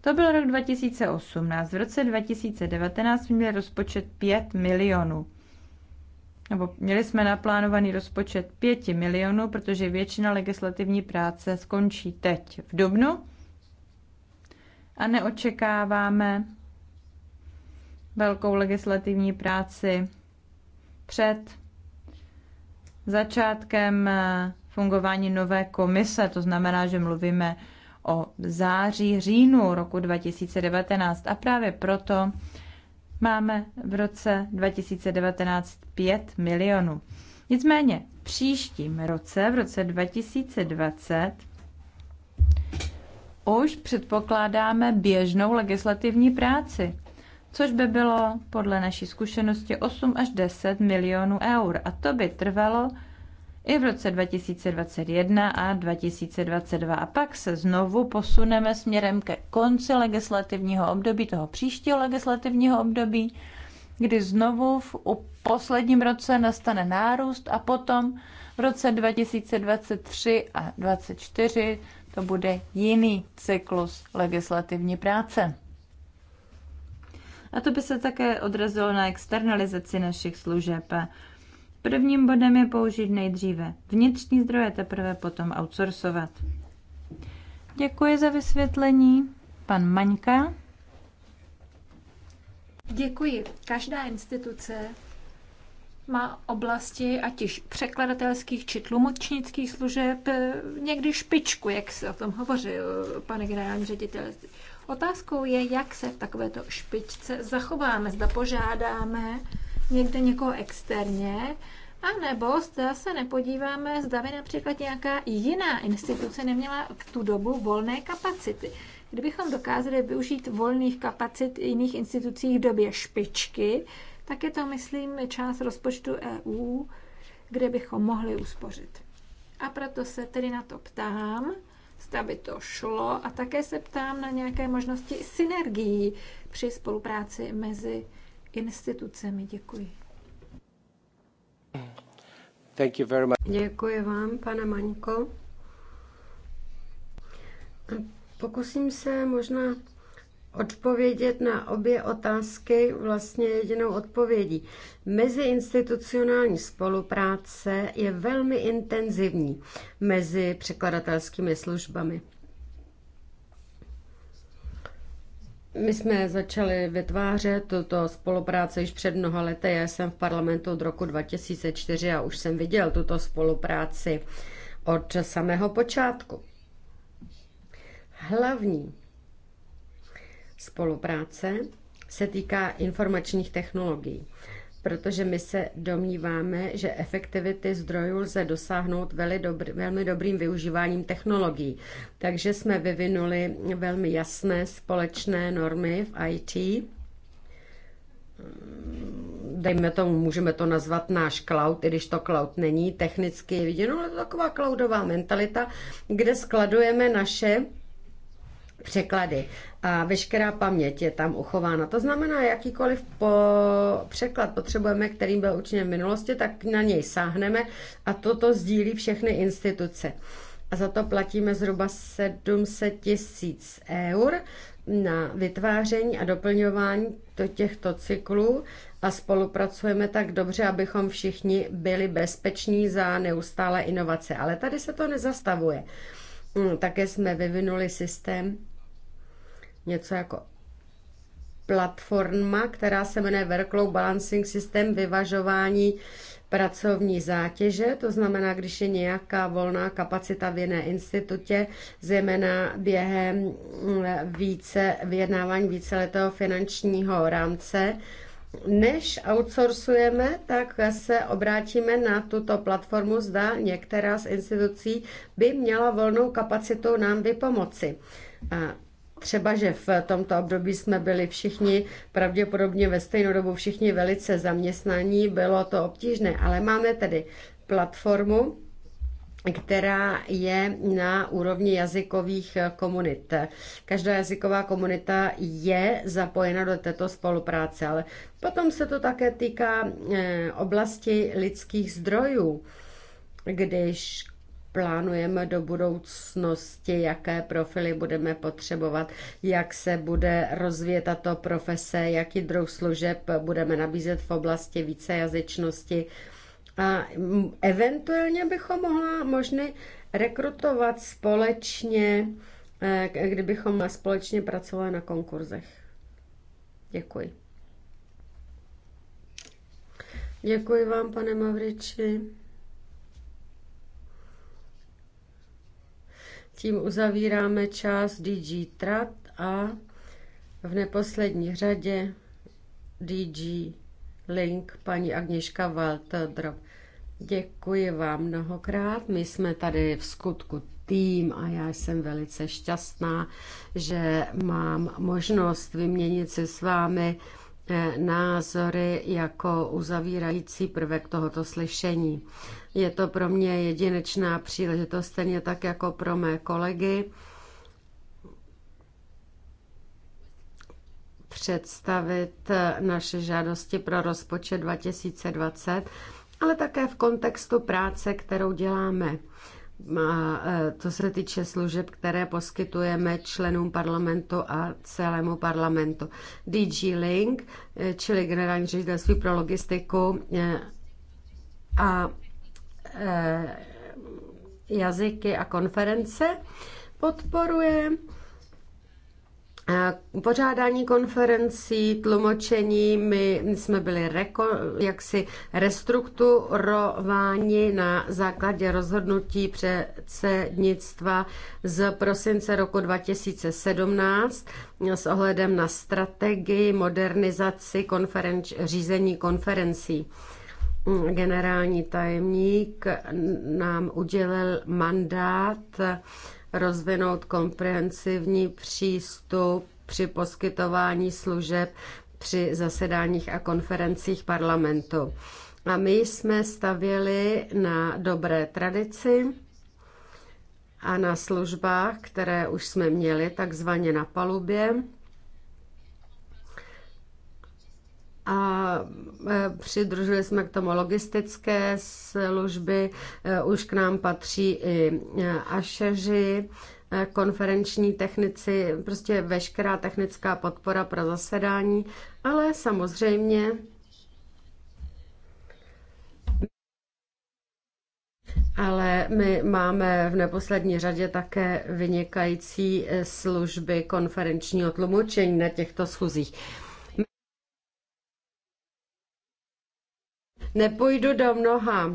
Speaker 2: To byl rok 2018. V roce 2019 jsme měli rozpočet 5 milionů. Nebo měli jsme naplánovaný rozpočet 5 milionů, protože většina legislativní práce skončí teď v dubnu a neočekáváme velkou legislativní práci před začátkem fungování nové komise, to znamená, že mluvíme o září, říjnu roku 2019 a právě proto máme v roce 2019 5 milionů. Nicméně v příštím roce, v roce 2020, už předpokládáme běžnou legislativní práci, což by bylo podle naší zkušenosti 8 až 10 milionů eur. A to by trvalo i v roce 2021 a 2022. A pak se znovu posuneme směrem ke konci legislativního období, toho příštího legislativního období, kdy znovu v posledním roce nastane nárůst a potom v roce 2023 a 2024 to bude jiný cyklus legislativní práce. A to by se také odrazilo na externalizaci našich služeb. Prvním bodem je použít nejdříve vnitřní zdroje, teprve potom outsourcovat. Děkuji za vysvětlení. Pan Maňka. Děkuji. Každá
Speaker 4: instituce má oblasti, ať již překladatelských či tlumočnických služeb, někdy špičku, jak se o tom hovořil pane generální ředitel. Otázkou je, jak se v takovéto špičce zachováme, zda požádáme někde někoho externě, a nebo se nepodíváme, zda by například nějaká jiná instituce neměla v tu dobu volné kapacity. Kdybychom dokázali využít volných kapacit jiných institucí v době špičky, tak je to, myslím, část rozpočtu EU, kde bychom mohli uspořit. A proto se tedy na to ptám, zda by to šlo a také se ptám na nějaké možnosti synergií při spolupráci mezi
Speaker 5: institucemi. Děkuji. Thank you very much. Děkuji vám, pane Maňko. Pokusím se možná odpovědět na obě otázky vlastně jedinou odpovědí. Meziinstitucionální spolupráce je velmi intenzivní mezi překladatelskými službami. My jsme začali vytvářet tuto spolupráci již před mnoha lety. Já jsem v parlamentu od roku 2004 a už jsem viděl tuto spolupráci od samého počátku. Hlavní spolupráce se týká informačních technologií protože my se domníváme, že efektivity zdrojů lze dosáhnout veli velmi dobrým využíváním technologií. Takže jsme vyvinuli velmi jasné společné normy v IT. Dejme tomu, můžeme to nazvat náš cloud, i když to cloud není technicky viděno, ale to taková cloudová mentalita, kde skladujeme naše překlady a veškerá paměť je tam uchována. To znamená, jakýkoliv po překlad potřebujeme, který byl učiněn v minulosti, tak na něj sáhneme a toto sdílí všechny instituce. A za to platíme zhruba 700 tisíc eur na vytváření a doplňování do těchto cyklů a spolupracujeme tak dobře, abychom všichni byli bezpeční za neustále inovace. Ale tady se to nezastavuje. Hm, také jsme vyvinuli systém něco jako platforma, která se jmenuje Workload Balancing System, vyvažování pracovní zátěže, to znamená, když je nějaká volná kapacita v jiné institutě, zejména během mm, více, vyjednávání víceletého finančního rámce, než outsourcujeme, tak se obrátíme na tuto platformu, zda některá z institucí by měla volnou kapacitu nám vypomoci. Třeba, že v tomto období jsme byli všichni, pravděpodobně ve stejnou dobu všichni velice zaměstnaní, bylo to obtížné, ale máme tedy platformu, která je na úrovni jazykových komunit. Každá jazyková komunita je zapojena do této spolupráce, ale potom se to také týká eh, oblasti lidských zdrojů. Když plánujeme do budoucnosti, jaké profily budeme potřebovat, jak se bude rozvíjet tato profese, jaký druh služeb budeme nabízet v oblasti vícejazyčnosti. A eventuálně bychom mohla možný rekrutovat společně, eh, kdybychom společně pracovali na konkurzech. Děkuji. Děkuji vám, pane Mavriči. Tím uzavíráme část DG Trat a v neposlední řadě DG Link paní Agněška Walterdrop. Děkuji vám mnohokrát. My jsme tady v skutku tým a já jsem velice šťastná, že mám možnost vyměnit se s vámi názory jako uzavírající prvek tohoto slyšení. Je to pro mě jedinečná příležitost, stejně tak jako pro mé kolegy, představit naše žádosti pro rozpočet 2020, ale také v kontextu práce, kterou děláme má, eh, co se týče služeb, které poskytujeme členům parlamentu a celému parlamentu. DG Link, eh, čili generální ředitelství pro logistiku eh, a jazyky a konference, podporuje pořádání konferencí, tlumočení, my jsme byli reko, jaksi restrukturováni na základě rozhodnutí předsednictva z prosince roku 2017 s ohledem na strategii modernizaci konferenč, řízení konferencí. Generální tajemník nám udělil mandát rozvinout komprehensivní přístup při poskytování služeb při zasedáních a konferencích parlamentu. A my jsme stavěli na dobré tradici a na službách, které už jsme měli takzvaně na palubě. a e, přidružili jsme k tomu logistické služby, e, už k nám patří i e, ašeři, konferenční technici, prostě veškerá technická podpora pro zasedání, ale samozřejmě Ale my máme v neposlední řadě také vynikající služby konferenčního tlumočení na těchto schůzích. Nepůjdu do mnoha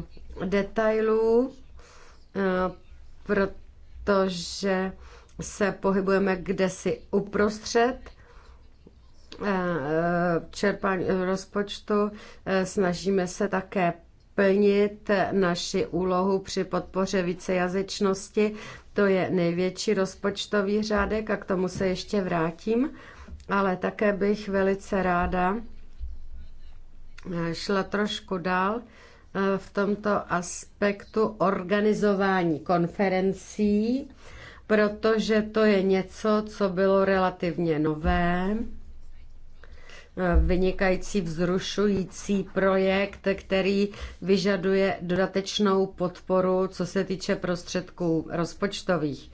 Speaker 5: detailů, eh, protože se pohybujeme kdesi uprostřed eh, čerpání rozpočtu. Eh, snažíme se také plnit naši úlohu při podpoře vícejazyčnosti. To je největší rozpočtový řádek a k tomu se ještě vrátím. Ale také bych velice ráda šla trošku dál eh, v tomto aspektu organizování konferencí, protože to je něco, co bylo relativně nové. Eh, vynikající, vzrušující projekt, který vyžaduje dodatečnou podporu, co se týče prostředků rozpočtových.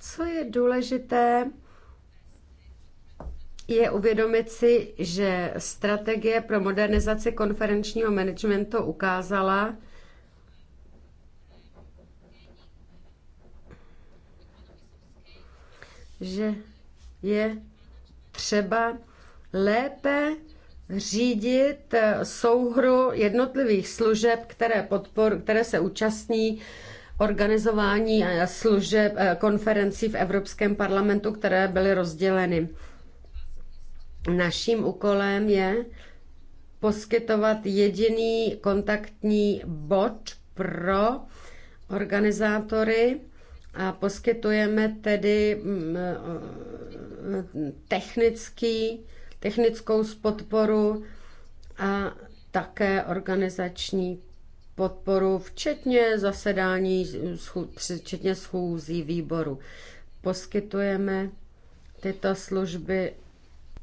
Speaker 5: Co je důležité, je uvědomit si, že strategie pro modernizaci konferenčního managementu ukázala, že je třeba lépe řídit souhru jednotlivých služeb, které, podpor, které se účastní organizování služeb eh, konferencí v Evropském parlamentu, které byly rozděleny. Naším úkolem je poskytovat jediný kontaktní bod pro organizátory a poskytujeme tedy mm, eh, technický, technickou podporu a také organizační podporu, včetně zasedání, včetně schůzí výboru. Poskytujeme tyto služby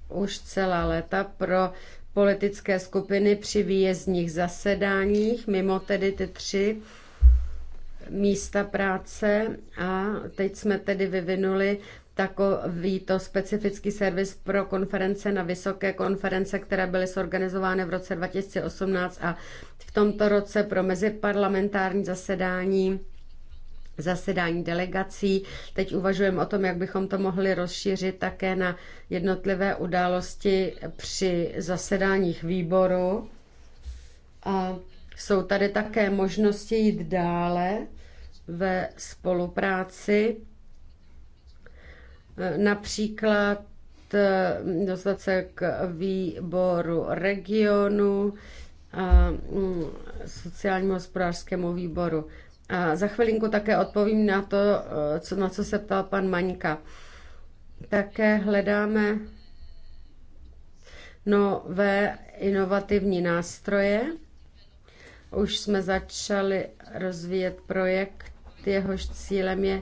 Speaker 5: už celá léta pro politické skupiny při výjezdních zasedáních, mimo tedy ty tři místa práce a teď jsme tedy vyvinuli takový to specifický servis pro konference na vysoké konference, které byly zorganizovány v roce 2018 a v tomto roce pro meziparlamentární zasedání zasedání delegací. Teď uvažujeme o tom, jak bychom to mohli rozšířit také na jednotlivé události při zasedáních výboru. A jsou tady také možnosti jít dále ve spolupráci, například eh, dostat se k výboru regionu a mm, sociálnímu hospodářskému výboru. A za chvilinku také odpovím na to, eh, co, na co se ptal pan Maňka. Také hledáme nové inovativní nástroje. Už jsme začali rozvíjet projekt, jehož cílem je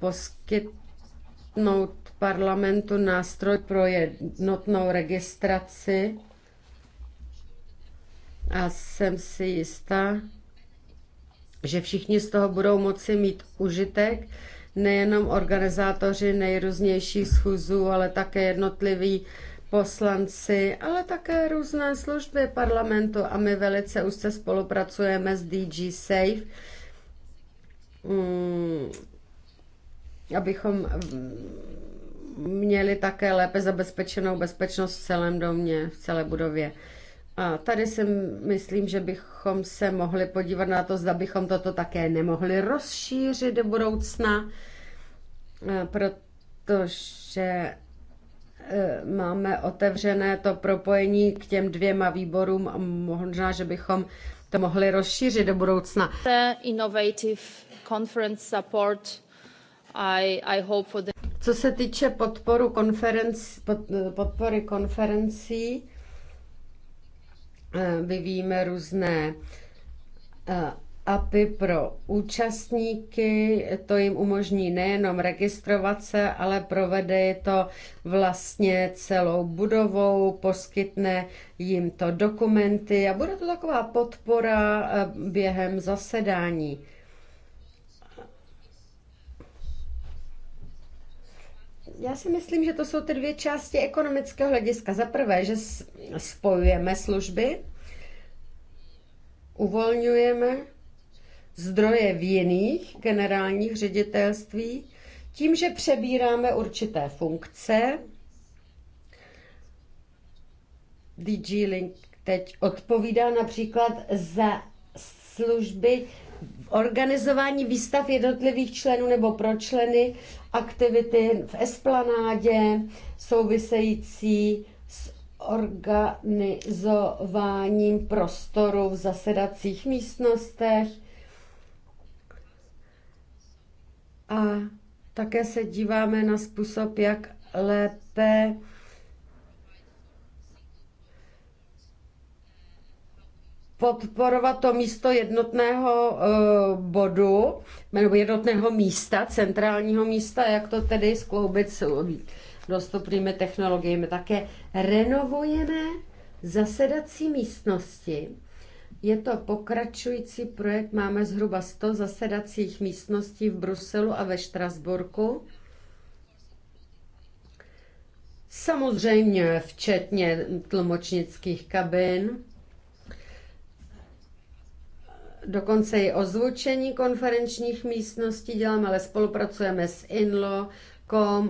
Speaker 5: poskytnout parlamentu nástroj pro jednotnou registraci. A jsem si jistá, že všichni z toho budou moci mít užitek, nejenom organizátoři nejrůznějších schůzů, ale také jednotliví poslanci, ale také různé služby parlamentu a my velice úzce spolupracujeme s DG Safe, mm, abychom měli také lépe zabezpečenou bezpečnost v celém domě, v celé budově. A tady si myslím, že bychom se mohli podívat na to, zda bychom toto také nemohli rozšířit do budoucna, e, protože e, máme otevřené to propojení k těm dvěma výborům a možná, že bychom to mohli rozšířit do budoucna. Innovative conference support. I, I hope for the... Co se týče podporu konferenc, pod, podpory konferencí, Eh, vyvíjíme různé eh, API pro účastníky, to jim umožní nejenom registrovat se, ale provede je to vlastně celou budovou, poskytne jim to dokumenty a bude to taková podpora eh, během zasedání. Já si myslím, že to jsou ty dvě části ekonomického hlediska. Za prvé, že spojujeme služby, uvolňujeme zdroje v jiných generálních ředitelství, tím, že přebíráme určité funkce. DG Link teď odpovídá například za služby v organizování výstav jednotlivých členů nebo pro členy aktivity v esplanádě související s organizováním prostoru v zasedacích místnostech. A také se díváme na způsob, jak lépe podporovat to místo jednotného eh, bodu, nebo jednotného místa, centrálního místa, jak to tedy skloubit s dostupnými technologiemi. Také renovujeme zasedací místnosti. Je to pokračující projekt, máme zhruba 100 zasedacích místností v Bruselu a ve Štrasburku. Samozřejmě včetně tlumočnických kabin dokonce i ozvučení konferenčních místností děláme, ale spolupracujeme s INLO,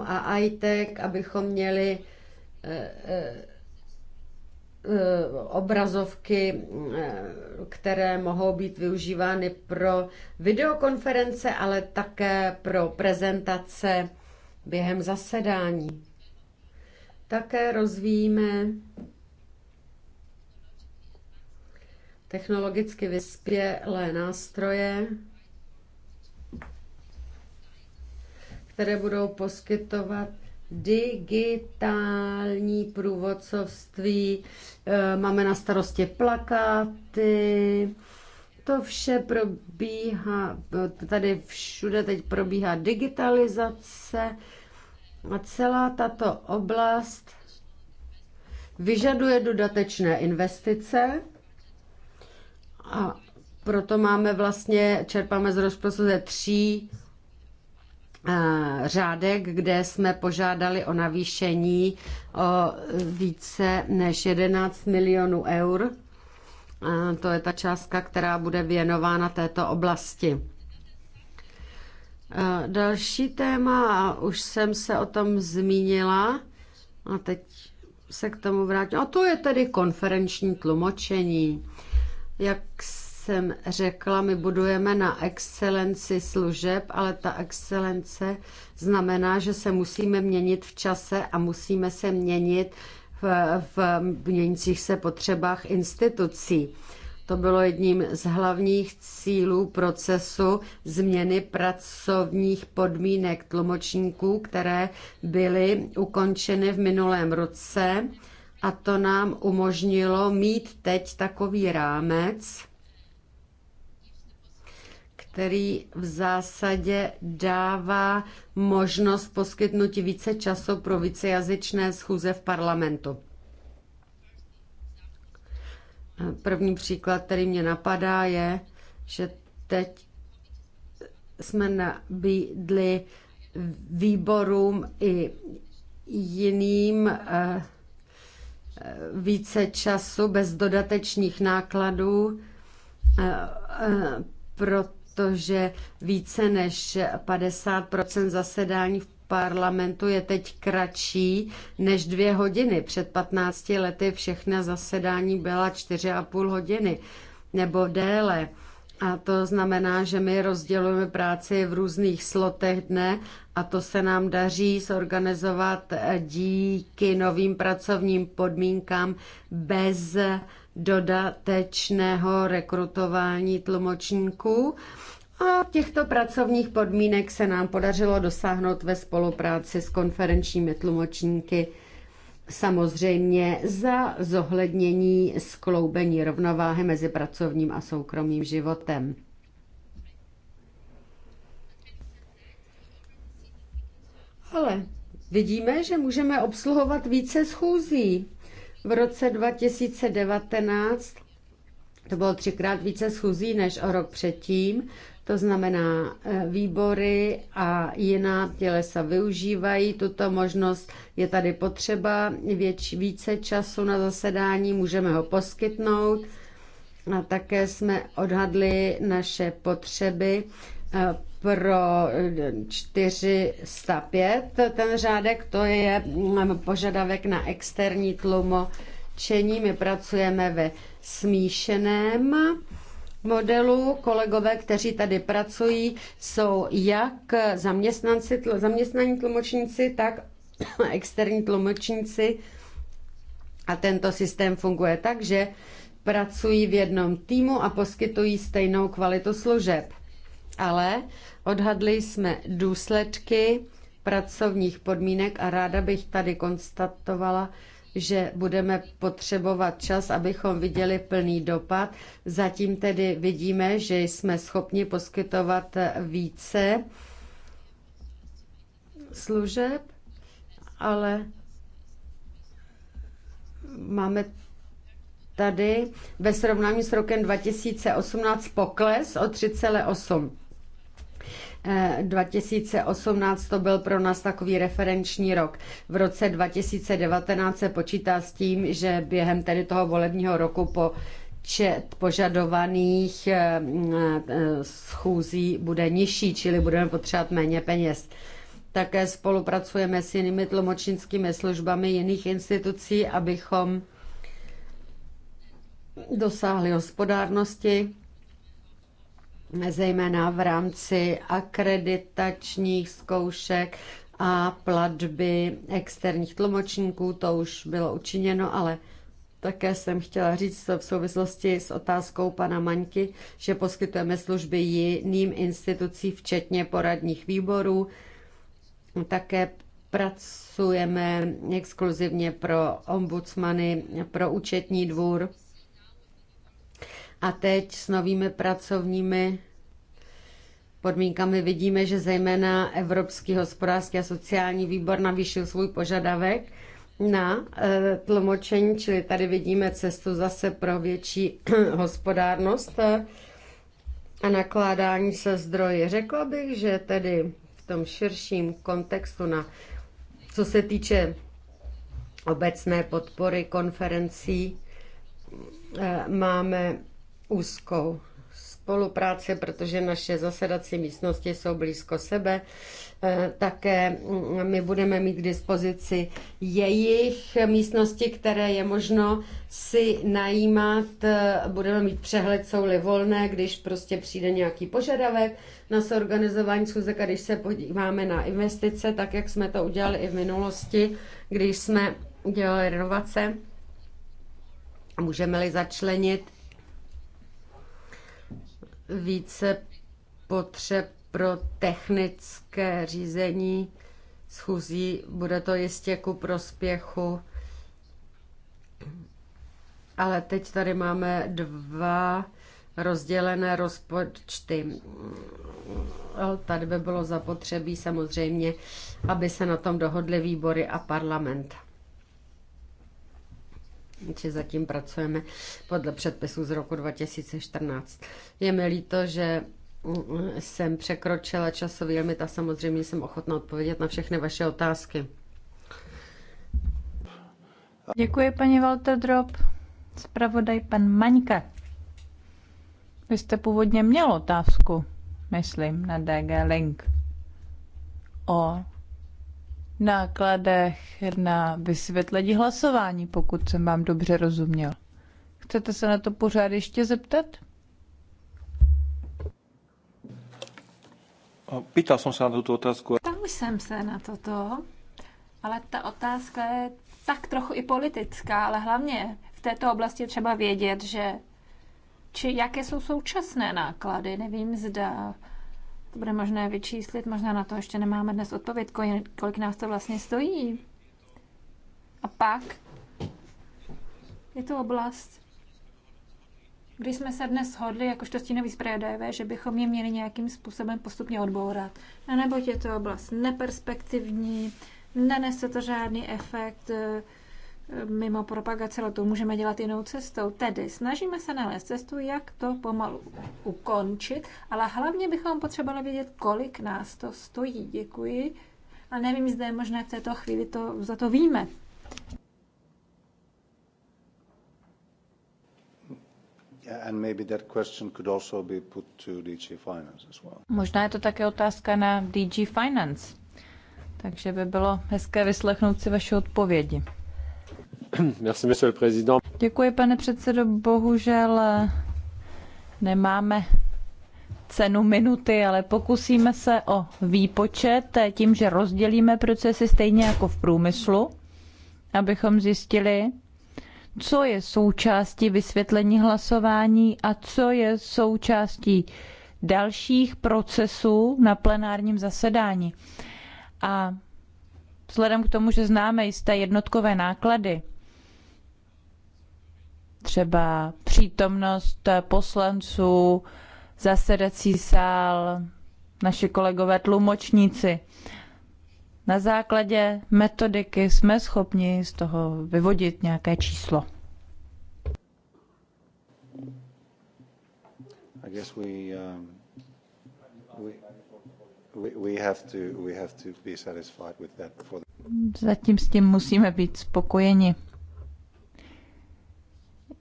Speaker 5: a ITEC, abychom měli eh, eh, eh, obrazovky, které mohou být využívány pro videokonference, ale také pro prezentace během zasedání. Také rozvíjíme technologicky vyspělé nástroje, které budou poskytovat digitální průvodcovství. Eh, máme na starosti plakáty. To vše probíhá, tady všude teď probíhá digitalizace a celá tato oblast vyžaduje dodatečné investice a proto máme vlastně, čerpáme z rozpočtu ze tří eh, řádek, kde jsme požádali o navýšení o více než 11 milionů eur. A to je ta částka, která bude věnována této oblasti. A eh, další téma, a už jsem se o tom zmínila, a teď se k tomu vrátím. A to je tedy konferenční tlumočení. Jak jsem řekla, my budujeme na excelenci služeb, ale ta excelence znamená, že se musíme měnit v čase a musíme se měnit v, v měnících se potřebách institucí. To bylo jedním z hlavních cílů procesu změny pracovních podmínek tlumočníků, které byly ukončeny v minulém roce a to nám umožnilo mít teď takový rámec, který v zásadě dává možnost poskytnutí více času pro vícejazyčné schůze v parlamentu. První příklad, který mě napadá, je, že teď jsme nabídli výborům i jiným eh, více času bez dodatečných nákladů, eh, eh, protože více než 50 zasedání v parlamentu je teď kratší než dvě hodiny. Před 15 lety všechna zasedání byla 4,5 hodiny nebo déle. A to znamená, že my rozdělujeme práci v různých slotech dne a to se nám daří zorganizovat díky novým pracovním podmínkám bez dodatečného rekrutování tlumočníků. A těchto pracovních podmínek se nám podařilo dosáhnout ve spolupráci s konferenčními tlumočníky Samozřejmě za zohlednění skloubení rovnováhy mezi pracovním a soukromým životem. Ale vidíme, že můžeme obsluhovat více schůzí. V roce 2019 to bylo třikrát více schůzí než o rok předtím. To znamená, eh, výbory a jiná tělesa využívají tuto možnost. Je tady potřeba věč, více času na zasedání, můžeme ho poskytnout. A také jsme odhadli naše potřeby eh, pro 405. Eh, Ten řádek to je mm, požadavek na externí tlumočení. My pracujeme ve smíšeném modelu. Kolegové, kteří tady pracují, jsou jak zaměstnanci, zaměstnaní tlumočníci, tak externí tlumočníci. A tento systém funguje tak, že pracují v jednom týmu a poskytují stejnou kvalitu služeb. Ale odhadli jsme důsledky pracovních podmínek a ráda bych tady konstatovala, že budeme potřebovat čas, abychom viděli plný dopad. Zatím tedy vidíme, že jsme schopni poskytovat více služeb, ale máme tady ve srovnání s rokem 2018 pokles o 3,8 2018 eh, to byl pro nás takový referenční rok. V roce 2019 se počítá s tím, že během tedy toho volebního roku po čet požadovaných eh, eh, schůzí bude nižší, čili budeme potřebovat méně peněz. Také spolupracujeme s jinými tlumočnickými službami jiných institucí, abychom dosáhli hospodárnosti zejména v rámci akreditačních zkoušek a platby externích tlumočníků, to už bylo učiněno, ale také jsem chtěla říct v souvislosti s otázkou pana Maňky, že poskytujeme služby jiným institucím, včetně poradních výborů. Také pracujeme exkluzivně pro ombudsmany, pro účetní dvůr a teď s novými pracovními podmínkami vidíme, že zejména Evropský hospodářský a sociální výbor navýšil svůj požadavek na eh, tlumočení, čili tady vidíme cestu zase pro větší hospodárnost eh, a nakládání se zdroji. Řekla bych, že tedy v tom širším kontextu na co se týče obecné podpory konferencí, eh, máme úzkou spolupráci, protože naše zasedací místnosti jsou blízko sebe. Eh, také mm, my budeme mít k dispozici jejich místnosti, které je možno si najímat. Eh, budeme mít přehled, jsou-li volné, když prostě přijde nějaký požadavek na zorganizování schůzek a když se podíváme na investice, tak jak jsme to udělali i v minulosti, když jsme dělali renovace, můžeme-li začlenit více potřeb pro technické řízení schůzí. Bude to jistě ku prospěchu. Ale teď tady máme dva rozdělené rozpočty. Tady by bylo zapotřebí samozřejmě, aby se na tom dohodly výbory a parlament či zatím pracujeme podle předpisů z roku 2014. Je mi líto, že mm, mm, jsem překročila časový limit a samozřejmě jsem ochotná odpovědět na všechny vaše otázky. Děkuji, paní
Speaker 2: Walter Drop. Spravodaj pan Maňka. Vy jste původně měl otázku, myslím, na DG Link o nákladech na vysvětlení hlasování, pokud jsem vám dobře rozuměl. Chcete se na to pořád ještě zeptat?
Speaker 1: Pýtal jsem se na tuto otázku. Ptal
Speaker 2: jsem
Speaker 4: se na toto, ale ta otázka je tak trochu i politická, ale hlavně v této oblasti třeba vědět, že či jaké jsou současné náklady. Nevím, zda to bude možné vyčíslit, možná na to ještě nemáme dnes odpověď, kolik nás to vlastně stojí. A pak je to oblast, když jsme se dnes shodli, jakožto stínový zpravodajové, že bychom je měli nějakým způsobem postupně odbourat. A neboť je to oblast neperspektivní, nenese to žádný efekt, eh, mimo propagaci letu můžeme dělat jinou cestou. Tedy snažíme se nalézt cestu, jak to pomalu ukončit, ale hlavně bychom potřebovali vědět, kolik nás to stojí. Děkuji. A nevím, zda je možné v této chvíli to, za to víme.
Speaker 1: And maybe that question could also be put to DG Finance as well.
Speaker 2: Možná je to také otázka na DG Finance. Takže by bylo hezké vyslechnout si vaše odpovědi. Děkuji, pane předsedo. Bohužel eh, nemáme cenu minuty, ale pokusíme se o výpočet eh, tím, že rozdělíme procesy stejně jako v průmyslu, abychom zjistili, co je součástí vysvětlení hlasování a co je součástí dalších procesů na plenárním zasedání. A vzhledem k tomu, že známe jisté jednotkové náklady, třeba přítomnost poslanců, zasedací sál, naši kolegové tlumočníci. Na základě metodiky jsme schopni z toho vyvodit nějaké číslo.
Speaker 1: I guess we, um, we, we have to, we have to be satisfied with that for
Speaker 2: the... Zatím s tím musíme být spokojeni.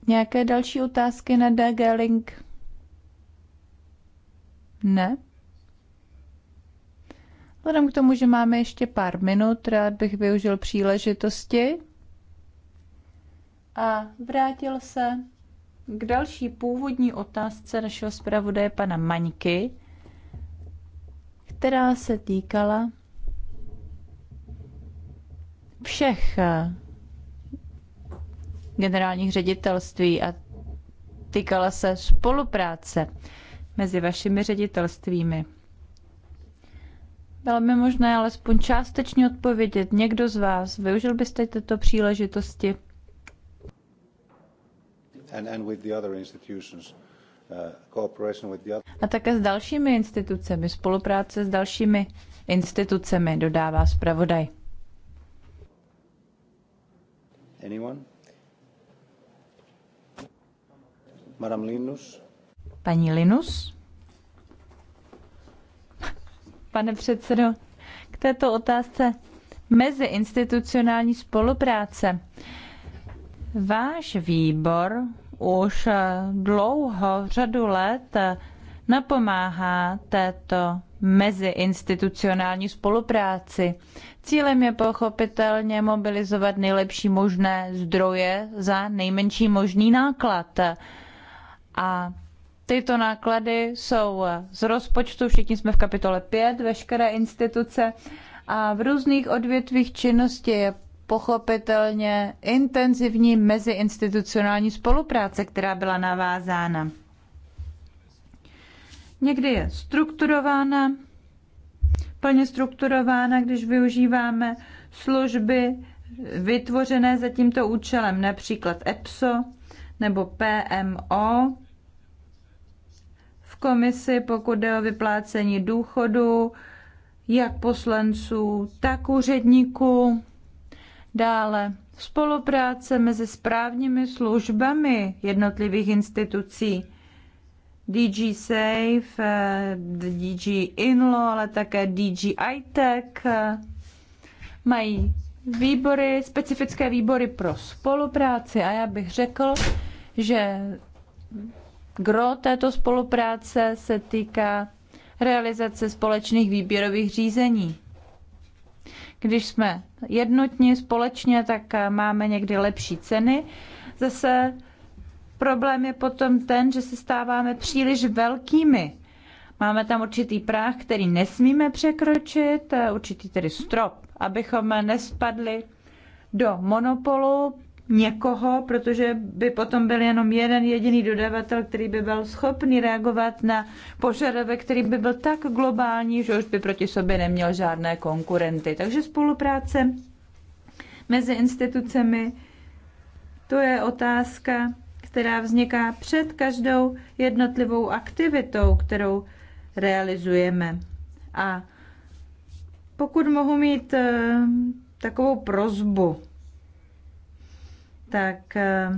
Speaker 2: Nějaké další otázky na DG Link? Ne? Vzhledem k tomu, že máme ještě pár minut, rád bych využil příležitosti a vrátil se k další původní otázce našeho zpravodaje pana Maňky, která se týkala všech generálních ředitelství a týkala se spolupráce mezi vašimi ředitelstvími. Bylo by možné alespoň částečně odpovědět někdo z vás. Využil byste této příležitosti? Uh, a také s dalšími institucemi, spolupráce s dalšími institucemi, dodává zpravodaj.
Speaker 1: Anyone? Madame Linus.
Speaker 2: Paní Linus? Pane předsedo, k této otázce meziinstitucionální spolupráce. Váš výbor už dlouho, řadu let napomáhá této meziinstitucionální spolupráci. Cílem je pochopitelně mobilizovat nejlepší možné zdroje za nejmenší možný náklad. A tyto náklady jsou z rozpočtu, všichni jsme v kapitole 5, veškeré instituce a v různých odvětvích činnosti je pochopitelně intenzivní meziinstitucionální spolupráce, která byla navázána. Někdy je strukturována, plně strukturována, když využíváme služby vytvořené za tímto účelem, například EPSO nebo PMO, komisi, pokud jde o vyplácení důchodu, jak poslanců, tak úředníků. Dále spolupráce mezi správními službami jednotlivých institucí. DG Safe, eh, DG Inlo, ale také DG iTech mají výbory, specifické výbory pro spolupráci a já bych řekl, že Gro této spolupráce se týká realizace společných výběrových řízení. Když jsme jednotní společně, tak máme někdy lepší ceny. Zase problém je potom ten, že se stáváme příliš velkými. Máme tam určitý práh, který nesmíme překročit, určitý tedy strop, abychom nespadli do monopolu někoho, protože by potom byl jenom jeden jediný dodavatel, který by byl schopný reagovat na požadavek, který by byl tak globální, že už by proti sobě neměl žádné konkurenty. Takže spolupráce mezi institucemi, to je otázka, která vzniká před každou jednotlivou aktivitou, kterou realizujeme. A pokud mohu mít eh, takovou prozbu, tak eh,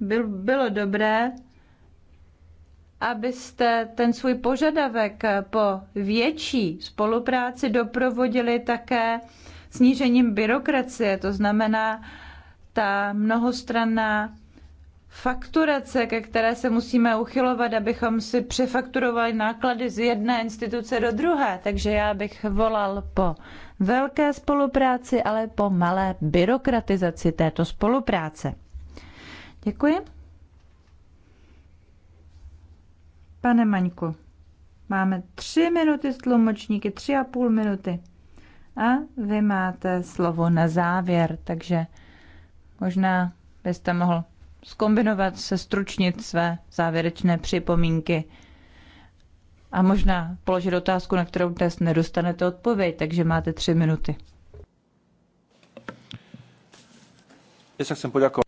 Speaker 2: byl, bylo dobré, abyste ten svůj požadavek po větší spolupráci doprovodili také snížením byrokracie, to znamená ta mnohostranná fakturace, ke které se musíme uchylovat, abychom si přefakturovali náklady z jedné instituce do druhé. Takže já bych volal po velké spolupráci, ale po malé byrokratizaci této spolupráce. Děkuji. Pane Maňku, máme tři minuty s tlumočníky, tři a půl minuty. A vy máte slovo na závěr, takže možná byste mohl skombinovat, se stručnit své závěrečné připomínky a možná položit otázku, na kterou dnes nedostanete odpověď, takže máte tři minuty.
Speaker 3: Já se chcem poděkovat.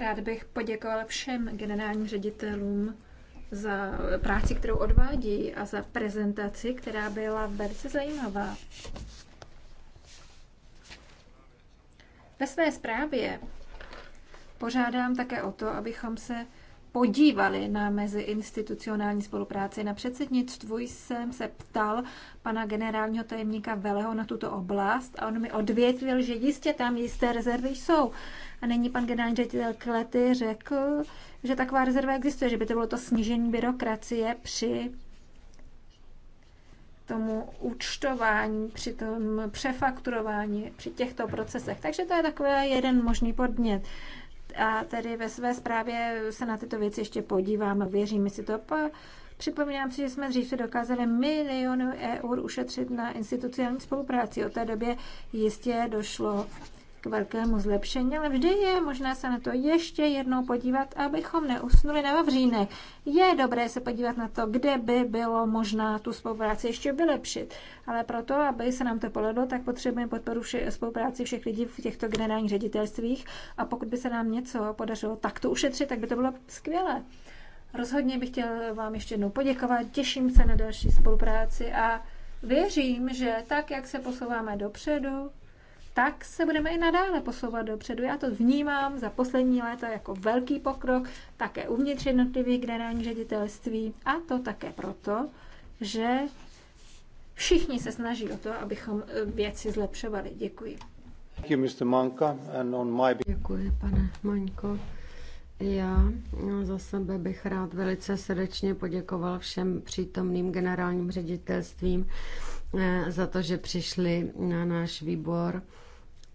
Speaker 4: Rád bych poděkoval všem generálním ředitelům za práci, kterou odvádí a za prezentaci, která byla velice zajímavá. Ve své zprávě požádám také o to, abychom se podívali na meziinstitucionální spolupráci. Na předsednictvu jsem se ptal pana generálního tajemníka Veleho na tuto oblast a on mi odvětvil, že jistě tam jisté rezervy jsou. A není pan generální ředitel Klety řekl, že taková rezerva existuje, že by to bylo to snížení byrokracie při tomu účtování, při tom přefakturování, při těchto procesech. Takže to je takový jeden možný podnět. A tedy ve své zprávě se na tyto věci ještě podíváme, věříme si to. Po, Připomínám si, že jsme dřív se dokázali miliony eur ušetřit na institucionální spolupráci. O té době jistě došlo k velkému zlepšení, ale vždy je možné se na to ještě jednou podívat, abychom neusnuli na vavřínek. Je dobré se podívat na to, kde by bylo možná tu spolupráci ještě vylepšit, ale proto, aby se nám to povedlo, tak potřebujeme podporu vše, spolupráci všech lidí v těchto generálních ředitelstvích a pokud by se nám něco podařilo takto ušetřit, tak by to bylo skvělé. Rozhodně bych chtěl vám ještě jednou poděkovat, těším se na další spolupráci a věřím, že tak, jak se posouváme dopředu, tak se budeme i nadále posouvat dopředu. Já to vnímám za poslední léta jako velký pokrok, také uvnitř jednotlivých generálních ředitelství a to také proto, že všichni se snaží o to, abychom e, věci zlepšovali. Děkuji.
Speaker 5: Děkuji, pane Maňko. Já no, za sebe bych rád velice srdečně poděkoval všem přítomným generálním ředitelstvím e, za to, že přišli na náš výbor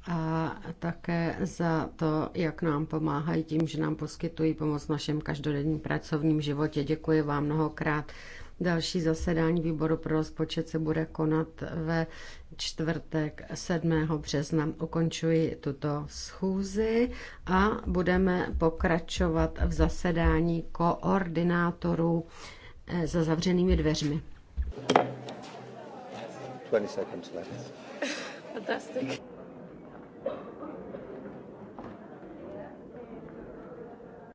Speaker 5: a také za to, jak nám pomáhají tím, že nám poskytují pomoc v našem každodenním pracovním životě. Děkuji vám mnohokrát. Další zasedání výboru pro rozpočet se bude konat ve čtvrtek 7. března. Ukončuji tuto schůzi a budeme pokračovat v zasedání koordinátorů eh, za zavřenými dveřmi.
Speaker 1: 20
Speaker 3: seconds left. Fantastic.